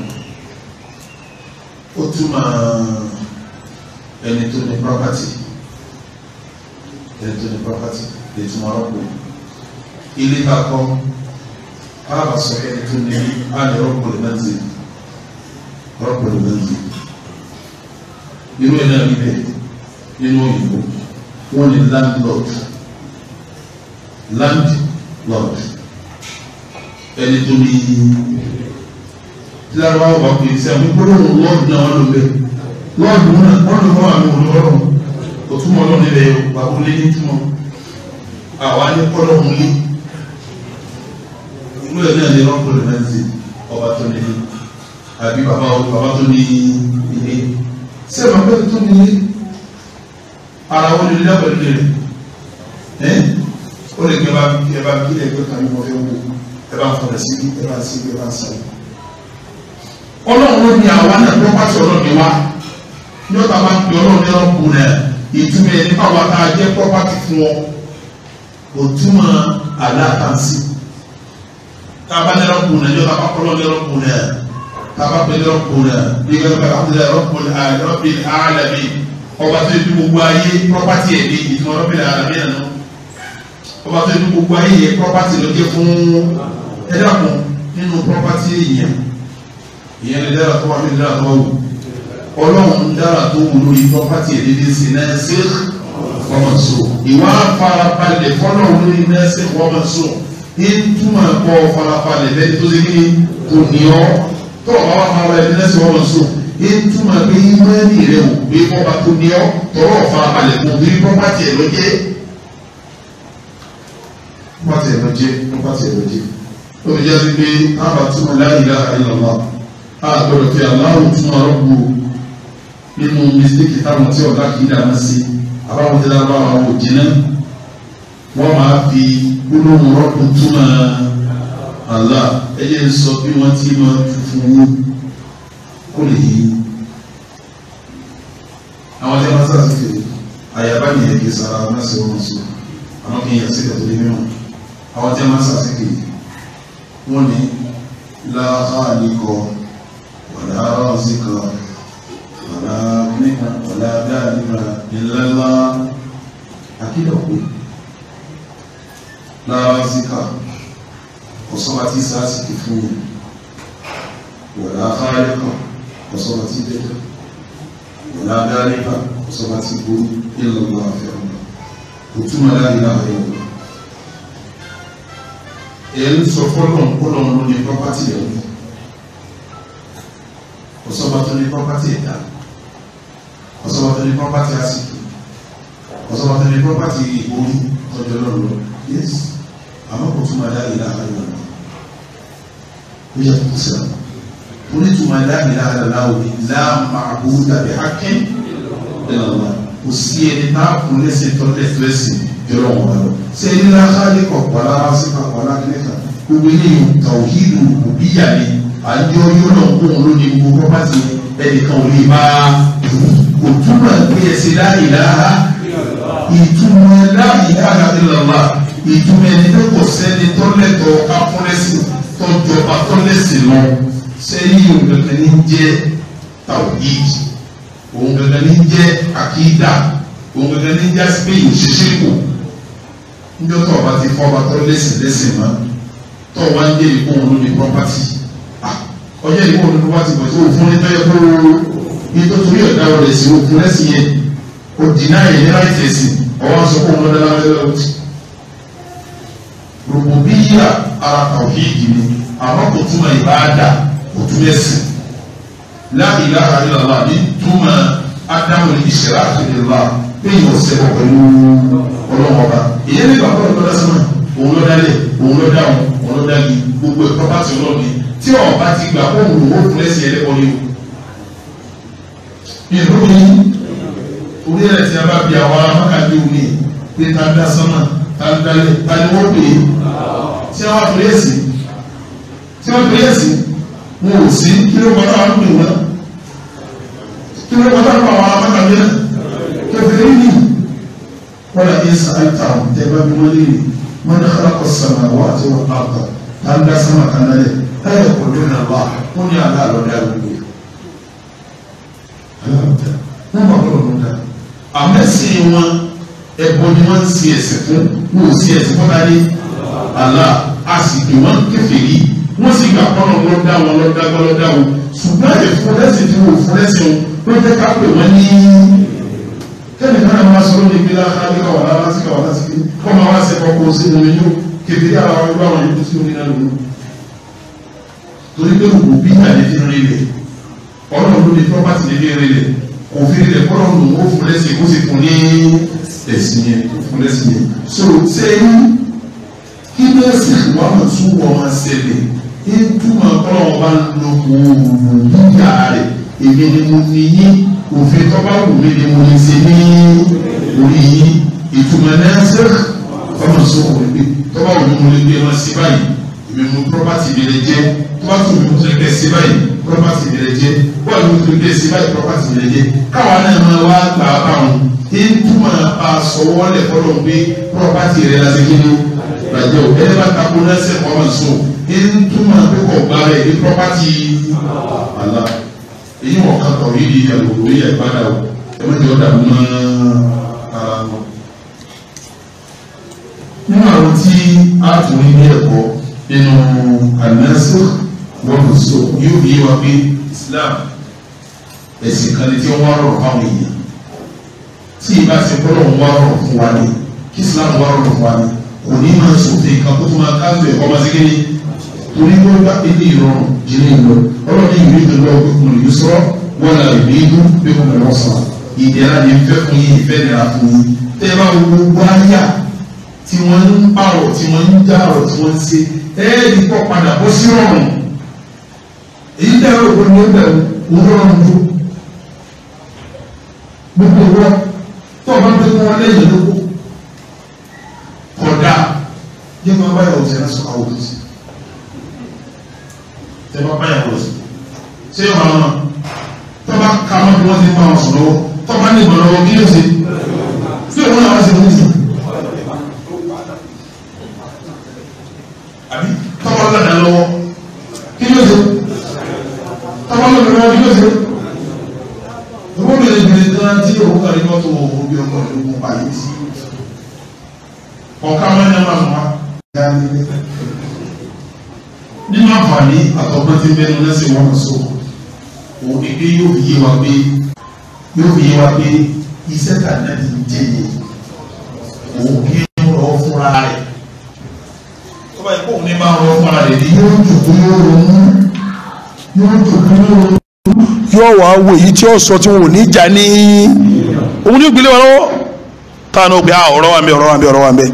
ó ẹni tó ní property ẹni tó ní property lè tún wọn rọ́pò ilé bá kọ́ báwa sọ ẹni tó ní á lè rọ́pò lè náà zèlè rọ́pò lè náà zèlè irú ẹ̀ náà níbẹ̀ nínú òyìnbó wọ́n ní landlord landlord ẹni tó ní tí lárúbáwọ̀ bá pè é sí àwọn gbólóhùn lord náà wọ́n ló bẹ́ẹ̀ lọ́ọ̀dù lọ́ọ̀dù mọ́ àwọn olùrọ̀ òtúmọ̀ náà nílẹ̀ Yorùbá ó lé nítumọ̀ àwa ní kọ́lọ̀ ń lé inú ẹ̀ náà ní rọ́pò rẹ̀ náà ṣe ọba tó nílé àbí bàbá bàbá tó ní ilé ṣé bàbá bẹ́ẹ̀ tó nílé ara wọn nílé pẹ̀lú rẹ̀ ẹ́ ó lè gbé ẹba kí ẹgbẹ́ kan ní wọ́n fẹ́ wò ẹba fọ̀rẹ̀ sí ẹba sí ẹba sẹ́yìn ọlọ́run ló ní àwa náà tó bá sọ̀rọ̀ ní wa ní ọ̀tá máa ń pè ọlọ́run ní ọ̀rọ̀ kùnà ìtumọ̀ ẹni fáwọn tá a jẹ́ property fún ọ kò túmọ̀ aláàtàǹsì tá a bá ní ọ̀rọ̀ kùnà ní ọ̀tá máa kọ́ ọlọ́run ní ọ̀rọ̀ kùnà tá a bá pè ní ọ̀rọ̀ kùnà bí wọ́n bá kà fún ọ̀rọ̀ kùnà ọ̀rọ̀bìn alàmì ọba tó yẹ gbogbo ayé property ẹ̀ ní ìtumọ̀ ọ̀rọ̀bìn alàmì àná ọba tó yẹ gbogbo ayé yẹ property ló jẹ́ fún ẹ̀dàkùn nínú property yẹn ìyẹn lè dára tó wà ní ìdára tó wà wù ọlọ́run dára tó wù lórí property ẹ̀dẹ́dẹ́ sí nẹ́ẹ̀sì wọ́mọ̀sọ ìwà farabalẹ̀ fọlọ́run lórí nẹ́ẹ̀sì wọ́mọ̀sọ ní túmọ̀ ẹ̀kọ́ farabalẹ̀ bẹ́ẹ̀ tó ṣe kí kò ní ọ́ tó ọ̀bá wà farabalẹ̀ nẹ́ẹ̀sì wọ́mọ̀sọ ní túmọ̀ pé ìmọ̀ẹ́nì rẹ̀ ò gbé bọ́ba tó ní ọ́ tọ́rọ̀ farabalẹ̀ kò ní property ẹ̀ lọ́jẹ́ property ẹ̀ lọ́jẹ́ property ẹ̀ lọ́jẹ́ ó fi jẹ́ sí pé ábàtúmọ̀ láyé láàrin lọ́wọ́ àgbọ̀dọ̀ fi àláwò túmọ̀ rọ́gbò nínú mistake táwọn tí ọ̀la kìí dáná sí àbáwọn tí lábá wọn kò jiná wọ́n máa fi gbólóhùn rọ́pò túmọ̀ àlá ẹ̀yẹ ń sọ bí wọ́n ti máa funfun wó kó lè yí àwọn tí wọ́n sá sí fèrè àyàbá nìyẹn kì í sara wọn sì wọ́n sọ àwọn kì í yàn sí ìdàtọ̀ lé mìíràn àwọn tí wọ́n sá fèrè wọ́n ní láhàlì kọ wàlá rọ́ọ̀sì kan wàlá mẹ́ta wàlá dáadéra ìlẹ́lá akídọ̀kú lára zika ọ̀sọ́ba tí sáàsì ti fún yẹn wàlá fáyẹ́kọ̀ ọ̀sọ́ba tí dẹ́jọ́ wàlá dáadéra ọ̀sọ́ba tí gbó ìlọ́gbà fẹ́ràn kò túmọ̀ láàrin láàrin ọ̀gbà èyí sọ fọlọ́n kọlọ́n ló ní ẹ̀dá ọ̀sọ̀bàtẹ̀lẹ̀ property asiki ọ̀sọ̀bàtẹ̀lẹ̀ property ìgbòho tọ́jú ọlọ́run yes àmọ́ kò túmọ̀ dá ìlà àlọ́ ó yẹ kó sẹ́wọ̀n ó ní túmọ̀ dá ìlà àlọ́ òní láàmà àbúrú tàbí hákẹ́ ẹ̀lọ́wà kò sí ẹni tá a kún lẹ́sẹ̀ tọ́ lẹ́sẹ̀ yọrọ wọn lọ ṣé ní lákàlẹ́ kọ̀ọ̀kan lára sí kọ̀ọ̀kan lákàlẹ́ kan gbogbo eléyìí tàwíìlù òbíyà ni àjọ yóò lọ kó òun lónìí gbogbo pọ́pátì ẹnìkan ò ní bá dùn kò túmọ̀ pé ẹsẹ̀ láyé lára ìtumọ̀ láyé lára ní lọ́la ìtumọ̀ ẹni tó kò sẹ́ni tó lẹ́tọ̀ọ́ kápọ́lẹ́sì tó jọba tó lẹ́sìn lọ sẹ́yìn òǹgbẹ̀gbẹ̀ ní jẹ́ tawhid òǹgbẹ̀gbẹ̀ ní jẹ́ akida òǹgbẹ̀gbẹ̀ ní jẹ́ spain ṣẹṣẹ kù níjọ́ tó ọba ti fọba tó lẹ́sìn lẹ́sìn mọ́ tó ọba ń dé ìkóhun lórí property ọjọ́ ìkóhun lórí property bọ̀ tó fún ní tẹ́yẹ kó nítorí ọ̀dà rẹ̀ sí òkú lẹ́sìn yẹn kò dínà yẹn ní láì tẹ̀sí ọwọ́ sọ pé ọmọdé lábẹ́ lọ́wọ́ rògbòbíyà ara tàwíìdì ni àmọ́ kò túmọ̀ ìbáadà kò túmọ̀ ẹ̀sìn láì ilaha illallah ní túmọ̀ ádámù ní ìṣẹ̀lá àtúndínlá péyìn ọ̀sẹ̀ kọ̀ pẹ̀lú ọlọ́mọba ìyẹn ní bàbá ọ̀dọ́dá sọ́nà òun ló dálẹ̀ òun ló dáhùn òun ló dálẹ̀ gbogbo ẹ̀ pọ́pátì ọlọ́ọ̀ni tí ọ̀ọ́ bá ti gbà kó òun lòó fún ẹ̀sìn ẹlẹ́kọ̀ọ́ ni o ìlú mi orí ẹ̀ tí a bá bí àwọn amákàdé òní pé ta dá sọ́nà ta dalẹ̀ ta ni wọ́n pè é tí a wá pè é sí tí wọ́n pè é sí wọn ò sí kí ló kọ́tà wọn pè wọ́n kí ló kọ́tà wọn àwọn amákàdé náà kẹfẹ́ ni wọ́n lè ní sàáìtà tẹ́ bá bí wọ́n lè rí wọ́n ní kọ́lákọ̀ sàmà wọ́n àti wọ́n àgbà ta dá sọ́nà ta dalẹ̀ ẹ̀ kò dún náà wá wọ́n ní àlá àlọ́ alábàtà wọn bá bọ́ọ̀lù wọn dá àmẹ́sìn wọn ẹ̀bọ ni wọ́n ń sin ẹ̀sìn fún wọn ò sin ẹ̀sìn fún láyé àlá a sì dùn wọn kèfèrí wọ́n sì gbà pọ́nà wọn dá wọn lọ́dá wọn lọ́dá wọn ṣùgbọ́n ìfúnlẹ́sìn tí wọ́n fúnlẹ́sìn wọn ló jẹ́ ká pè wọ́n ní kẹ́mi náà máa sọ lórí ìgbéra káríkà wà lásìkò wà lásìkò kọ́ máa wá sẹ́kọ̀ọ́ kó o sí omi yó kébìrì àwọn ọgbà wọn yóò sí omi náà lónìí torí pé òkú bí ìtàlẹ́ fi rí rẹ̀ ọlọ́run ló ní property níbi rere kò fi rere kọ́lọ́run ó fún lẹ́sìn ó sì fún ní ẹ̀sìn yẹn ó fún lẹ́sìn yẹn so sẹ́yìn kí lẹ́sìn wà mọ̀ tún wọ́n máa ṣẹlẹ̀ ní túmọ̀ kọ́lọ́run bá ń lo oòrùn yíyá rẹ̀ èmi ni mo ní yí òfin tọ́ba wù mí ni mo ní ṣe ní orí yí ìtumọ̀ náà ṣe ọmọ sọ̀rọ̀ wípé tọ́ba wù mí mo lè gbé wọn sí báyìí èmi mo property mi lè jẹ́ tọ́ba tún mi mo tún lè sí báyìí property rẹ̀ jẹ́ wọ́n ló ti lé sí báyìí property rẹ̀ jẹ́ káwọn náà máa wá gbà á báwọn ìtumọ̀ àsọwọ́lẹ̀ fọlọ́ pé property rẹ̀ la ṣe kí ni gbàjẹ́ o ẹni bá takò lẹ́sẹ̀ ọmọ ìṣó ìtumọ̀ àkókò gba rẹ̀ ní property àlà èyí wọ̀ ká tọ̀ yìí di àlòkù yìí àgbàdà o ẹ má jẹ́ ọ̀dà mọ́ ara wọn. nínú àwọn tí a tún ní ẹ̀kọ́ nínú àlẹ́sẹ̀ wọ́n fi so yóò fi yé wa pé Islam ẹ̀sìn kan ní tí wọ́n wá rọrùn fáwọn èèyàn tí ìbá ti gbọ́dọ̀ ń wá rọrùn fún wa ni kí Islam wá rọrùn fún wa ni kò ní máa sòfin kan kó tó máa káàtó ẹ̀kọ́ máa ṣe kéde torí wọ́n bá ilé ìrọ̀rùn jìnnà ìlọ ọlọ́run ní ìwé ìdúró ọgbẹ́kùn rẹ̀ sọ wọn là ìwé ìdú pẹ̀kùn rẹ̀ wọ́n sọ ìdẹ̀ra ni ń fẹ́ fún yín ìfẹ́ nira fún yín tẹ́ bá gbogbo ayá tí wọ́n ń pààrọ̀ tí wọ́n ń dàrọ̀ tí wọ́n ń ṣe ẹ́ẹ̀dì pọ̀ padà bó sí rọrùn èyí tẹ́ ẹ̀rọ òfin ní ẹgbẹ̀rún òun ló gbogbo wọn tó o bá ti mú wọn lẹ́yìn lóko kọ̀dá yé máa bá yàwó sẹ́yìn sọ àwọn òfin sí ẹ bá bá yàwó sí ṣé ìwà náà tó bá ka wọn bí ti máa sọ lọ́wọ́ tó bá ní ìgbọ̀n lọ́wọ́ kí ló ṣe tí òun náà wá sí ìwọ́n sí. àbí tọ́wọ́ lọ́dà lọ́wọ́ kí ló ṣe ọmọ mi rẹ̀ yóò ṣe owó mi lè bèrè tán tí òun kàrí mọ́tò òun bí ọmọ mi kún pàyè sí ọ̀ká mọ́nyá máa wá ìyá nílé nínú àǹfààní àtọ̀gbọ́n ti mẹ́nu lẹ́sìn wọn sọ òun ni pé yóò fi yé wa pé yóò fi yé wa pé iṣẹ́ tàbí ti ń jẹ́ yẹn òun kí ń rọ fúnra rẹ̀ tó bá yẹ kóun ní máa rọ fúnra rẹ̀ ni yóò dùn kó yóò ronú yóò wá wo èyí tí ó sọ tí wọn ò ní jà ní òun ní ìpínlẹ̀ wọn lọ́wọ́ táwọn náà gbé ah, ọ̀rọ̀ wa ń bẹ ọ̀rọ̀ wa ń bẹ ọ̀rọ̀ wa ń bẹ.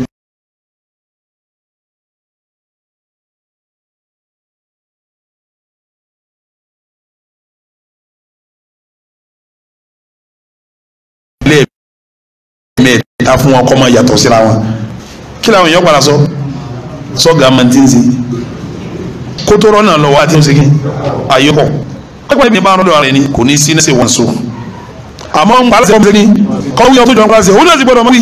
ta fún wọn kọ́ máa yàtọ̀ síra wọn kí làwọn èèyàn padà sọ sọ gàmẹ́ntì kótó rọ́nà lọ́wọ́ àti ṣègì àyọkọ̀ ọgbà ìbí bá rọ́dọ̀ rẹ̀ ni kò ní sí ní ṣe wọn so àmọ́ ń gbàlásẹ̀ ọmọdé ni kọ́wé ọdún ìjọba ṣe òun náà ti gbọ́dọ̀ mọ́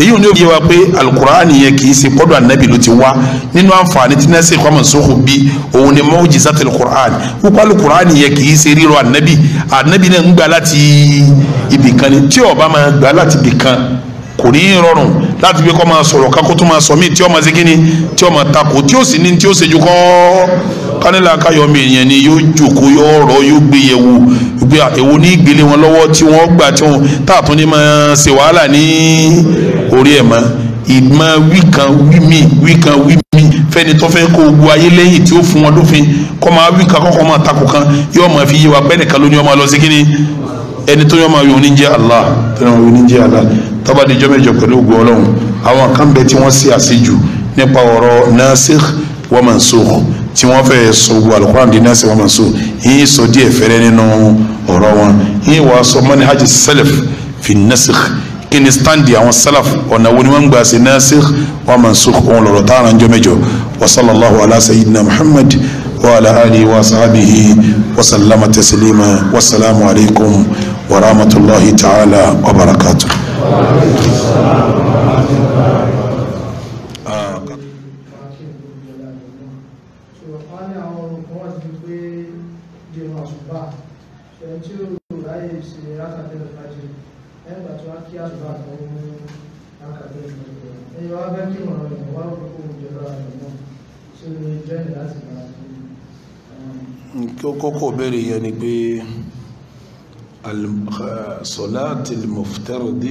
èyí ò ní òye wa pé alukur'ani yẹn kì í ṣe kọ́dọ̀ anabi ló ti wá nínú àǹfààní tí náà ṣe kọ́mọ̀ sóhùn bí òun ni mọ́wùjìsá tẹ̀lé kur'an púpọ̀ alukur'ani yẹn kì í ṣe ríro anabi anabi náà ń gbà láti ibì ni tí ó bá máa gbà láti ibì kò ní í rọrùn láti fi kọ́ máa sọ̀rọ̀ kakó tó máa sọ mí tí ó máa ṣe kíni tí ó máa takò tí ó sì ní tí ó ṣe ju kọ́ kánilá káyọ̀mí yẹn ni yóò jòkó yóò rọ̀ yóò gbé yẹ̀ wò gbé èwo ní ìgbélé wọn lọ́wọ́ tí wọ́n gbà tí wọ́n tààtún ní máa ṣe wàhálà ní orí ẹ̀ mọ́ ìgbọ́n wíkan wímí wíkan wímí fẹ́ni tó fẹ́ kó gbọ́ ayé lẹ́yìn tí ó fún wọn lófin kọ́ máa wíkan kọ́kọ́ máa takò kan yóò máa fi yé wa pẹ́ nìkan lóní ọmọ lọ sí kíni ẹni tó yọ máa yọ oníjẹ Allah tó yọ máa yọ oníjẹ Allah tó bá di jọ́ mẹ́jọ pẹ̀lú ògùn ọlọ́run àwọn kan bẹ tí wọ́n ṣe àṣejù nípa ọ̀rọ̀ nasikh wa mansukh tí wọ́n fẹ́ sọ gbogbo alukuran di nasikh wa mansukh yín sọ díẹ̀ fẹ́rẹ́ nínú ọ̀rọ̀ wọn yín wàá sọ manhaj salaf fi nasikh kí ni standi àwọn salaf ọ̀nà wo ni wọ́n gbà ṣe nasikh wa mansukh òun tààrà jọ́ mẹ́jọ wa sallallahu muhammad wa ala alihi wa sahabihi wa sallama taslima wa salamu alaykum wa rahmatulahi ta'ala wa barakatuh kókó béèrè yẹn ni pé صلاة المفترض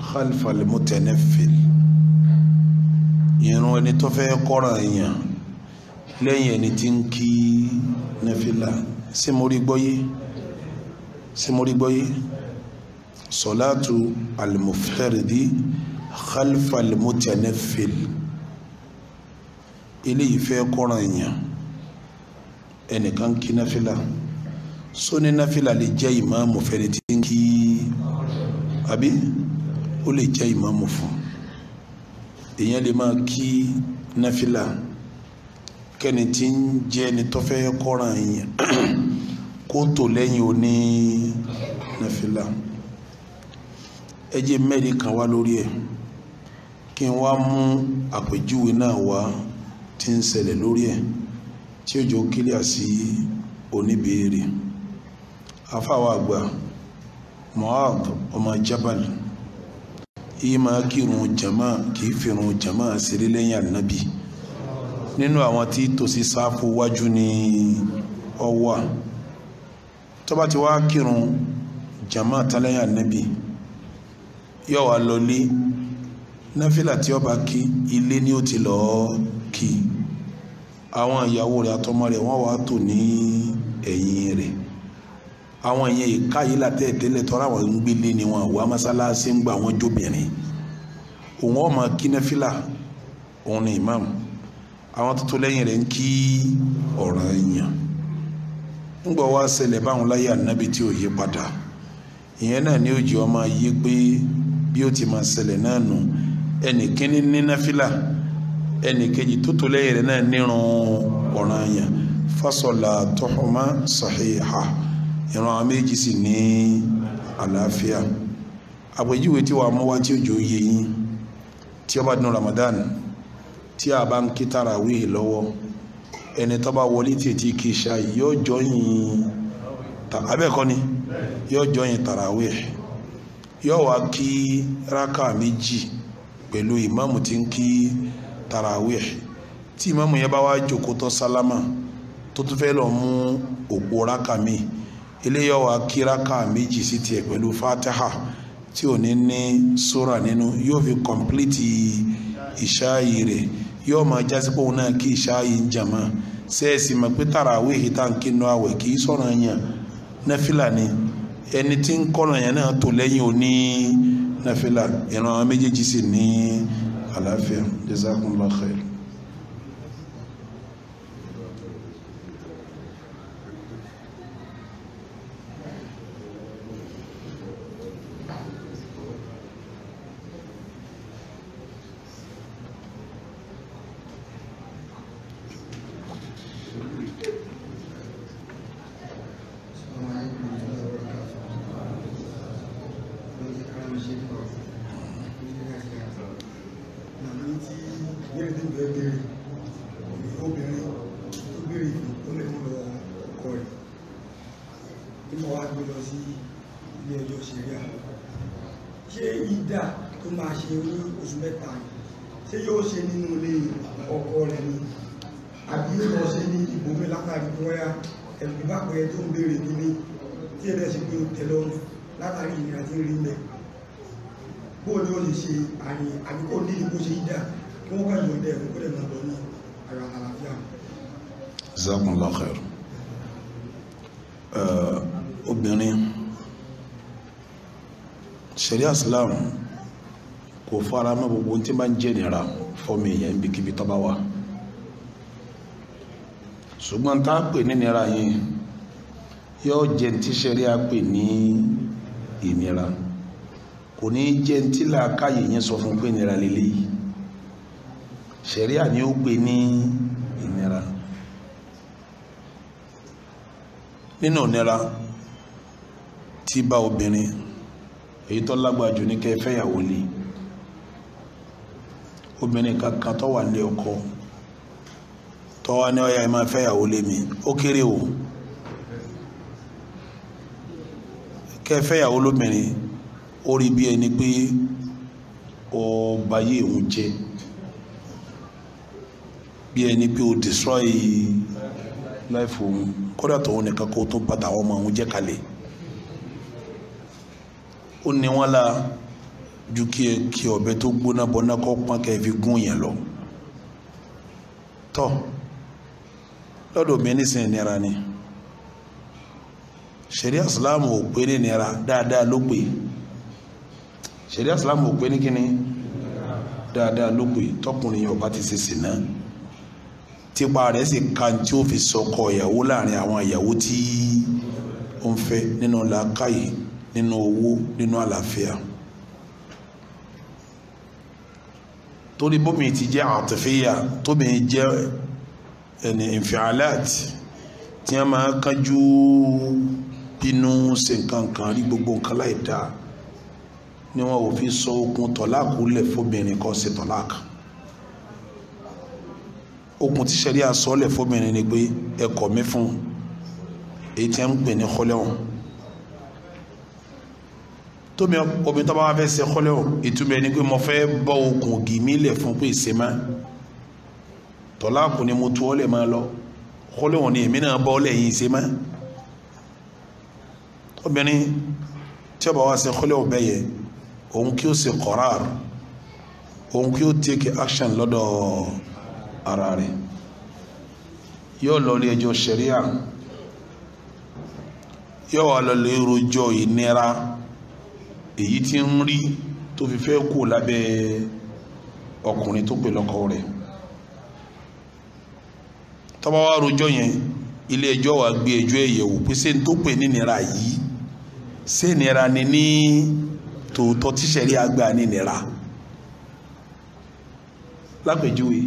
خلف المتنفل ìrun ẹni tó fẹ́ kọ́ra èèyàn lẹ́yìn ẹni tí ń kí nẹ́fìlà ṣé mo rí gbọ́yé ṣé mo rí gbọ́yé sọ̀látù alimufẹ́rẹ́dì khalfa alimutanẹ́fìl eléyìí fẹ́ kọ́ra èèyàn ẹnìkan kí nẹ́fìlà sóní náfìlà lè jẹ́ ìmáàmù fẹ́ni tí ń kí àbí ó lè jẹ́ ìmáàmù fún èèyàn lè máa kí náfìlà kẹ́ni tí ń jẹ́ ẹni tó fẹ́ kọ́ràn yẹn kó tò lẹ́yìn oní náfìlà ẹ jẹ́ mẹ́rin kan wá lórí ẹ̀ kí n wá mú àpèjúwe náà wá tí ń ṣẹlẹ̀ lórí ẹ̀ tí ó jọ kílíà sí oníbèérè afáwa àgbà Mu'adh ọmọ Jabal yìí máa kírun jama kì í fìrun jama sílé lẹ́yìn ànábì nínú àwọn tí tòsí sáfù wájú ní ọwà tó bá ti wá kírun jama tálẹ́yìn ànábì yóò wá lọlé náfìlà tí ó bá kí ilé ni ó ti lọ́ọ́ kí àwọn ìyàwó rẹ̀ àtọmọ rẹ̀ wọ́n wá tò ní ẹ̀yìn rẹ̀ àwọn yẹn ìka yìí látẹ̀ tẹ́lẹ̀ tọ́ra àwọn ń gbélé ni wọn wà mọ́sálásí ń gba àwọn jóbìnrin òun ọmọ kínáfìlà òun ni imam àwọn tó tó lẹ́yìn rẹ̀ ń kí ọ̀ràn yàn ńgbọ́ wá ṣẹlẹ̀ báwọn láyé ànábì tí ò yí padà ìyẹn náà ni ó jẹ́ ọmọ yí pé bí ó ti máa ṣẹlẹ̀ náà nù ẹnì kíní ní náfìlà ẹnì kejì tó lẹ́yìn rẹ̀ náà nírun ọ̀ràn yàn fasọ̀là tọ́hùnmá sàhíhà ìran àwọn méjì sì ní àlàáfíà àpèjúwe tí wàá mú wá tí òjò yé yín tí ó bá dún Ramadan tí a bá ń kí tàràwí lọ́wọ́ ẹni tó bá wọlé tètè kí ṣá yóò jọyìn abẹ́ẹ̀kọ́ ni yóò jọyìn tàràwí yóò wá kí rákà méjì pẹ̀lú ìmáàmù tí ń kí tàràwí tí ìmáàmù yẹn bá wá jókòó tó sálámà tó tún fẹ́ lọ mú òpó rákà míì eléyọ̀ wá kíraka méjì sí tiẹ̀ pẹ̀lú fataha tí ò ní ní sura nínú yóò fi kọ̀mplíìtì ìṣááyì rẹ̀ yóò máa jásí pé òun náà kí ìṣááyì ń jàmá sẹ́ẹ̀sì mọ̀ pé tàràwé ìta ń kínú àwẹ̀ kì í sọ̀rọ̀ yàn náfìlà ni ẹni tí ń kọ́nà yẹn náà tó lẹ́yìn òní náfìlà ìran méjèèjì sì ní àlàáfíà jazakumullahu khair. kan tí ń rí mẹ́ bó ni ó lè ṣe àyìn àbí kò ní ìbò ṣe ìdá kí wọ́n kàn yọ̀ǹda ẹ̀kọ́ lè máa lọ ní ara àlàáfíà. Jazakumullahu khair obìnrin ṣẹ̀ríà Islam kò fara mọ́ gbogbo tí máa ń jẹ́ nira èèyàn ibikíbi tó bá ṣùgbọ́n tá a pè ní nira yìí yóò jẹ́ tí ṣẹ̀ríà pè ní ìnira kò ní jẹ́ tí làákàyè yẹn sọ fún pé ìnira lélẹ̀ yìí ṣẹ̀ríà ni ó pè ní ìnira nínú ìnira tí bá obìnrin èyí tó lágbára jù ní kẹfẹ́yàwó lè obìnrin kankan tó wà ní ọkọ tó wà ní ọyà ìmọ̀ fẹ́yàwó lè mi ó kéré o. Okay, kẹfẹ́yàwó lóbìnrin ó rí bí ẹni pé ó bayé òun jẹ́ bí ẹni pé o destroy life òun kódà tòun nìkan kó tó bàtà àwọn ọmọ òun jẹ́ kalẹ̀ ó ní wọn la ju kí ẹ kí ọ̀bẹ tó gbóná bọná kọ pọn kẹ fi gún yẹn lọ tọ lọ́dọ̀ mi nísìnyí nira ni. Sin, ṣẹ̀ríà islam ò pé ní nira dáadáa ló pè ṣẹ̀ríà islam ò pé ní kíni dáadáa ló pè tọkùnrin yóò bá ti ṣe sìnà tipa rẹ̀ sì ka tí ó fi sọkọ ìyàwó láàrin àwọn ìyàwó tí ó ń fẹ́ nínú làákàyè nínú owó nínú àlàáfíà torí bómi ti jẹ́ àtẹ̀fẹ́yà tómi jẹ́ ẹni ìfìhàlát tí a máa kájú bínú ṣe nǹkan kan rí gbogbo nǹkan láì dáa ni wọn ò fi sọ okùn tọ́láàkù lẹ̀ fóbìnrin kan ṣe tọ́láàkù okùn tí sẹ́rí àsọ́lẹ̀ fóbìnrin ni pé ẹ̀kọ́ mi fún èyí tí ń pè ní kọ́lẹ́wọ̀n tómi obìnrin tó bá wá fẹ́ ṣe kọ́lẹ́wọ̀n ìtumọ̀ ẹni pé mo fẹ́ bọ́ okùn gì mí lẹ̀ fún pé ìṣe má tọ́láàkù ni mo tú ọ́ lẹ̀ máa lọ kọ́lẹ́wọ̀n ni èmi náà bọ́ ọ́ lẹ̀ yìí ìṣe má obìnrin tí ó bá wá ṣe kọ́lẹ́ ọ̀bẹ yẹ òun kí ó ṣe kọ́rar òun kí ó take action lọ́dọ̀ ara rẹ̀ yóò lọ ilé ẹjọ́ ṣẹ̀ríà yóò wá lọ ilé rojọ́ ìnira èyí tí ń rí tó fi fẹ́ kú lábẹ́ ọkùnrin tó pè lọ́kọ rẹ̀ tọ́ba wa rojọ́ yẹn ilé ẹjọ́ wa gbé ẹjọ́ ẹ̀yẹ̀wò pé ṣé n tó pè nínira yìí Se nira ni ní tòótọ́ tíṣẹ̀rí àgbà ní nira lápèjúwe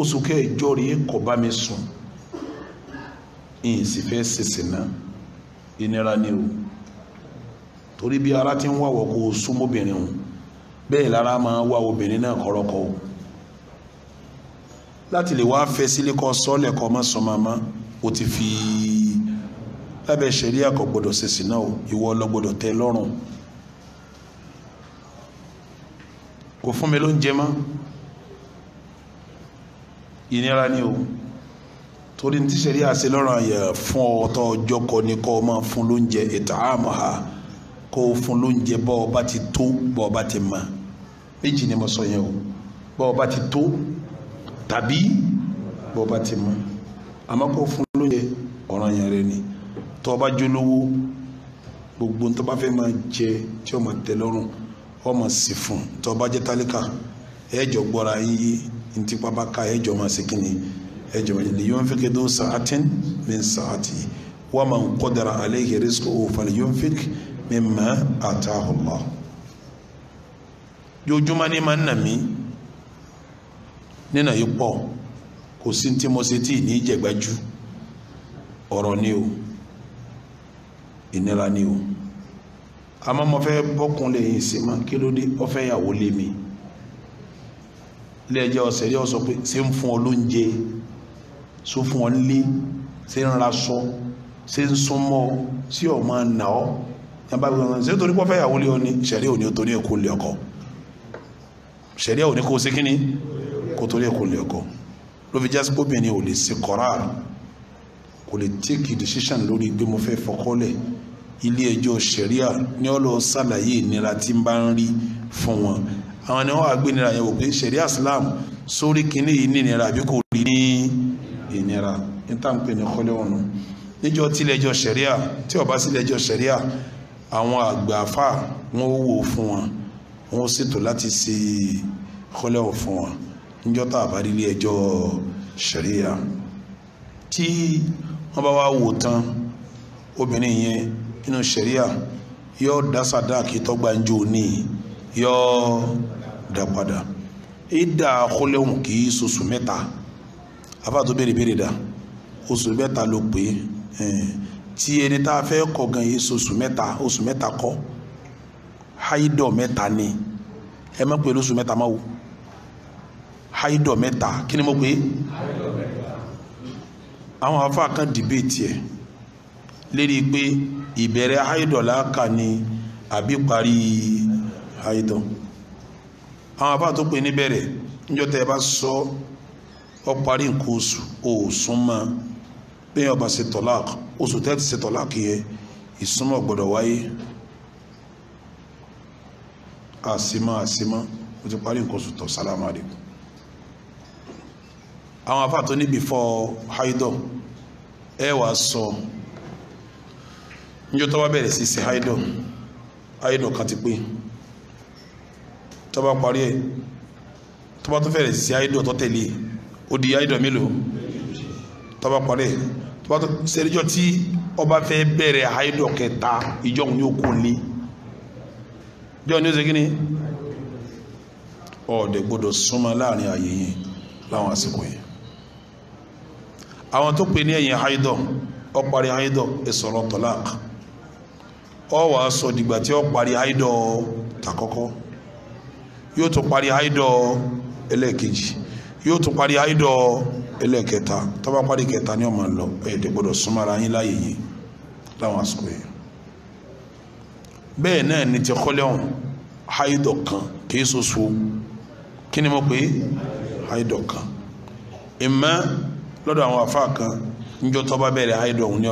oṣù kẹjọ rèé kò bá mi sùn ìyìn sì fẹ́ sèse náà ìnira ni o torí bí ara ti ń wàwọ̀ kó o súnmọ́bìnrin o bẹ́ẹ̀ lára máa wá obìnrin náà kọ́rọ́kọ́ o láti lè wá fẹ́ sílé kọ́ sọ́ọ̀lẹ̀ kọ́ mọ́ sọ o ti fi í lábẹ́ ṣẹ̀ríà kò gbọ́dọ̀ ṣe sìná o ìwọ ló gbọ́dọ̀ tẹ́ lọ́rùn kò fún mi ló ń jẹ mọ́ ìnira ni o torí ti ṣẹ̀ríà ṣe lọ́rùn àyẹ̀ fún ọtọ́ ọjọ́ kọ ni kọ́ ọ máa fún lóúnjẹ ètò àmọ́ ha kó o fún lóúnjẹ bọ́ ọ ti tó bọ́ ọ ti mọ̀ méjì ni mo sọ yẹn o bọ́ ọ ti tó tàbí bọ́ ọ ti mọ̀ àmọ́ kó o fún lóúnjẹ ọ̀ràn yẹn rẹ ni tó bá jólówó gbogbo tó bá fẹ́ máa jẹ tí ó máa tẹ́ lọ́rùn ó máa sì fún tó bá jẹ́ tálíkà ẹ̀jọ̀ gbọ́ra yíyí ntí pápá ká ẹ̀jọ̀ máa ṣe kíni ẹ̀jọ̀ máa jẹ́ yunfiqu dhu sa'atin min sa'atihi wa man qadara alayhi rizquhu falyunfiq mimma ataahu Allah jojúmọ́ ní máa ń nà mí nínà yìí pọ̀ kò sí tí mo ṣe tí ì ní jẹ̀gbájú ọ̀rọ̀ ni o ìnira ni o àmọ́ mo fẹ́ bọ́kun lè yìn sí ma kí ló dé ọfẹ́ ìyàwó lé mi ilé ẹjọ́ ọ̀sẹ̀ rí ọ sọ pé ṣé ń fún ọ lóúnjẹ ṣó fún ọ nílé ṣé ń ra sọ ṣé ń súnmọ́ sí ọ máa nà ọ yàrá bí wọn ṣe torí pọ́fẹ́ ìyàwó lé ọ ní ṣẹ̀rí òní o torí ẹ̀kọ́ lé ọkọ ṣẹ̀rí òní kó o ṣe kíni kó torí ẹ̀kọ́ lé ọkọ ló fi jásí pé obìnrin ò lè ṣe kọ́ra kò lè take decision lórí pé mo fẹ́ fọkọ́lẹ̀ ilé ẹjọ́ sẹ̀ríà ní ọ̀lọ́ ṣàlàyé ìnira tí ń bá ń rí fún wọn àwọn ni wọ́n á gbé ìnira yẹn wò pé sẹ̀ríà Islam sórí kínní yìí ní ìnira àbí kò rí ní ìnira ní táǹpẹ̀ ní kọ́lé wọn nù níjọ́ tílé ẹjọ́ sẹ̀ríà tí ó bá sílé ẹjọ́ sẹ̀ríà àwọn àgbààfà wọn ó wò fún wọn wọn ó ṣètò láti ṣe kọ́lé wọn fún wọn níjọ́ tá a bá rí ilé ẹjọ́ sẹ̀ríà tí wọ́n bá wá wò tán obìnrin yẹn nínú ṣẹ̀ríà yóò dá sàdáàkì tọ́gbà ń jò ní yóò dá padà ìdá kólẹ́hùn kì í sosù mẹ́ta afá tó béèrè béèrè dá oṣù mẹ́ta ló pé tí ẹni tá a fẹ́ kọ̀ gan yìí sosù mẹ́ta oṣù mẹ́ta kọ́ háídọ̀ mẹ́ta ni ẹ má pè lóṣù mẹ́ta máa wò háídọ̀ mẹ́ta kí ni mo pè é àwọn afa kan dìbètì ẹ̀ lérí pé ìbẹ̀rẹ̀ àìdọ̀lá kà ní àbí parí àìdọ̀ àwọn afa tó pè níbẹ̀rẹ̀ níjọ́ tẹ́ ẹ bá sọ ọ parí nǹkan oṣù oòsùn mọ́ pé ọba ṣe tọ́láàkì oṣù tẹ́tì ṣe tọ́láàkì yẹ ìsúnmọ́ gbọ́dọ̀ wáyé àsìmọ́ àsìmọ́ ó ti parí nǹkan oṣù tọ́ sálámù aláìkùm àwọn afa tó ní before haidọ ẹ wàá sọ níjọ́ tó bá bẹ̀rẹ̀ sí ṣe haidọ haidọ kan ti pé tó bá parí ẹ̀ tó bá tó fẹ̀rẹ̀ sí ṣe haidọ tó tẹ̀lé ó di haidọ mélòó tó bá parí ẹ̀ tó bá tó sẹ́ríjọ́ tí ó fẹ́ bẹ̀rẹ̀ haidọ kẹta ìjọ òun yóò kó lé jọ ní ó ṣe kí ni ọ̀ọ́dẹ̀ gbọ́dọ̀ súnmọ́ láàrin àyè yẹn láwọn àsìkò yẹn àwọn tó pè ní ẹ̀yìn haidọ̀ ó parí haidọ̀ ẹ sọ̀rọ̀ tọ́lák ọ wàá sọ dìgbà tí ó parí haidọ̀ tàkọ́kọ́ yóò tún parí haidọ̀ ẹlẹ́ẹ̀kejì yóò tún parí haidọ̀ ẹlẹ́ẹ̀kẹta tó bá parí kẹta ni ó máa lọ ẹ̀ẹ́dẹ̀ gbọ́dọ̀ súnmọ́ra yín láàyè yìí láwọn àsìkò yìí bẹ́ẹ̀ náà ni ti kọ́lé ọ̀hún haidọ̀ kan kìí soso kí ni mo pè é haidọ̀ kan ìmọ̀ lọ́dọ̀ àwọn àfa kan níjọ́ tọba bá bẹ̀rẹ̀ haidọ̀ ni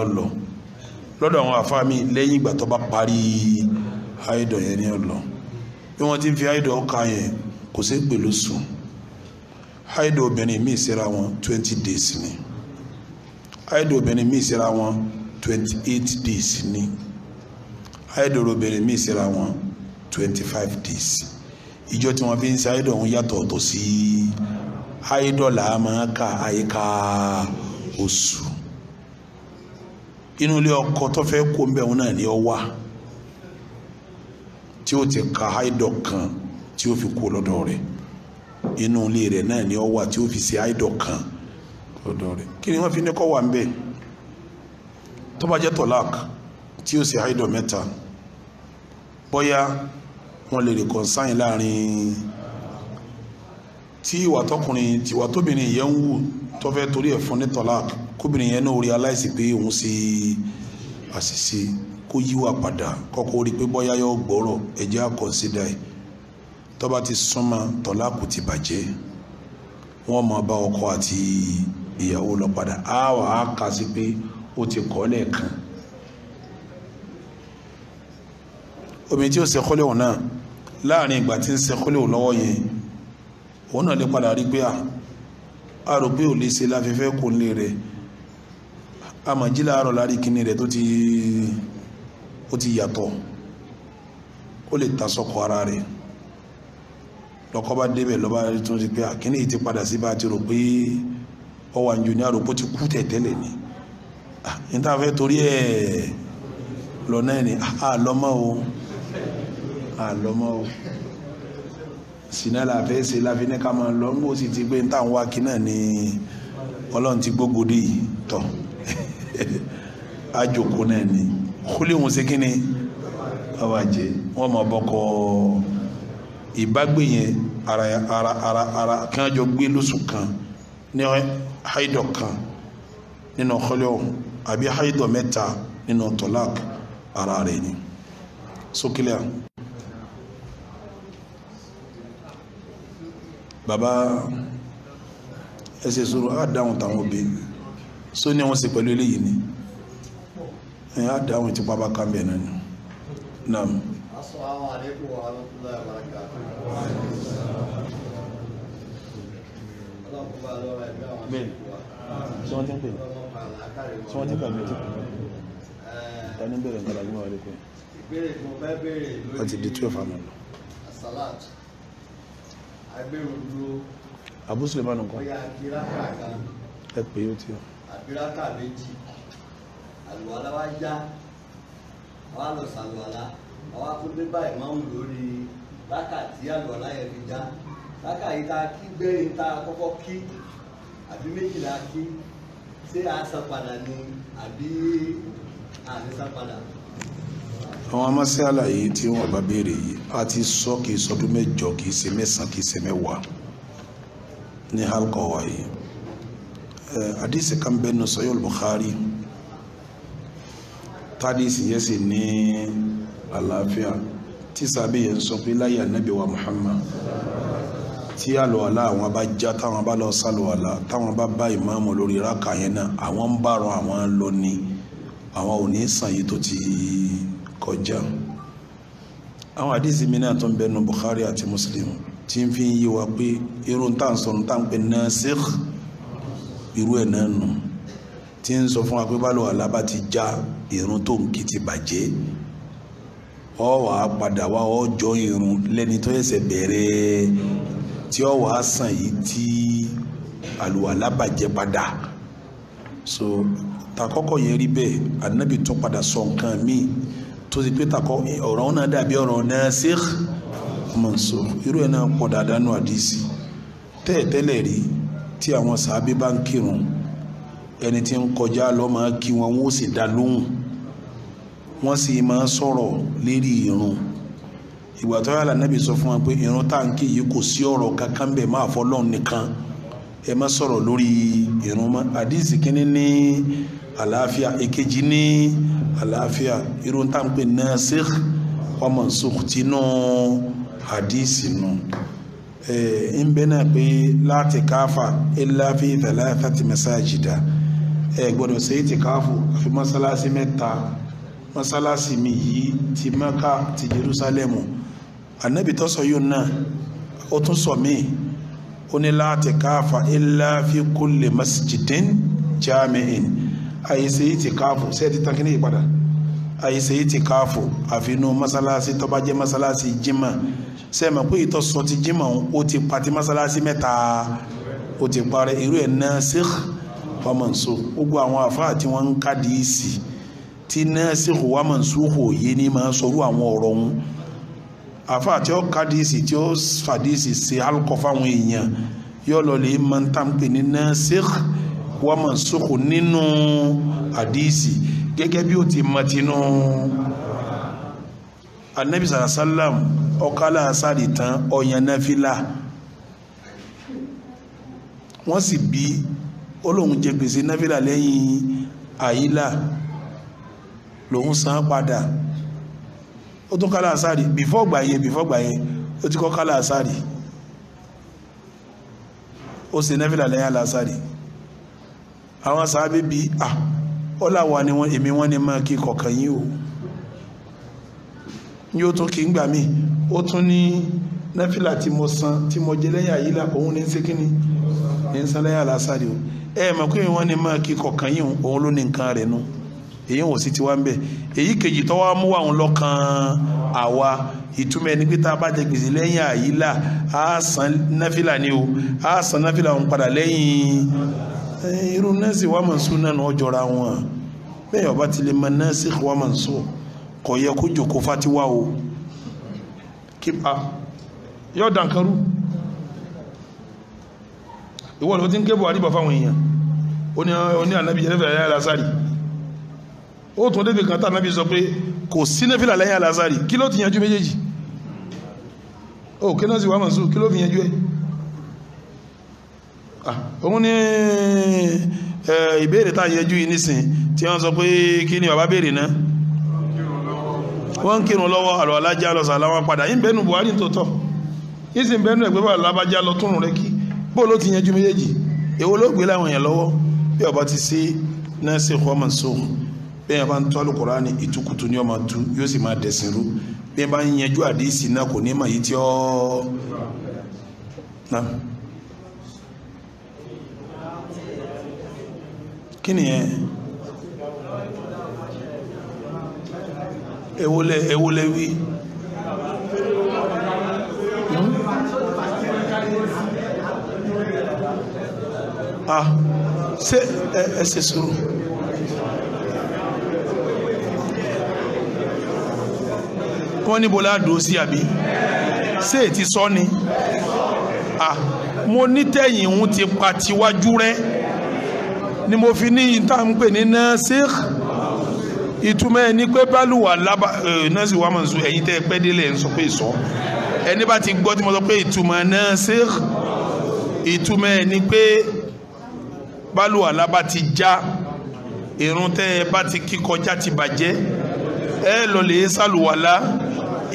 lọ́dọ̀ àwọn afọ mi lẹ́yìn ìgbà tọba bá parí haidọ̀ yẹn ni ó bí ti ń fi haidọ̀ ọkà yẹn kò sí pẹ̀lú sùn haidọ̀ obìnrin míì wọn twenty days ni obìnrin míì wọn twenty days ni obìnrin míì wọn twenty days ìjọ tí wọ́n fi ń ṣe yàtọ̀ haidọ̀ là á máa ka àyíká oṣù inú ilé ọkọ tó fẹ kó ń bẹ̀ wọn náà ni ọ wà tí ó ti ka haidọ̀ kan tí ó fi kó lọ́dọ̀ rẹ̀ inú ilé rẹ̀ náà ni ọ wà tí ó fi ṣe haidọ̀ kan lọ́dọ̀ rẹ̀ kí ni wọ́n fi ní kọ́ wà ń bẹ̀ tó bá jẹ́ tọ́lák tí ó ṣe haidọ̀ mẹ́ta bóyá wọ́n lè reconcile láàrin. tí ìwà tọkùnrin tí ìwà tóbìnrin yẹn ń wù tó fẹ́ torí ẹ̀ fún ní tọ́lák kóbìnrin yẹn náà realize pé òun ṣe àṣìṣe kó yíwà padà kọ́kọ́ rí pé bóyá yọ gbọ́rọ̀ ẹ̀jẹ̀ á consider ẹ̀ tó bá ti súnmọ́ tọ́lákù ti bàjẹ́ wọ́n máa bá ọkọ àti ìyàwó lọ padà á á kà sí pé ó ti kọ́ lẹ́ẹ̀kan omi tí ó ṣe kọ́lé náà láàrin ìgbà tí ń ṣe kọ́lé lọ́wọ́ yẹn òun náà lè padà rí pé a rò pé ò lè ṣe láfẹ́fẹ́ kò lè rẹ̀ a mà jí láàárọ̀ lárí kíní rẹ̀ tó ti yàtọ̀ ó lè ta sọ́kọ̀ ara rẹ̀ lọ́kọ́ bá débẹ̀ lọ́ba tó ti pé àkíní yìí ti padà sí bá ti rò pé ọwà ń jò ní àròpó ti kú tẹ̀tẹ́lẹ̀ ni níta torí ẹ̀ lọ náà àlọ́mọ́ o àlọ́mọ́ o sinna la fẹ́ ṣe la fi ní ká máa lọ nbó sì ti gbé ń tàn wá kí náà ni ọlọ́run ti gbógo dé yìí tọ̀ àjòkó náà ni kúlíhùn sí kí ni bàbá jẹ wọn máa bọkọ ìbágbé yẹn ara ara ara ara kí wọn jọ gbé lóṣù kan ní haidọ kan nínú ọkọlẹ ọhún àbí haidọ mẹ́ta nínú tọlák ara rẹ ni sókèlè. So, baba ẹsẹ̀ sọ̀rọ̀ á dáhùn táwọn obìnrin só ní àwọn ṣe pẹ̀lú eléyìí ni ẹ̀yìn á dáhùn ìtìpá bá ká bẹ̀ náà nam. Assalamu alaikum wa rahmatullahi wa barakatuh. bẹ́ẹ̀ tí wọ́n ti ń pè tí wọ́n ti ń pè mí tí kò ta ní bẹ̀rẹ̀ nǹkan agbẹ́rùndó Abu Suleiman nǹkan ọya abiraka kan ẹ pè é tí ó abiraka méjì àlùwàlá wá yá àwa lọ sàlùwàlá àwa tó dé bá ìmáàmù lórí lákàtí àlùwàlá yẹn fi já lákàtí ta kí gbẹ́yìn ta kọ́kọ́ kí àbí méjìlá kí ṣé a san padà ni àbí àní padà àwọn amásíálà yìí tí wọ́n bá béèrè yìí a ti sọ kì í sọdún mẹ́jọ kì í ṣe mẹ́sàn kì í ṣe mẹ́wàá ní halqa wa yìí hadisi kan bẹ nínú Sahih Bukhari tádìsì yẹn sì ní àlàáfíà tí sábẹ́ yẹn sọ pé láyé ànábì wa Muhammad tí àlùwàlá àwọn bá já táwọn bá lọ sálùwàlá táwọn bá bá ìmáàmù lórí rákà yẹn náà àwọn ń bá ran àwọn lọ ni àwọn ò ní sàn yìí tó ti yìí kọjá àwọn àdìsí mi náà tó ń bẹnu Bukhari àti Muslim tí ń fi ń yí wa pé irun tá à ń sọnù tá à ń pè nasikh irú ẹ̀ náà nù tí ń sọ fún wa pé báwo alába ti já irun tó ń kí ti bàjẹ́ ọ wà á padà wá ọjọ́ irun lẹ́ni tó ẹsẹ̀ bẹ̀rẹ̀ tí ọ wà á sàn yìí tí àlùwàlá bàjẹ́ padà so takọ́kọ́ yẹn rí bẹ́ẹ̀ anabi tún padà sọ nǹkan míì tó ti pé takọ ọ̀rọ̀ náà dàbí ọ̀rọ̀ nasikh mansukh irú ẹ̀ náà pọ̀ dáadáa nù àdìsí tẹ́ẹ̀tẹ́lẹ̀ rí tí àwọn sàábí bá ń kírun ẹni tí ń kọjá lọ máa kí wọn wọ́n sì dá lóhùn wọ́n sì máa sọ̀rọ̀ lérí irun ìgbà tó yàrá nàbì sọ fún wa pé irun táǹkì yìí kò sí ọ̀rọ̀ kankan bẹ́ẹ̀ máa fọ́ lọ́hùn nìkan ẹ má sọ̀rọ̀ lórí irun mọ́ àdìsí kínní ní àlàáfíà èkejì ní àlàáfíà irú tá n pè nasikh wa mansukh tinú hadisi nù ẹ ń bẹ náà pé láti káfà illa fi thalathati masajida ẹ gbọ́dọ̀ ṣe ti káfù àfi mọ́sálásí mẹ́ta mọ́sálásí mi yìí ti Mẹ́kà ti Jerusalemu ànábì tó sọ yóò náà ó tún sọ míì ó ní láti káfà illa fi kulli masjidin jami'in àyèsè yìí ti káàfù sẹ́ẹ̀tì tán kíní ìpadà àyèsè yìí ti káàfù àfinú mọ́sálásí tó bá jẹ́ mọ́sálásí jimá sẹ́ẹ̀mọ̀ pé ìtọ́ sọ ti jimá ti pati masalasi mẹ́ta ó ti parẹ́ irú ẹ̀ e nasikh wa mansukh gbogbo àwọn àfáà tí wọ́n ń kádì í sí tí nasikh wa mansukh òye ní máa sọrú àwọn ọ̀rọ̀ wọn àfáà tí ó kádì í sí tí ó fàdí í sí ṣe alukọ fáwọn èèyàn yọ lọ lè máa ń tàǹpẹ̀ ní nasikh wà mà sóko nínú àdìsí gẹ́gẹ́ bí ó ti mọ tinú anabi sàlá sálàm ọkàlà sáàdì tán ọ̀yàn náà fi là wọ́n sì bí olóhùn jẹ gbèsè náfìlà lẹ́yìn àyílà lòun san padà ó tún kálá àsáàrì bìfọ́ gbà yẹn bìfọ́ gbà yẹn ó ti kọ́ kálá àsáàrì ó ṣe náfìlà lẹ́yìn àwọn sábẹ́ bíi à ọlá wa ni wọn èmi wọn ni máa kí kọ̀ọ̀kan yín o yóò tún kí n gbà mí ó tún ní náfìlà tí mo san tí mo jẹ lẹ́yìn àyílá òun ní ṣe kíni ní san lẹ́yìn àlásàrì o ẹ mọ̀ pé wọn ni máa kí kọ̀ọ̀kan yín òun ló ní nǹkan rẹ̀ nu èyí ò sì ti wá ń bẹ̀ èyí kejì tó wá mú àwọn lọ́kàn àwa ìtumọ̀ ẹni pé tá a bá jẹ gbèsè lẹ́yìn àyílá a san náfìlà ni o a san náfìlà òun padà lẹ́yìn irú nọ́ọ̀sì wa mọ̀nsú náà ni wọ́n jọra wọn bẹ́ẹ̀ ọba ti lè mọ nọ́ọ̀sì wa mọ̀nsú kò yẹ kó jòkó fatiwa o kípa yóò dànkarú ìwọ ló ti ń ké buhari fáwọn èèyàn ó ní ànábì jẹ́nẹ́fẹ̀ lẹ́yìn alásàrì ó tún débi kan tá ànábì sọ pé kò sí nẹ́fìlà lẹ́yìn alásàrì kí ló ti yanjú méjèèjì ó kí nọ́ọ̀sì wa mọ̀nsú kí ló fi yanjú ẹ̀ òun ní ìbéèrè tá yẹjú yìí nísìn tí wọ́n sọ pé kí ni bàbá béèrè náà wọ́n ń lọ́wọ́ àlọ́ lọ sàlá wọn padà yín bẹ́nu Buhari tó tọ̀ yín bẹ́nu ẹ̀gbẹ́ bá alábájá lọ túnrun rẹ kí bó ló ti yanjú méjèèjì èwo ló gbé láwọn èèyàn lọ́wọ́ bí ọba ti sí nọ́ọ̀sì kọ́mọ̀ sóhùn bí wọn bá ń tọ́lù Kùránì ìtukùtù ni wọn máa tú yóò sì máa dẹ̀sìn rú bí wọn bá ń yanjú àdéhìsì náà kò ní mà yìí tí ọ́ náà. kí ni ẹ ewole ewole wí hmm? ah ṣe ẹ ẹ ṣe sùúrù. wọ́n níbo ládùú sí àbí ṣé èti sọ ni ah mo ní tẹ̀yìn ń ti pa tiwájú rẹ́ ni mo fi ní ìta ń pè ní nasikh ìtumọ̀ ẹni pé bálùwà lába nọ́ọ̀sì wa máa ń sọ ẹ̀yin tẹ́ ẹ pẹ́ délé ẹ̀ ń sọ pé ìsọ ẹni bá ti gbọ́ tí mo sọ pé ìtumọ̀ nasikh ìtumọ̀ ẹni pé bálùwà lába ti já irun tẹ́ ẹ bá ti kí kọjá ti bàjẹ́ ẹ lọ lè sálùwàlá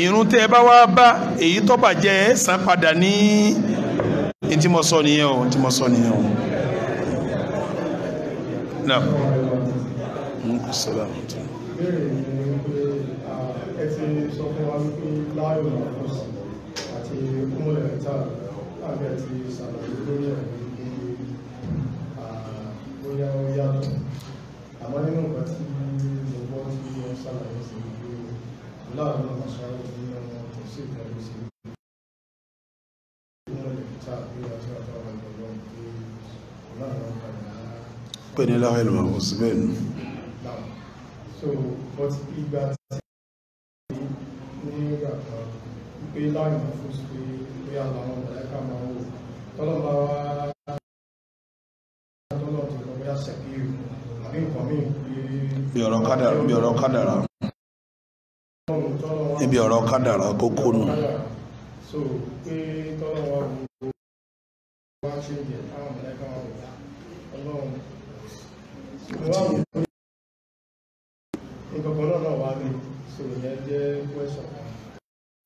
irun tẹ́ ẹ bá wá bá èyí tó bàjẹ́ ẹ san padà ní ntí sọ nìyẹn o ntí sọ nìyẹn o náà mú kí sọ́lá àwọn tó ẹ ti sọ fún wa wípé láàyò àfọ́sí àti kúmọ̀lẹ̀ ẹ̀ta àbí àti ìsàlàyé lórí ẹ̀rí bóyá ó yàtọ̀ àmọ́ nínú nǹkan tí mo gbọ́ tí wọ́n ṣàlàyé sí wípé láàrin àwọn aṣáájú ní ọmọ tó sì kẹrù sí kúmọ̀lẹ̀ ẹ̀ta àbí àti àbáwọn ìgbọ̀lọ́ pé láàrin àwọn pè ní láwọn ìlú màá sí bẹ́ẹ̀ ni. so but ìgbà tí ní ìgbà kan pé láwọn ìlú fún sí pé pé àwọn mọ̀lẹ́kà máa wò tọ́lọ́ bá wá tọ́lọ́ tó lọ bóyá sẹ́kìrì àbí nǹkan míì pé. ìyọ̀rọ̀ kádàrà ìyọ̀rọ̀ kádàrà ibi ọ̀rọ̀ kádàrà kókó nù. Ọlọ́run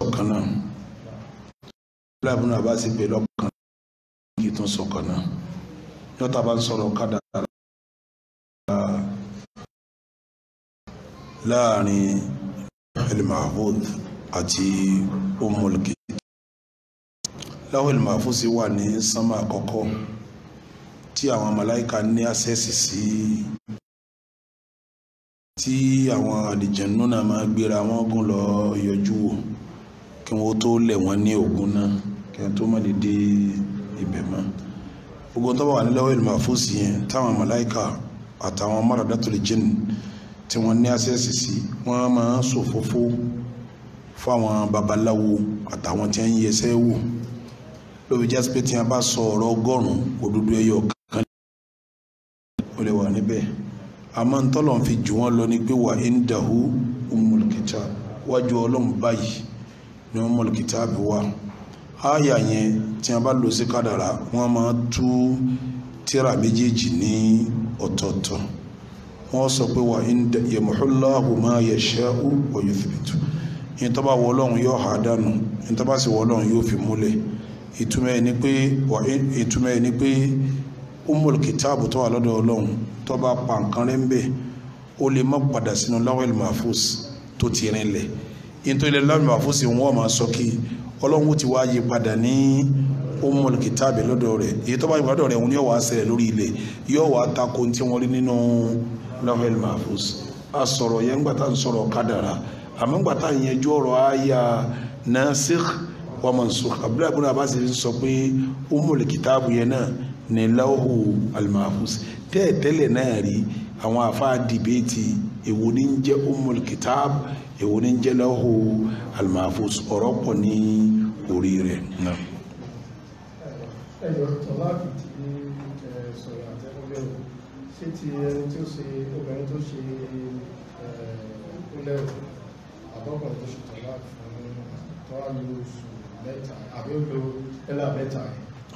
ọ̀kan náà láàbùnú àbá sì pè lọ́kàn kí tún sọ̀kan náà yọ́ta bá ń sọ̀rọ̀ kádà láàrin elmahud àti omulki láwọn elmahud sì wà ní sánmà àkọ́kọ́ tí àwọn màláìka ní àṣẹ́sì sí tí àwọn àlìjẹ̀nú náà máa gbéra wọn gùn lọ yọjú wò kí wọ́n tó lẹ̀ wọ́n ní ògùn náà kí wọ́n tó má lè dé ibẹ̀ mọ́ gbogbo tó bá wà nílẹ̀ ọ̀hìn màfúsì yẹn táwọn màláìka àtàwọn máràdá tó lè jẹ́nu tí wọ́n ní àṣẹ́sì sí wọ́n máa ń ṣòfófó fáwọn babaláwo àtàwọn tí wọ́n ń yẹsẹ́ wò lóbi jásí tí wọ́n bá sọ ọ̀rọ̀ ọgọ́rùn-ún òdodo ẹyọ níbẹ̀ àmọ́ ntọ́lọ̀ fi jù wọ́n lọ ni pé wà indahu ummul kitab wájú ọlọ́run báyìí ni ummul bí wà áyà yẹn tí a bá lò sí kádàrà wọ́n máa tú tíra méjèèjì ní ọ̀tọ̀ọ̀tọ̀ wọ́n sọ pé wà inda yamhullahu ma yasha'u wa yuthbitu ní tọ́ba wọ ọlọ́run yóò hà dànù ní tọ́ba sì wọ ọlọ́run yóò fi múlẹ̀ ìtumọ̀ ẹ̀ ni pé umul kitabu tó wà lọ́dọ̀ ọlọ́run tó bá pa nǹkan rẹ̀ ń bẹ̀ ó lè má padà sínú lawal mahfuz tó ti rìn lẹ̀ nítorí lawal mahfuz wọn máa sọ kí ọlọ́run ti wá yí padà ní umul kitaabu lọ́dọ̀ rẹ̀ èyí tó bá yí padà lọ́dọ̀ rẹ̀ òun yóò wá ṣẹlẹ̀ lórí ilẹ̀ yóò wá tako tí wọ́n rí nínú lawal mahfuz a sọ̀rọ̀ yẹn gbà tá à sọ̀rọ̀ kádàrà àmọ́ gbà tá à yẹjú ọ̀rọ̀ àyà nasikh wa mansukh abdulayi abdulayi abasi sọ pé umul kitaabu yẹn náà ní láwù alimahus tẹ́ẹ̀tẹ́lẹ̀ náà rí àwọn àfáà dìbẹ́ẹ̀tì èwo ni ń jẹ́ umul kitab èwo ni ń jẹ́ láwù alimahus ọ̀rọ̀ pọ̀ ní orí rẹ̀. ẹ̀yọ̀ tọ́lá kìtì sọ̀rọ̀ àtẹ́kọ̀lẹ́wò ṣé ti ẹni tí ó ṣe obìnrin tó ṣe ìpínlẹ̀ àbọ́kùnrin tó fún tọ́lá lóṣù mẹ́ta àbí ó lo ẹlà mẹ́ta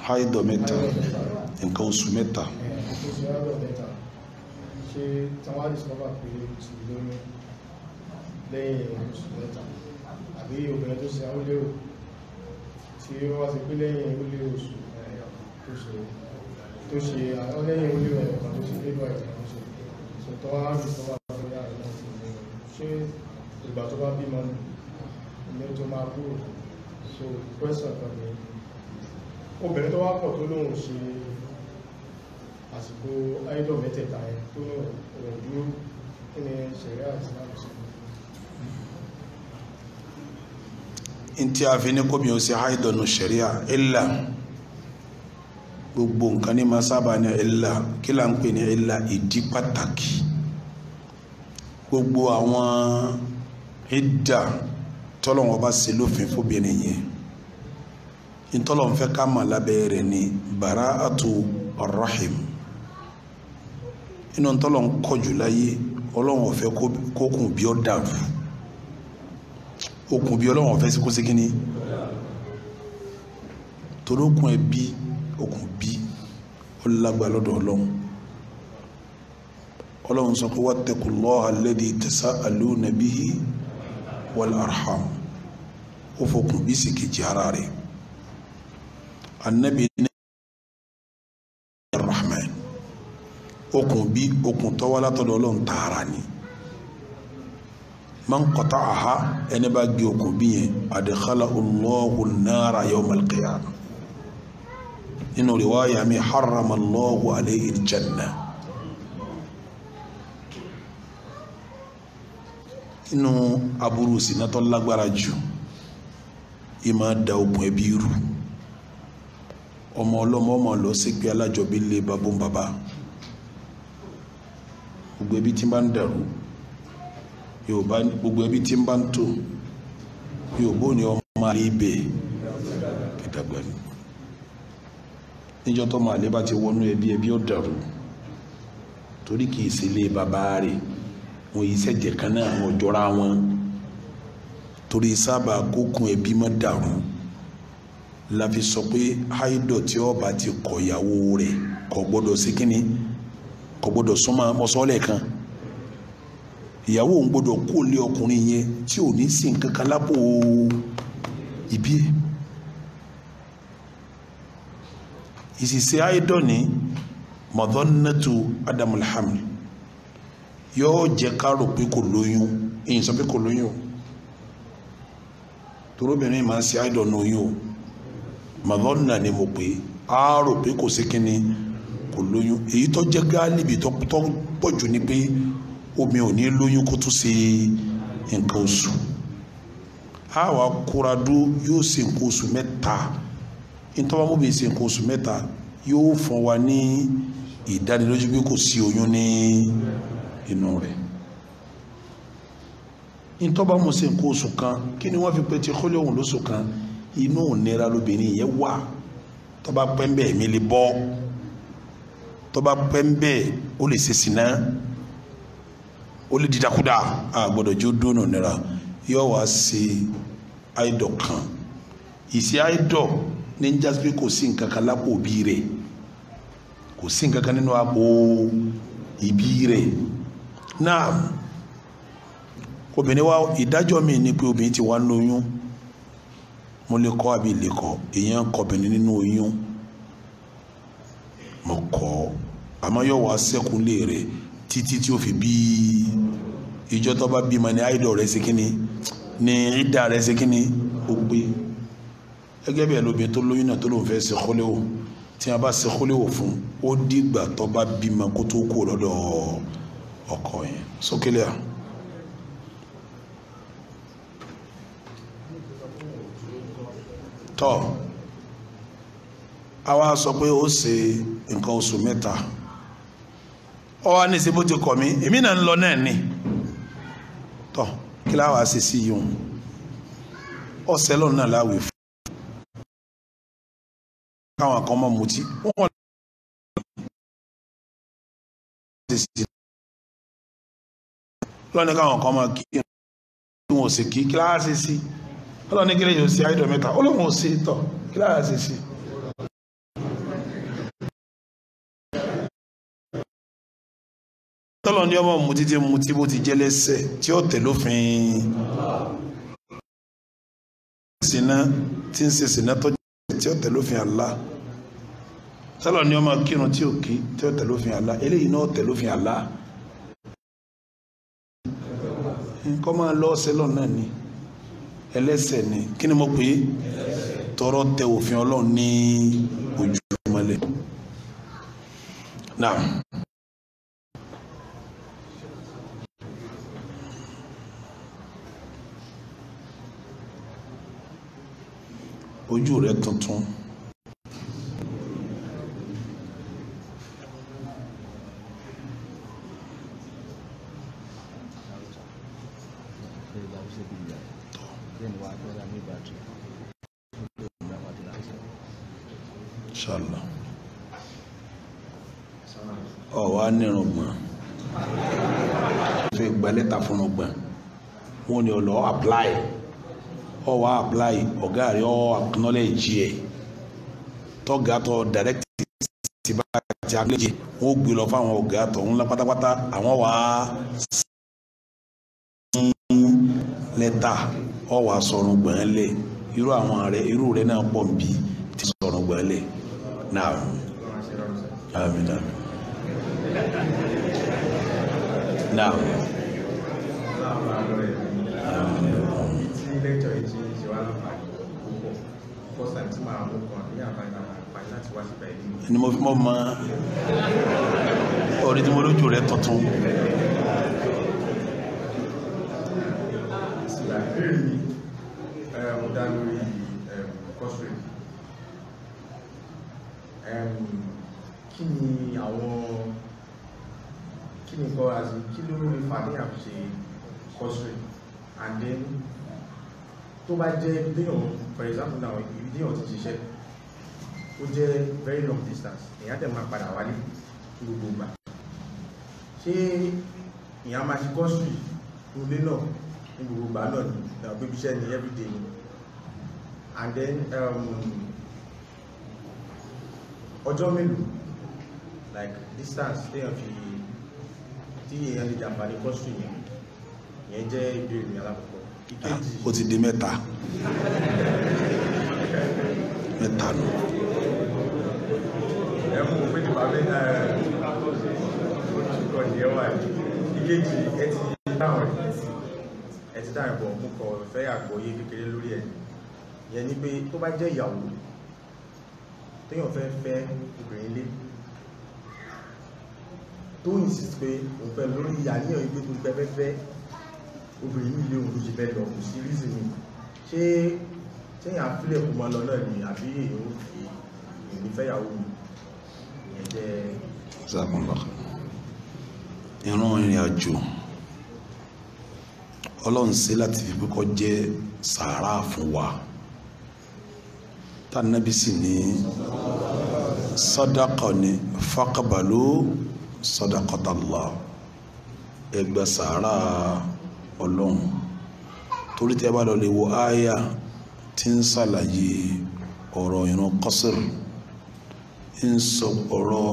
haidọ̀ mẹ́ta nǹkan oṣù mẹ́ta àbí obìnrin tó ṣe àwọn lérò tí ó wá sí pé lẹ́yìn ó lérò oṣù tó ṣe àwọn lẹ́yìn ó lérò ẹ̀kọ́ tó ṣe lérò ẹ̀kọ́ tó ṣe tó tọ́ wá rí sọ́wọ́ àgbẹ̀rẹ̀ àwọn ọmọ ṣe ìgbà tó bá bímọ ní tó máa kúrò so question kan ni obìnrin tó wá pọ̀ tó lóhun ṣe àsìkò idol mẹ́tẹ̀ẹ̀ta ẹ̀ tó lóhun dúró kí ni ṣẹ̀rí àìsíláàmù sí ntí a fi ní kóbi ó ṣe idol nù ṣẹ̀ríà illa gbogbo nǹkan ní máa sábà ní illa kí là ń pè ní illa ìdí pàtàkì gbogbo àwọn ìdà tọ́lọ́wọ́n bá ṣe lófin fóbìnrin yẹn ntọ́lọ́nfẹ́ ká mà lábẹ́ rẹ̀ ni bara'atu arrahim inú ntọ́lọ́n kọjú láyé ọlọ́run ọ̀fẹ́ kókùn bí ọ dàrú okùn bí ọlọ́run ọ̀fẹ́ sí kó sí kínní torí okùn ẹ bí okùn bí ó lágbàá lọ́dọ̀ ọlọ́run ọlọ́run sọ pé anabi ní rahman okùn bí okùn tọ́wọ́ látọ̀dọ̀ ọlọ́run tààrà ni man qata'aha ẹni bá gé okùn bí yẹn adkhalahu Allahu an-nara yawm al-qiyamah nínú riwaya mi harrama Allahu alayhi al-jannah nínú aburú sinatọ́ lágbára jù ìmá da okùn ẹbí rú ọmọ ọlọ́mọ ọmọ lọ sí pé alájọbí lé babó bàbá gbogbo ẹbí tí ń bá ń dàrú yorùbá gbogbo ẹbí tí ń bá ń tò yorùbá ò ní ọmọ àlè ibè ìdàgbà ni níjọ́ tọ́mọ àlè bá ti wọnú ẹbí ẹbí ó dàrú torí kì í sílé bàbá rẹ̀ wọn yìí sẹ̀jẹ̀ kan náà wọn jọra wọn torí sábà kókun ẹbí má dàrú la fi sọ pé haido tí ó bá ti kọ ìyàwó rẹ̀ kò gbọ́dọ̀ sí kínní kò gbọ́dọ̀ súnmọ́ mọ́sọ́lẹ̀ kan ìyàwó òun gbọ́dọ̀ kó lé ọkùnrin yẹn tí ò ní sí nǹkan kan lápò ìbí ẹ̀ ìsìsẹ́ àìdọ́ni madhannatu adamul haml yóò jẹ́ ká pé kò lóyún èyí sọ pé kò lóyún torobìnrin máa ń ṣe àìdọ́nu oyún o madonna ni mo pè á rò pé kò sí kínní kò lóyún èyí tó jẹ́ gálíbi tó pọ̀ jù ni pé omi ò ní lóyún kó tún ṣe nǹkan oṣù á wà kóra dó yóò ṣe nǹkan oṣù mo nítorí wọn bí ṣe nǹkan oṣù mẹ́ta wa ní ìdánilójú pé kò sí oyún ní inú rẹ̀ nítorí wọn mú ṣe nǹkan kan kí ni fi pe ti kólé òun lóṣù kan inú ìnira lóbìnrin yẹn wà tó bá pẹ́ ń bẹ́ẹ̀ mi lè bọ́ tó bá pẹ́ ń bẹ́ẹ̀ ó lè ṣe sìnà ó lè dídákúdá àgbọ̀dọ̀ jó dónà nira yóò wá ṣe àìdọ̀ kan ìṣe àìdọ̀ ní jásípé kò sí nǹkan kan lápò òbí rẹ̀ kò sí nǹkan kan nínú àpò ìbí rẹ̀ náà obìnrin wa ìdájọ́ mi ni pé obìnrin ti wá lóyún. No mo lè kọ́ àbí lè kọ́ èèyàn kọbìnrin nínú oyún mo kọ́ àmọ́ yóò wá sẹ́kúnlé rẹ̀ títí tí ó fi bí ìjọ tó bá bímọ ní àìdọ̀ rẹ̀ sí kínní ní ìdá rẹ̀ sí kínní ó gbé gẹ́gẹ́ bí ẹlòmíín tó lóyún náà tó lóun fẹ́ ṣe kólẹ́wò tí a bá ṣe kólẹ́wò fún ó dìgbà tó bá bímọ kó tó kó lọ́dọ̀ ọkọ yẹn sókè lẹ́yìn. tọ́ àwa sọ pé ó ṣe nǹkan oṣù mẹ́ta ọ wá ní ṣe bó ti kọ̀ mí èmi náà ń lọ náà ni tọ́ kí láwa ṣe sí yìí ọ̀sẹ̀ lọ́nà náà láwì fún káwọn kan mọ̀ mutí wọ́n lọ́nà káwọn kan mọ̀ kí wọ́n sì kí kíláàsì sí i ọlọ́ni kílẹ̀ yóò sí àìdọ̀ mẹ́ta ọlọ́run ò sí tọ̀ kílẹ̀ àyà sì sí. tọ́lọ̀ ní ọmọ mutí tí mutí bó ti jẹ́ lẹ́sẹ̀ tí ó tẹ̀ lófin sinna tí ń ṣe sinna tó jẹ́ tí ó tẹ̀ lófin Allah tọ́lọ̀ ní ọmọ kírun tí ò kí tí ó tẹ̀ lófin Allah eléyìí náà tẹ̀ lófin Allah kọ́ máa lọ́ọ́ sẹ́lọ̀ náà ni ẹlẹ́ṣẹ̀ ni kí ni mo pè é tọrọ tẹ òfin Ọlọ́run ní ojúmọ́lẹ̀ náà. ojú rẹ tuntun zan wa dora mai batiri inshallah ọwọ anírùngbọ̀n fi gba lẹ́tà fún ọgbọ̀n wọn ni ọlọ apply ọwọ apply ọ̀gá rẹ̀ ọ acknowledge ẹ tọgá tọ direct ti bá ti acknowledge wọn gbé lọ fáwọn ọ̀gá tọ ńlá pátápátá àwọn wàá lẹ́tà. ọwà sọ̀rọ̀ gbọ̀n lẹ̀ irú àwọn rẹ̀ irú rẹ̀ náà pọ̀ ń bí ti sọ̀rọ̀ gbọ̀n lẹ̀ náà àmín náà ni mo fi mọ́ mọ́ orí lójú rẹ̀ dá lórí um, cost rate um, kí ni àwọn kí ni kọ́ àti kí ló rí fàníyàn ṣe cost rate and then tó bá jẹ́ ibi déyàn for example now ibi déyàn ti ṣiṣẹ́ ó jẹ́ very long distance èyàn tẹ̀ máa padà wálé gbogbo gbà ṣé èyàn máa ṣe cost rate nílé náà ní gbogbo gbà náà ní ìgbà pé ibi iṣẹ́ everyday ni and then um, ọjọ́ mélòó like distance téèyàn fi tí èèyàn lè jàǹfààní kọ́sùn yẹn yẹn jẹ́ ìbéèrè mi alákọ̀ọ́kọ́ ìkejì ó ti di mẹ́ta mẹ́ta nù. ẹ mú pé nípa mẹ́ta ẹ̀ ọ̀ṣùkọ̀ ní ẹwà ìkejì ẹ ti dáhùn ẹ ti dáhùn ẹ̀ bọ̀ mú kọ̀ fẹ́ àgbọ̀yé kékeré lórí ẹ̀ yẹn ni pé tó bá jẹ́ ìyàwó téèyàn fẹ́ fẹ́ obìnrin lé tó insist pé òun fẹ́ lórí àníyàn ìgbé tó gbẹ fẹ́fẹ́ obìnrin yìí lé òun ló ṣe fẹ́ lọ kò sí reason ni ṣé téèyàn àfilẹ̀ kó máa lọ náà ni àbí èèyàn ò fi èmi fẹ́yàwó mi ìyẹn jẹ́ ìran ìrìn àjò ọlọ́run ṣe láti fi kọ́kọ́ jẹ́ sàárà fún wa tanabi sì ní sadaqa ni faqbalu sadaqatallah ẹ gbà sàárà ọlọ́run torí tí a bá lọ lè wo àyà tí ń ṣàlàyé ọ̀rọ̀ ìran qasr ń sọ ọ̀rọ̀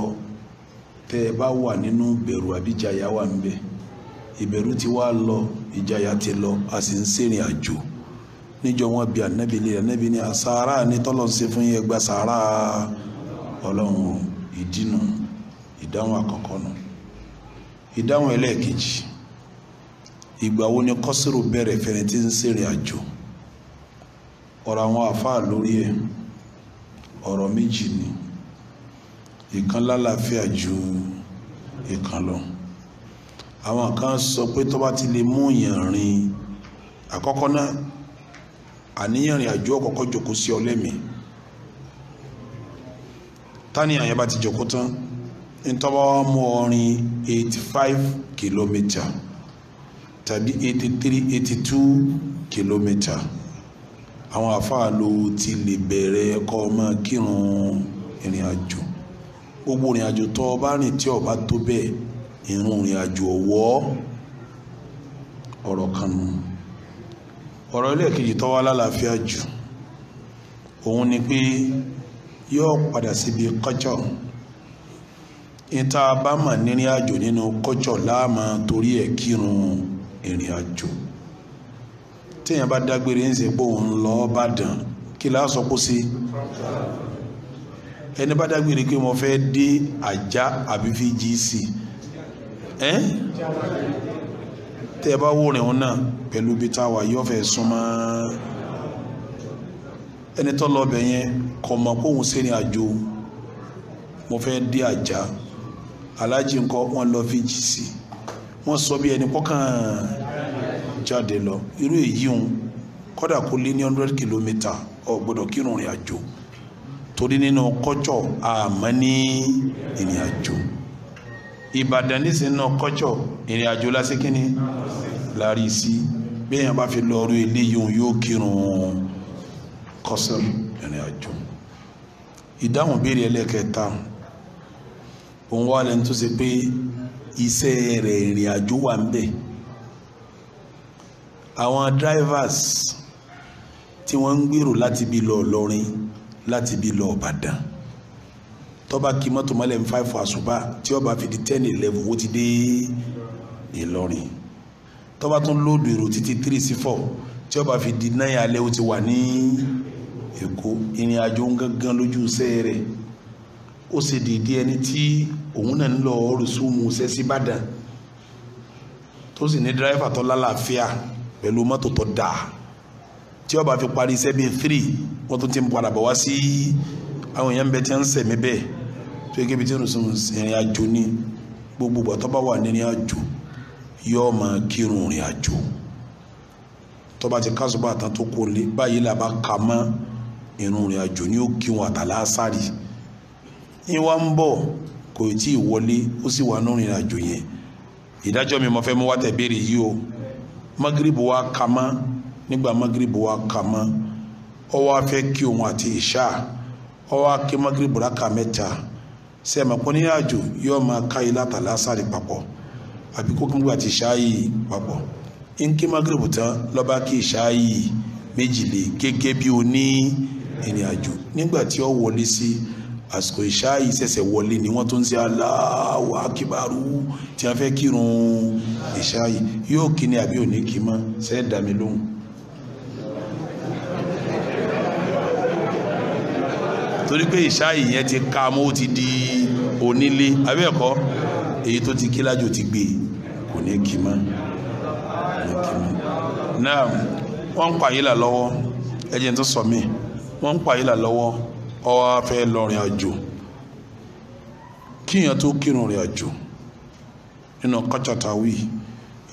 tẹ́ ẹ bá wà nínú ìbẹ̀rù àbíjayà wà ń bẹ ìbẹ̀rù ti wá lọ ìjayà ti lọ a sì ń ṣèrìn àjò níjọ wọn bí anabi lè anabi ní asara ní tọ́lọ̀ fún yẹn gba sàárà ọlọ́run ìdínú ìdáhùn àkọ́kọ́ nù ìdáhùn ẹlẹ́ẹ̀kejì ìgbà wo ni kọ́sìrò bẹ̀rẹ̀ fẹ́ni tí ń ṣèrìn àjò ọ̀rọ̀ àwọn àfáà lórí ẹ̀ ọ̀rọ̀ méjì ni ìkan lálàáfíà ju ìkan lọ àwọn kan sọ pé tó bá ti lè mú yàn rìn àkọ́kọ́ náà àníyàn rìn àjò ọ̀kọ̀ọ̀kọ̀ jòkó sí ọ lẹ́mìí táníyàn yẹn bá ti jòkó tán ntọ́ba wa mú ọ rìn eighty five kìlómítà tàbí eighty three eighty two kìlómítà àwọn àfáà ló ti lè bẹ̀rẹ̀ kọ́ ọ kírun ìrìn àjò gbogbo ìrìn àjò tó o rìn tí o tó bẹ́ẹ̀ ìrìn àjò ọ̀wọ́ ọ̀rọ̀ kan nù ọ̀rọ̀ ẹlẹ́ẹ̀kejì tó wá lálàáfíà jù òun ni pé yóò padà síbi kọ́jọ́ ìta bá mà nírìn àjò nínú kọ́jọ́ láàmà torí ẹ̀ kírun ìrìn àjò téèyàn bá dágbére ń ṣe pé òun lọ bàdàn kí láà sọ kó sí ẹni bá dágbére pé mo fẹ́ dé àjá àbí fíjì sí ẹ́ tẹ́ ẹ bá wò rìn òun náà pẹ̀lú ibi tá a wà yóò fẹ́ súnmọ́ ẹni tó lọ bẹ̀ yẹn kọ̀ mọ̀ pé òun ṣe ní àjò mo fẹ́ dé àjà aláàjì ńkọ́ wọn lọ fi jì sí wọ́n sọ bí ẹni pọ́kàn jáde lọ irú èyí òun kódà kó lé ní hundred kilometre ó gbọ́dọ̀ kírun ìrìn àjò torí nínú kọ́jọ́ àmọ́ ní ìrìn àjò ìbàdàn nísìnyí náà kọ́jọ ìrìn àjò lásìkíní láàrí sí bẹ́ẹ̀ bá fi lọ ọrọ̀ eléyìí òun yóò kírun kọ́sẹ̀m ìrìn àjò ìdáhùn béèrè ẹlẹ́kẹta òun wà lẹ́nu tó ṣe pé iṣẹ́ rẹ̀ ìrìn àjò wà ń àwọn drivers tí wọ́n ń gbèrò láti bí lọ Ìlọrin láti bí lọ Ìbàdàn tọ́ba kí mọ́tò mọ́lẹ̀ ń five àṣùbà tí ọba fi di ten eleven ó ti dé Ìlọrin tọ́ba tún lóòdù èrò títí three sí four tí ọba fi di nine alẹ́ ó ti wà ní Èkó ìrìn àjò ń gángan lójú iṣẹ́ rẹ̀ ó sì dìde ẹni tí òun náà ń lọ rùsùmù iṣẹ́ sí tó sì ní dírẹ́fà tó lálàáfíà pẹ̀lú mọ́tò tó dáa tí ọba fi parí iṣẹ́ bíi three wọ́n tún ti ń padà bọ̀ wá sí. Si àwọn èèyàn bẹ tí ń sẹ̀mí bẹ́ẹ̀ tó yẹ kébi tí ń sùn ìrìn àjò ní gbogbo bàtọ́ bá wà nínú àjò yóò máa kírun ìrìn àjò tọ́ba ti kásùbà tán tó kó lé báyìí là bá ka mọ́ ìrun ìrìn àjò ní ó kírun àtàlásárì ní wá ń bọ̀ kò tí ì wọlé ó sì wà nínú ìrìn àjò yẹn ìdájọ́ mi mo fẹ́ mú wá tẹ̀béèrè yìí o magrib wa ka mọ́ nígbà magrib wa ka mọ́ ọ wá fẹ́ kí òun àti ìṣáà ọwọ́ akémagiri buraka mẹ́ta sẹ́mi àpọ́nìyàn àjò yóò máa ká ilá tàlá sáré papọ̀ àbí kó kí n gbà ti ṣáàyè papọ̀ nkémagiri bùtán lọ́ba kí ṣáàyè méjì lè gẹ́gẹ́ bí o ní ìrìn àjò nígbà tí ó wọlé sí àsìkò ìṣáàyè ṣẹ̀ṣẹ̀ wọlé ni wọ́n tó ń ṣe Allahu akíbarú tí wọ́n fẹ́ kírun ìṣáàyè yóò kí ni àbí òní kí mọ́ sẹ́ẹ̀ dá mi lóhùn. torí pé ìṣá ìyẹn ti ka mọ́ ó ti di onílé abẹ́ẹ̀kọ́ èyí tó ti kílájò ti gbé kò ní kí mọ́ náà wọ́n ń pààyè là lọ́wọ́ ẹ̀jẹ̀ tó sọ mí wọ́n ń pààyè là lọ́wọ́ ọwọ́ fẹ́ lọ́rin àjò kíyàn tó kírun rìn àjò nínú kọ́chàtàwí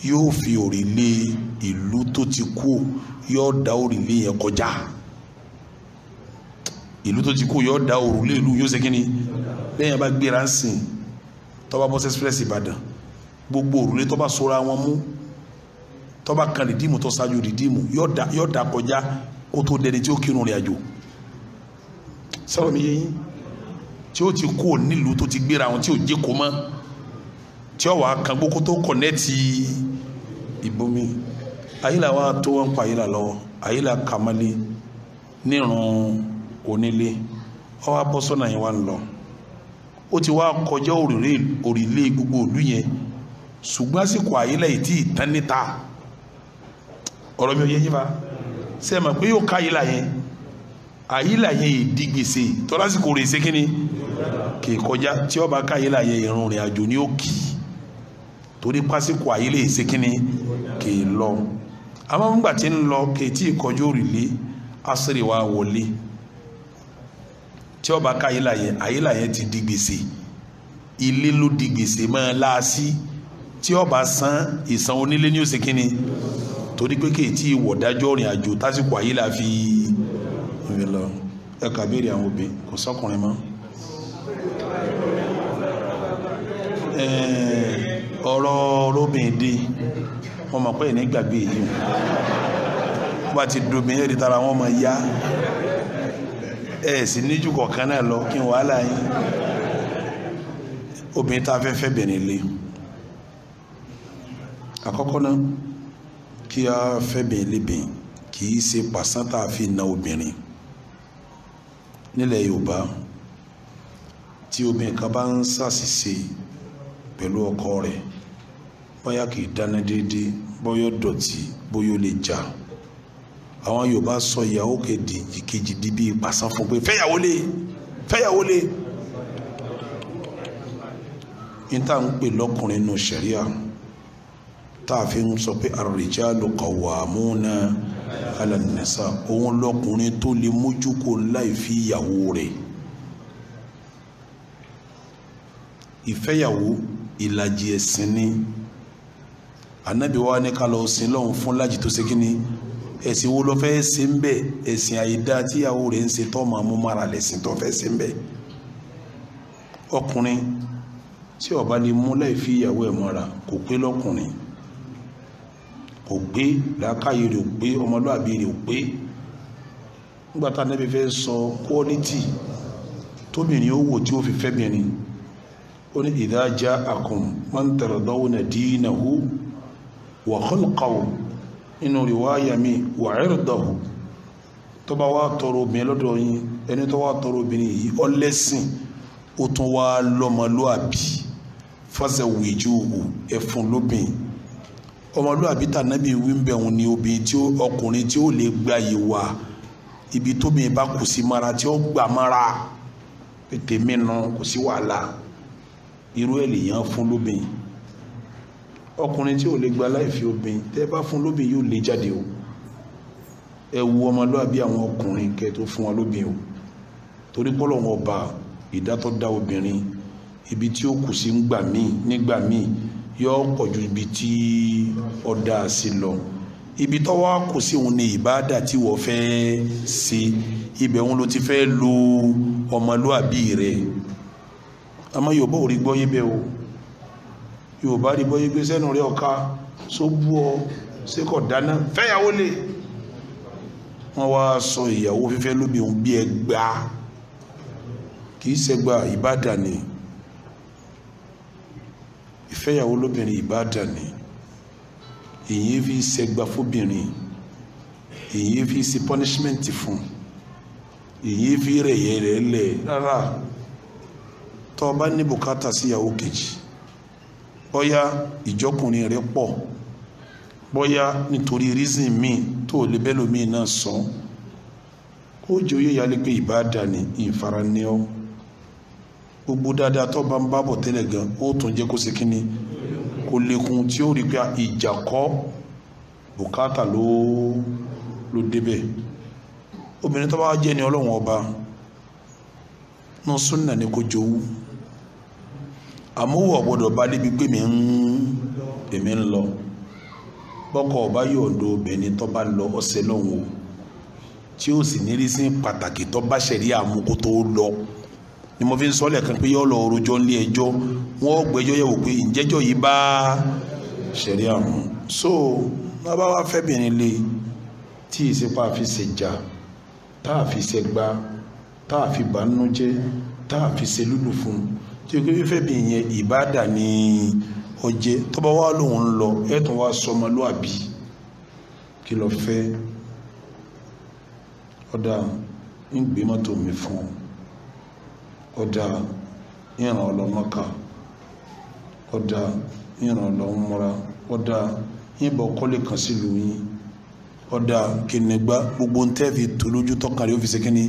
yóò fi òrìlé ìlú tó ti kú yóò dá òrìlé yẹn kọjá ìlú tó ti kú yọ da òrùlé ìlú yóò ṣe kí ni lẹ́yìn bá gbéra ń sìn tó bá bọ́sẹ̀ express ìbàdàn gbogbo òrùlé tó bá sora wọn mú tó bá kan rìdíìmù tó ṣáájú rìdíìmù yọ da kọjá kó tó dẹni tí ó kírun rìn àjò sọ́rọ̀ mi yẹn tí ó ti kú nílùú tó ti gbéra wọn tí ò jẹ́ kó mọ́ tí ó wà á kan gbogbo tó kọ̀nẹ́ẹ̀tì ìbomi ayílà tó wọn pa ayílà lọ́wọ́ ayílà kàmálẹ̀ nírun. onílé ó wá bọ́ sọ́nà wá ń lọ ti wá kọjá òrìlé gbogbo òlú yẹn ṣùgbọ́n àsìkò àyílẹ̀ yìí tí ìtàn níta ọ̀rọ̀ mi ò yé yín fa ṣe mọ̀ pé yóò ká àyílà yẹn àyílà yẹn yìí di gbèsè tọ́lásìkò rè ṣe kíni kì í kọjá tí ká yẹn ìrùn rìn àjò ni ó kì í torí pásìkò àyílẹ̀ yìí ṣe lọ àmọ́ tí ń wa wọlé. tí ọba ká ayélujáyé ayélujáyé ti di gbèsè ilé ló di gbèsè máa láàsí tí ọba san ìsan onílé ní òsè kínni torí pé kéètì ìwọ̀ dájọ́ ìrìn àjò tásìkò ayélujára fi ẹ kàbéèrè àwọn òbí kò sọkùnrin mọ́. ọ̀rọ̀ róbìndé wọ́n mọ̀ pé ẹ̀ ní gbàgbé yìí wọ́n bá ti domi ẹ̀rí tara wọn mọ̀ ya ẹ sì níjú kọ̀ọ̀kan náà lọ kí n wàhálà yín obìnrin tá a fẹ́ fẹ́ bẹ̀rẹ̀ lé àkọ́kọ́ náà kí a fẹ́ bẹ̀rẹ̀ lé kì í ṣe pàṣán a fi na obìnrin nílẹ̀ Yorùbá tí obìnrin kan bá ń ṣàṣìṣe pẹ̀lú ọkọ rẹ̀ bóyá kì í dáná déédéé bóyá dọ̀tí bóyá ó lè jà àwọn Yorùbá sọ ìyàwó kejì kejì di bíi pàṣán fún pé fẹ́yàwó lé fẹ́yàwó lé níta ń pè lọ́kùnrin nù sẹ̀ríà tá a fi ń sọ pé ar-rijalu qawwamuna 'ala an-nisa òun lọ́kùnrin tó lè mójú kó láì fi ìyàwó rẹ̀ ìfẹ́yàwó ìlàjì ẹ̀sìn ni anabi ni ká lọ sin lọ́hùn fún lájì tó ṣe kí ni ẹ̀sìn wo lọ fẹ́ ṣe ń bẹ̀ ẹ̀sìn àyídá tíyàwó rẹ̀ ń ṣe tọ́mọ amúmára lẹ̀sìn tó fẹ́ ṣe ń bẹ̀ ọkùnrin tí ó bá lè mú láì fi ìyàwó ẹ̀ mọ́ra kò pé lọ́kùnrin kò pé làákàyè rẹ̀ ò pé ọmọlúàbí rẹ̀ ò pé nígbà tá Ànábì sọ kọ́ọ́lítì tóbìnrin ó wò tí ó fi fẹ́bìnrin ó ní idha ja'akum man tardawna dinahu wa nínú riwaya mi wà ẹ̀rọ̀dọ̀hù tó bá wá tọrọ obìnrin lọ́dọ̀ yín ẹni tó wá tọrọ obìnrin yìí ọlẹ́sìn ó tún wá lọ́mọlúàbí fásẹ̀wìjúwò ẹ̀fún lóbìn ọmọlúàbí tànàbí wíńbẹ̀hùn ni obìnrin tí ọkùnrin tí ó lè gba ìwà ibi tóbìnrin bá kù sí mara tí ó gbà mara tèmi nu kò sí wàhálà irú ẹ̀ lèèyàn fún lóbìn ọkùnrin tí ò lè gba láìfi obìn tẹ́ bá fún lóbìn yóò lè jáde o ẹ wo ọmọlúàbí àwọn ọkùnrin kẹ tó fún wọn lóbìn o torí pọ́lọ̀ wọn ọba ìdátọ́ dá obìnrin ibi tí ó kù sí ngbà míì nígbà míì yọ pọ̀ ju ibi tí ọ̀dà sí lọ ibi tọ́wọ́ kù sí òun ni ìbáàdà tí wọ́n fẹ́ ṣe ibẹ̀ òun ló ti fẹ́ lo ọmọlúàbí rẹ̀ àmọ́ Yorùbá ò rí gbọ́ yé bẹ́ẹ̀ o yóò bá rí bọ́yí gbé sẹ́nu rẹ̀ ọ̀ká só bú ọ síkọ̀ dáná fẹ́yàwó lè wọ́n wá sọ ìyàwó fífẹ́ lóbi òun bí ẹgbà kìí ṣẹgbà ìbádà ni ìfẹ́yàwó lóbìnrin ìbádà ni èyí fi ṣẹgbà fóbìnrin èyí fi ṣe punishment fún èyí fi rẹ̀ yẹ̀ rẹ̀ lẹ̀ rárá tó bá ní bùkátà síyàwó kejì bóyá ìjọkùnrin rẹ pọ̀ bóyá nítorí reason míì tó lè bẹ́lòmíì náà sọ ó jẹ́ oyè yálé pé ni gbogbo dáadáa tó bá ń bábọ̀ tẹ́lẹ̀ gan ó tún jẹ́ kó ṣe kínní tí ó rí pé bùkátà ló ló ni ọba ni kò jowú. àmúwọ̀ gbọ́dọ̀ bá débi pé mi ń èmi ń lọ bọ́kọ̀ ọba yóò do obìnrin tó bá lọ ọ̀sẹ̀ lọ́hùn o tí ó sì ní rísí pàtàkì tó bá ṣẹ̀rí àmú kó tó lọ ni mo fi ń sọ lẹ́ẹ̀kan pé yọ́ lọ orojọ́ nílé ẹjọ́ wọ́n gbẹ́jọ́ yẹ̀wò pé ìjẹ́jọ́ yìí bá ṣẹ̀rí àmú so bàbá wa fẹ́bìnrin lé tí ìsepá fi ṣe jà tá a fi ṣe gbá tá a fi bànújẹ́ tá a fi ṣe lùlù fún un tí o kí fífẹ́ bí yẹn ìbáàdà ní ọjẹ́ tọ́ba wa lòun ń lọ ẹ̀tàn wa sọmọlúàbí kí lọ fẹ́ ọ̀dà ń gbé mọ́tò mi fún ọ̀dà ìràn ọlọ́mọ́ka ọ̀dà ìràn ọlọ́mọ́ra ọ̀dà ìbọn kọ́lé kan sílùú yín ọ̀dà kìnìgbà gbogbo ń tẹ́ fi tó lójú tọ́ka rẹ̀ ó fi ṣe kínní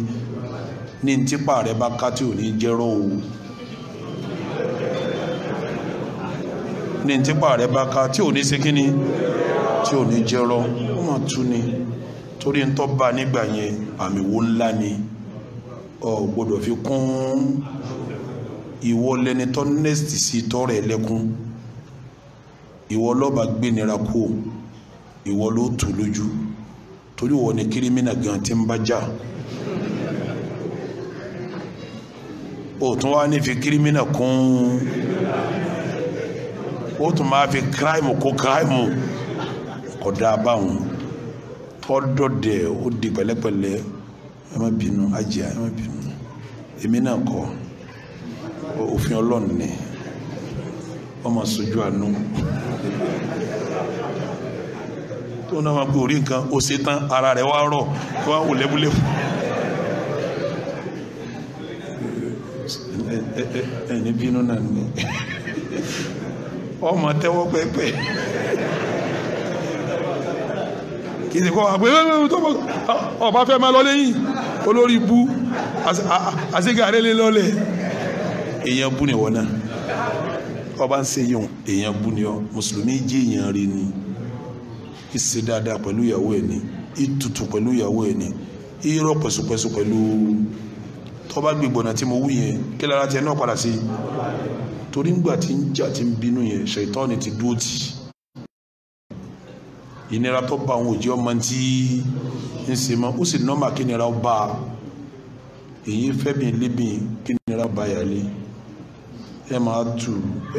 bá ká tí ò ní jẹ́rọ̀ o. ní típa rẹ̀ bá ka tí ò ní ṣe kíni tí ò ní jẹrọ ó mà tú ni torí ń tọ́ bá nígbà yẹn àmì wo ńlá ni ọ gbọ́dọ̀ fi kún ìwọ lẹni tọ́ nẹ́ẹ̀sì sí tọ́rẹ̀ lẹ́kún ìwọ lọ́ba gbénira kú ìwọ ló tù lójú torí wọ́n ní kírímínà gan tí ń bá jà òtún wá ní fi kírímínà kún un. o tún máa fi kíráìmù kó kíráìmù kọ̀dá báwọn ọdọdẹ ó di pẹ̀lẹ́pẹ̀lẹ́ ẹ má bínú ajá ẹ má bínú èmi náà kọ òfin Ọlọ́run ni tó náà máa gbé orí nǹkan ó ṣe ọmọ tẹ́wọ́ pẹ́pẹ́ kì í ṣe kọ́ àgbẹ̀ ọba fẹ́ máa lọ lẹ́yìn olórí bú àṣegàrẹ́ lé lọ́lẹ̀ èèyàn bú ni wọ́n náà ọba ń ṣe yẹn èèyàn bú ni ọ mùsùlùmí jẹ́ èèyàn rí ni ìṣe dáadáa pẹ̀lú ìyàwó ẹ̀ ni ìtutù pẹ̀lú ìyàwó ẹ̀ ni irọ́ pẹ̀sùpẹ̀sù pẹ̀lú tọ́ba gbígbọ̀nà tí mo wú yẹn kí lára tiẹ̀ náà padà sí i torí ńgbà tí ń jà tí ń bínú yẹn ṣètọ́ni ti dúró tì ìnira tó bá àwọn òjì ọmọ tí ń ṣe mọ́ ó sì nọ́mà kí nira ó bá èyí fẹ́bìn lébìn kí nira bá yàlé ẹ máa tù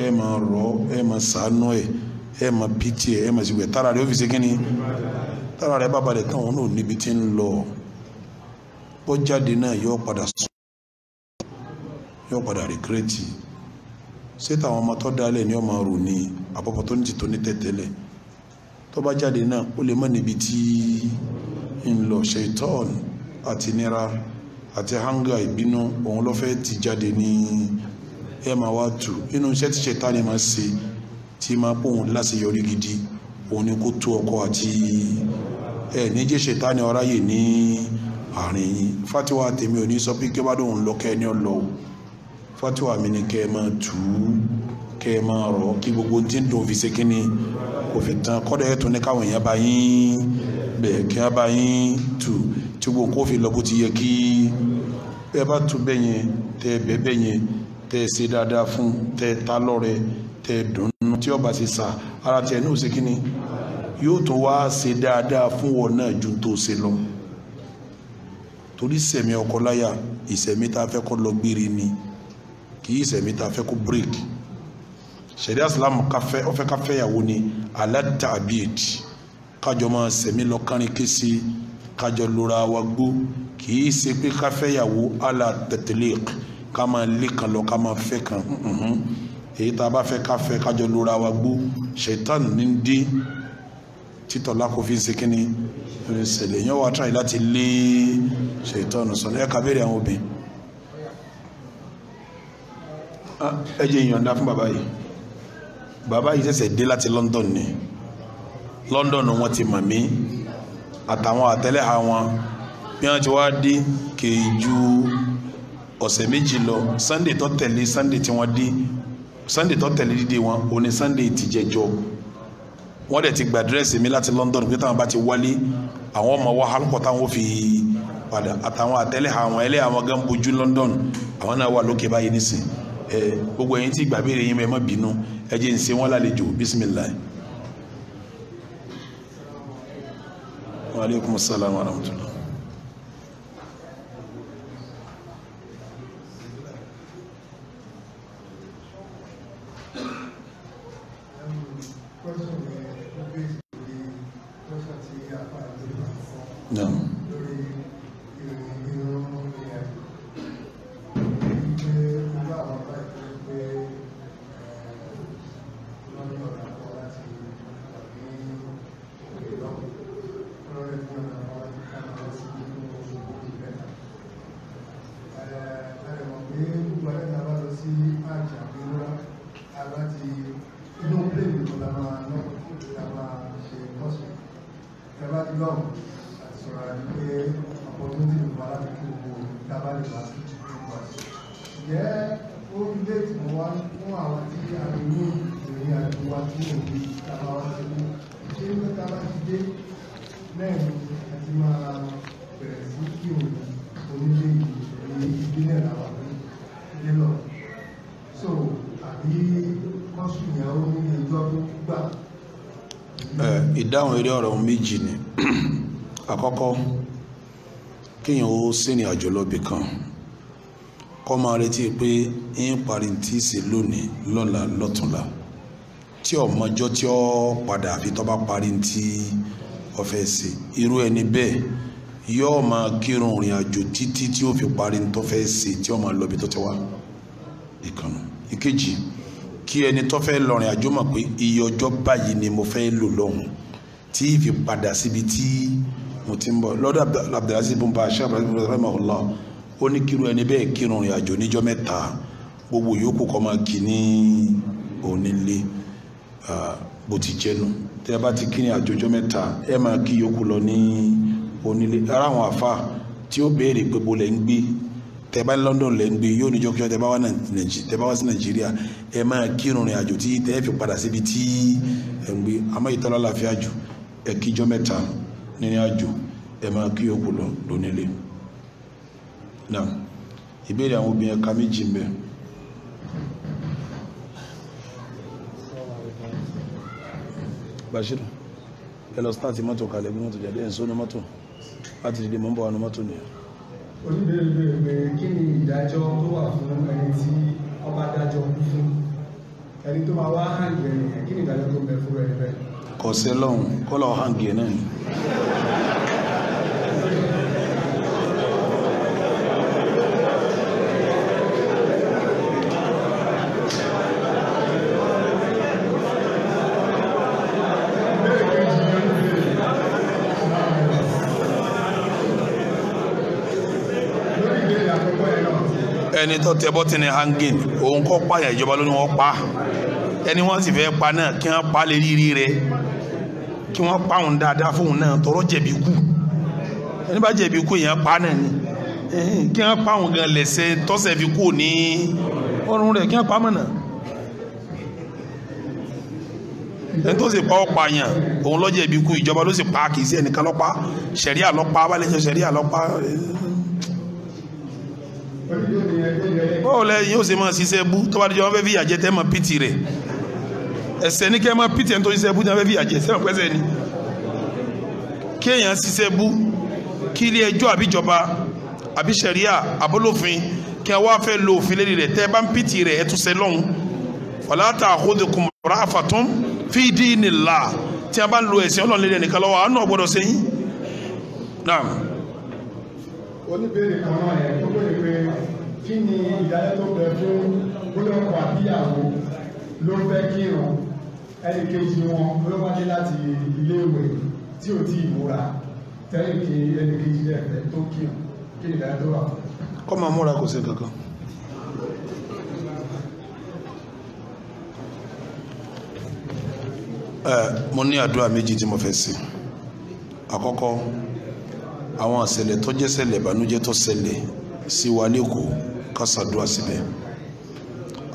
ẹ máa rọ ẹ máa sàánú ẹ ẹ máa pìtì ẹ ẹ máa ṣùgbọ́n tára rẹ ó fi ṣe kí ni tára rẹ bá balẹ̀ táwọn náà níbi tí ń lọ bọ́jáde náà yóò padà sùn yóò padà rìkírẹ́tì ṣé táwọn ọmọ tó dálẹ̀ ni ọmọ rò ní àpapọ̀ tó ní ti tó ní tẹ̀tẹ̀lẹ̀ tó bá jáde náà ó lè mọ́ níbi tí ń lọ ṣaitan àti nira àti hanga ìbínú òun ló fẹ́ ti jáde ní ẹ máa wá tù inú iṣẹ́ tí ṣaitan ni máa ṣe tí máa pòun láṣeyọrí gidi òun ni kó tó ọkọ àti ẹ níjẹ́ ṣaitan ni ọ̀ráyè ní àárín yìí fatiwa tèmi ò ní sọ pé kí wàá dóhùn lọ́kẹ́ ẹni ọlọ́wọ́ fatiwa mi ni kẹ́ ẹ máa tù ú kẹ́ ẹ máa rọ̀ kí gbogbo tí ń dùn fi ṣe kínní kò fi tán kọ́dọ̀ ẹ̀ tó ní káwọn èèyàn bá yín bẹ̀ kí á bá yín tù tí gbogbo kó fi lọ bó ti yẹ kí bẹ́ẹ̀ bá tù bẹ́ẹ̀ yẹn tẹ́ ẹ bẹ́ẹ̀ bẹ́ẹ̀ yẹn tẹ́ ẹ ṣe dáadáa ta lọ́rẹ tẹ́ ẹ dùnnú tí ọba ṣe sà ara tiẹ̀ ní òṣè kínní yóò tún wá ṣe dáadáa fún wọn náà ju tó ṣe lọ torí sẹ̀mí ọkọ láyà tá a fẹ́ kọ́ lọ gbére ni kì í sẹ̀mí tá a fẹ́ kó bírèkì sẹ̀ríà sàlámù káfẹ́ ọ̀fẹ́ káfẹ́ yàwó ni aláta abid kájọ máa sẹ̀mí lọ kárin kése kájọ lóra wa gbó kì í ṣe pé káfẹ́ yàwó ala tẹ̀tẹ̀lẹ́k ká máa lé kan lọ ká máa fẹ́ kan èyí tá a bá fẹ́ káfẹ́ kájọ lóra wa gbó ṣètàn ní dín títọ̀ lákòfin ṣe kínní ṣẹlẹ̀ yẹn tàyè láti lé ṣètàn sọ̀rọ̀ ẹ̀ kábẹ́rẹ́ àwọn obìnrin. Ah, ẹ jẹ́ ìyọ̀ǹda fún bàbá yìí bàbá yìí ṣẹ̀ṣẹ̀ dé láti London ni London wọ́n ti mọ̀ mí àtàwọn àtẹ́lẹ̀ ha wọn bí wọ́n ti wá dé kìí ju ọ̀sẹ̀ méjì lọ Sunday tó tẹ̀lé Sunday tí wọ́n dé Sunday tó tẹ̀lé dídé wọn òní Sunday ti jẹjọ wọ́n dẹ̀ ti gba dírẹ́sì mi láti London pé táwọn bá ti wálé àwọn ọmọ wa hálùkọ́ táwọn fi padà àtàwọn àtẹ́lẹ̀ ha wọn ẹlẹ́ àwọn gan bojú London àwọn náà wà lókè báyìí nísìnyí ẹ gbogbo ẹ̀yin tí gbàgbére yín mẹ́ má bínú ẹ jẹ́ ń ṣe wọ́n lálejò bisimilayi. wa aleykum wa rahmatulah. pé opportunity ló wà láti kí gbogbo ìjábá lè wá sí gbogbo àti. Ǹjẹ́ ó ń lé ìtumọ̀ wá fún àwọn tí a lè ní ìrìn àjò wa sí òbí ìjábá wa sí mú. Ṣé ń tẹ́ta bá ti dé lẹ́yìn àti máa bẹ̀rẹ̀ sí kí òun onílé ìròyìn ìbílẹ̀ làwà ní ilé lọ. So àbí kọ́sù yẹn ó ní ẹjọ́ tó gbà. Ìdáhùn eré ọ̀rọ̀ méjì ni àkọ́kọ́ kéèyàn ó sínì àjò lọ́bì kan kọ́ máa retí pé ń parí tí í ṣe lónìí lọ́la lọ́túnla tí ọmọjọ́ tí ó padà àfi tó bá parí tí ó fẹ́ ṣe irú ẹni bẹ́ẹ̀ yóò máa kírun ìrìn àjò títí tí ó fi parí tó fẹ́ ṣe tí ó máa tó ti wá ìkànnì ìkejì kí ẹni tó fẹ́ lọ́rin àjò mọ̀ pé iye ọjọ́ báyìí ni mo fẹ́ lò lọ́hùn tí ì fi padà síbi tí. Si mo ti ń bọ̀ lọ́dọ̀ abdulaziz bùnbà aṣáájú rahimahullah ó ní kírun ẹni bẹ́ẹ̀ kírun rìn àjò níjọ́ mẹ́ta gbogbo yòókù kọ́ máa kí ní onílé bó ti jẹnu tẹ bá ti kí ní àjòjọ mẹ́ta ẹ máa kí yòókù lọ ní onílé ara àwọn àfa tí ó béèrè pé bo lẹ́ ń gbé tẹ bá ní London lẹ́ ń gbé yóò níjọ́ kí wọ́n tẹ bá wá tẹ bá wá sí Nàìjíríà ẹ máa kírun rìn àjò tí tẹ́ fi padà síbi tí ẹ ń gbé àmọ́ ìtọ́lá láfíà jù ẹ kíjọ́ mẹ́ta nínú àjò ẹ máa kí òkú lọ lónílé náà ìbéèrè àwọn obìnrin ẹ̀ka méjì ń bẹ. Bashir ẹ lọ sítáàtì mọ́tò kalẹ̀ bí mọ́tò jáde ẹ̀ ń mọ́tò láti dìde mọ́ ń bọ̀ mọ́tò nìyẹn. ni ìdájọ́ tó wà fún ẹni tí ọba dájọ́ kú fún ẹni tó máa wá hàn ìgbẹ̀yìn kí ni ìdájọ́ tó bẹ fún ẹni ọ̀sẹ̀ lọ́hùn kọ́lá ọ̀hán gẹ̀ náà ni. ẹni tó tẹ bọ́tì ní hangin òun kọ́ pààyàn ìjọba lónìí wọ́n pa ẹni wọ́n sì fẹ́ pa náà kí wọ́n pa lè rírí rẹ̀ kí wọ́n pa òun dáadáa fóun náà tọrọ jẹ̀bi kú ẹni bá jẹ̀bi kú èèyàn pa náà ni kí wọ́n pa òun gan lẹ́sẹ̀ tọ́sẹ̀ fi kú ní ọrùn rẹ̀ kí wọ́n pa mọ̀nà ẹni tó sì pa ọ̀pá yàn òun ló jẹ̀bi kú ìjọba ló sì pa kì í sí ẹnìkan ló pa ṣẹ̀ríà ló pa abálẹ̀ jẹ́ ṣẹ̀ríà ló pa bọ́ọ̀lù ẹ̀yìn ó sì máa ṣiṣẹ́ bú tó bá dé fẹ́ fi ìyà tẹ́ mọ́ pìtì rẹ̀ ẹ̀ṣẹ̀ ní kẹ́ ẹ máa pìtì ẹni tó ṣiṣẹ́ bú ní abẹ́ fìyà jẹ pẹ́sẹ̀ ni kéèyàn ṣiṣẹ́ bú kí ilé ẹjọ́ àbíjọba àbí ṣẹ̀ríà àbólòfin kí ẹ wá fẹ́ lo òfin lérí rẹ̀ tẹ́ ẹ bá ń pìtì rẹ̀ ẹ tún ṣe lọ́hùn wàlá ta'khudhukum ra'fatun fi dinillah tí a bá ń lo ẹ̀sìn Ọlọ́run lérí ẹnìkan lọ́wọ́ àánú ọ̀gbọ́dọ̀ ṣe yín. naam. oníbèrè kan kí ni ìdájọ́ tó bẹ fún gbọ́dọ̀ kọ àbíyàwó ló fẹ́ kírun ẹnì kejì wọn ló wáyé láti iléèwé tí ò tí ì múra tẹ́lẹ̀ kí ẹnì kejì rẹ̀ fẹ́ tó kírun kí ni ìdájọ́ wà fún kọ́ máa múra kò sí kankan mo ní àdúrà méjì tí mo fẹ́ sí àkọ́kọ́ àwọn àṣẹlẹ̀ tó jẹ́ ṣẹlẹ̀ ìbànújẹ́ tó ṣẹlẹ̀ sí wa lẹ́kọ̀ọ́ kásàdúrà síbẹ̀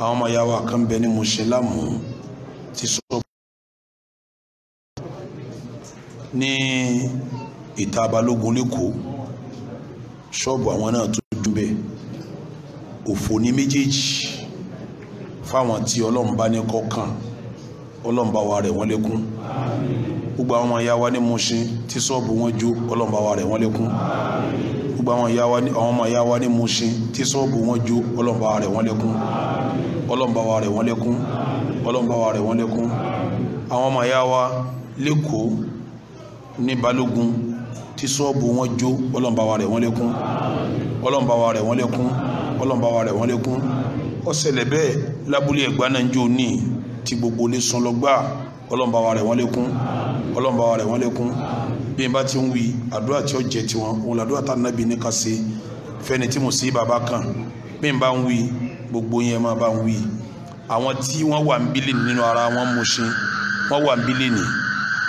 àwọn ọmọ ìyá wa kan bẹ ní mùsùlámù ti sọ ní ìta balógun lẹ́kọ̀ọ́ ṣọ́ọ̀bù àwọn náà tó jù bẹ́ẹ̀ òfò ní méjèèjì fáwọn tí ọlọ́run bá ní kọ́kàn ọlọ́run bá wa rẹ̀ wọ́n lékún gbogbo àwọn ọmọ ìyá ní Mùṣín tí ṣọ́ọ̀bù wọn jó ọlọ́run bá wa rẹ̀ wọ́n lékún gbogbo àwọn ìyá wa ní àwọn ọmọ ìyá wa ní Mùṣín tí sọ́ọ̀bù wọn jó ọlọ́mbà rẹ̀ wọ́n lẹ́kún ọlọ́mbà wa rẹ̀ wọ́n lẹ́kún ọlọ́mbà wa rẹ̀ wọ́n lẹ́kún àwọn ọmọ ìyá wa lẹ́kọ̀ọ́ ní Balógun tí sọ́ọ̀bù wọn jó ọlọ́mbà wa rẹ̀ wọ́n lẹ́kún ọlọ́mbà wa rẹ̀ wọ́n lẹ́kún ọlọ́mbà wa rẹ̀ wọ́n lẹ́kún ó bẹ́ẹ̀ lábúlé Ẹ̀gbá náà jó ní ti gbogbo lé sun lọ́gbà ọlọ́mbà rẹ̀ wọ́n lẹ́kún ọlọ́mbà rẹ̀ wọ́n lẹ́kún bí n bá ti ń wí àdúrà tí ó jẹ tiwọn òun làdúrà tá nàbí ní ká ṣe fẹni tí mo sí bàbá kan bí n bá ń wí gbogbo yẹn máa bá ń wí àwọn tí wọ́n wà ń bílẹ̀ nínú ara wọn Mùṣín wọ́n wà ń bílẹ̀ nì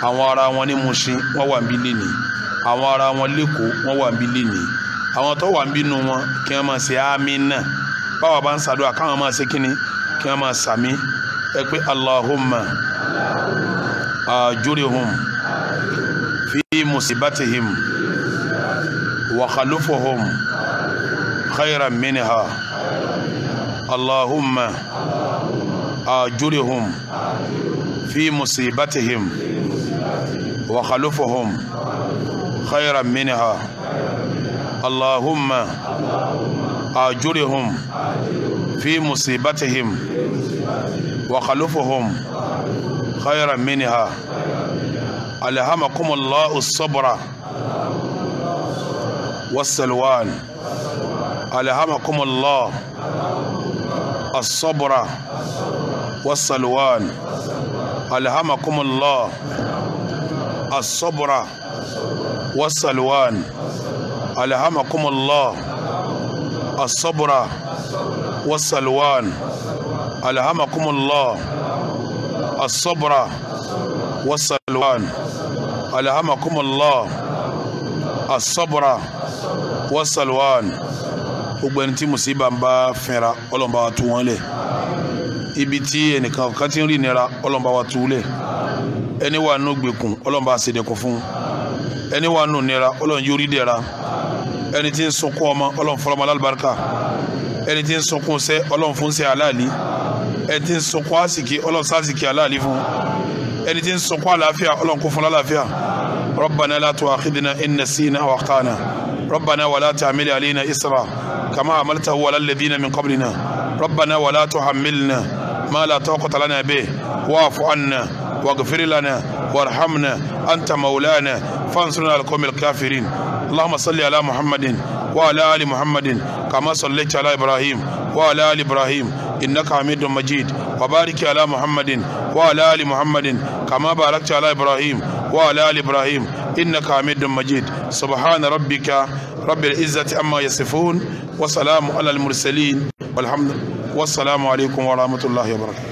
àwọn ara wọn ní Mùṣín wọ́n wà ń bílẹ̀ nì àwọn ara wọn lẹ́kọ̀ọ́ wọ́n wà ń bílẹ̀ nì àwọn tó wà ń bínú wọn kí wọ́n máa ṣe àmín náà báwa bá ń ṣàdúrà káwọn máa ṣe kínní kí wọ́n máa ṣàmí ẹ pé Allahumma ajurihum. Uh, في مصيبتهم وخلفهم خيرا منها اللهم آجرهم في مصيبتهم وخلفهم خيرا منها اللهم آجرهم في مصيبتهم وخلفهم خيرا منها alhamakumullahu as-sabra was-salwan alhamakumullahu as-sabra was-salwan alhamakumullahu as-sabra was-salwan alhamakumullahu as-sabra was-salwan alhamakumullahu as-sabra والسلوان ألهمكم الله الصبر والسلوان gbogbo ẹni tí musiba ń bá fínra ọlọ́mọba wa tú wọn lẹ̀ ibi tí ẹnìkan kan ti ń rí ìnira ọlọ́mọba wa tú lẹ̀ ẹni wà nù gbèkùn ọlọ́mọba àṣẹdẹkùn fún ẹni wà nù nira ọlọ́run yóò rí dẹ̀ra ẹni tí ń sunkún ọmọ ọlọ́run fọlọ́mọ alálùbáríkà ẹni tí ń sunkún sẹ́ ọlọ́run fún aláàlí ẹni tí ń sunkún àsìkí ọlọ́run sásìkí aláàlí fún. ẹni tí ń sunkún àlàáfíà ọlọ́run kó fún lálàáfíà rabbana la tu'akhidhna in nasina aw akhtana rabbana wala tahmil alayna isra kama hamaltahu ala alladhina min qablina rabbana wala tuhammilna ma la taqata lana bihi wa'fu anna واغفر لنا وارحمنا أنت مولانا فانصرنا على القوم الكافرين اللهم صل على محمد وعلى آل محمد كما صليت على إبراهيم وعلى آل إبراهيم إنك حميد مجيد وبارك على محمد وعلى آل محمد كما باركت على إبراهيم وعلى آل إبراهيم إنك حميد مجيد سبحان ربك رب العزة عما يصفون وسلام على المرسلين والحمد والسلام عليكم ورحمة الله وبركاته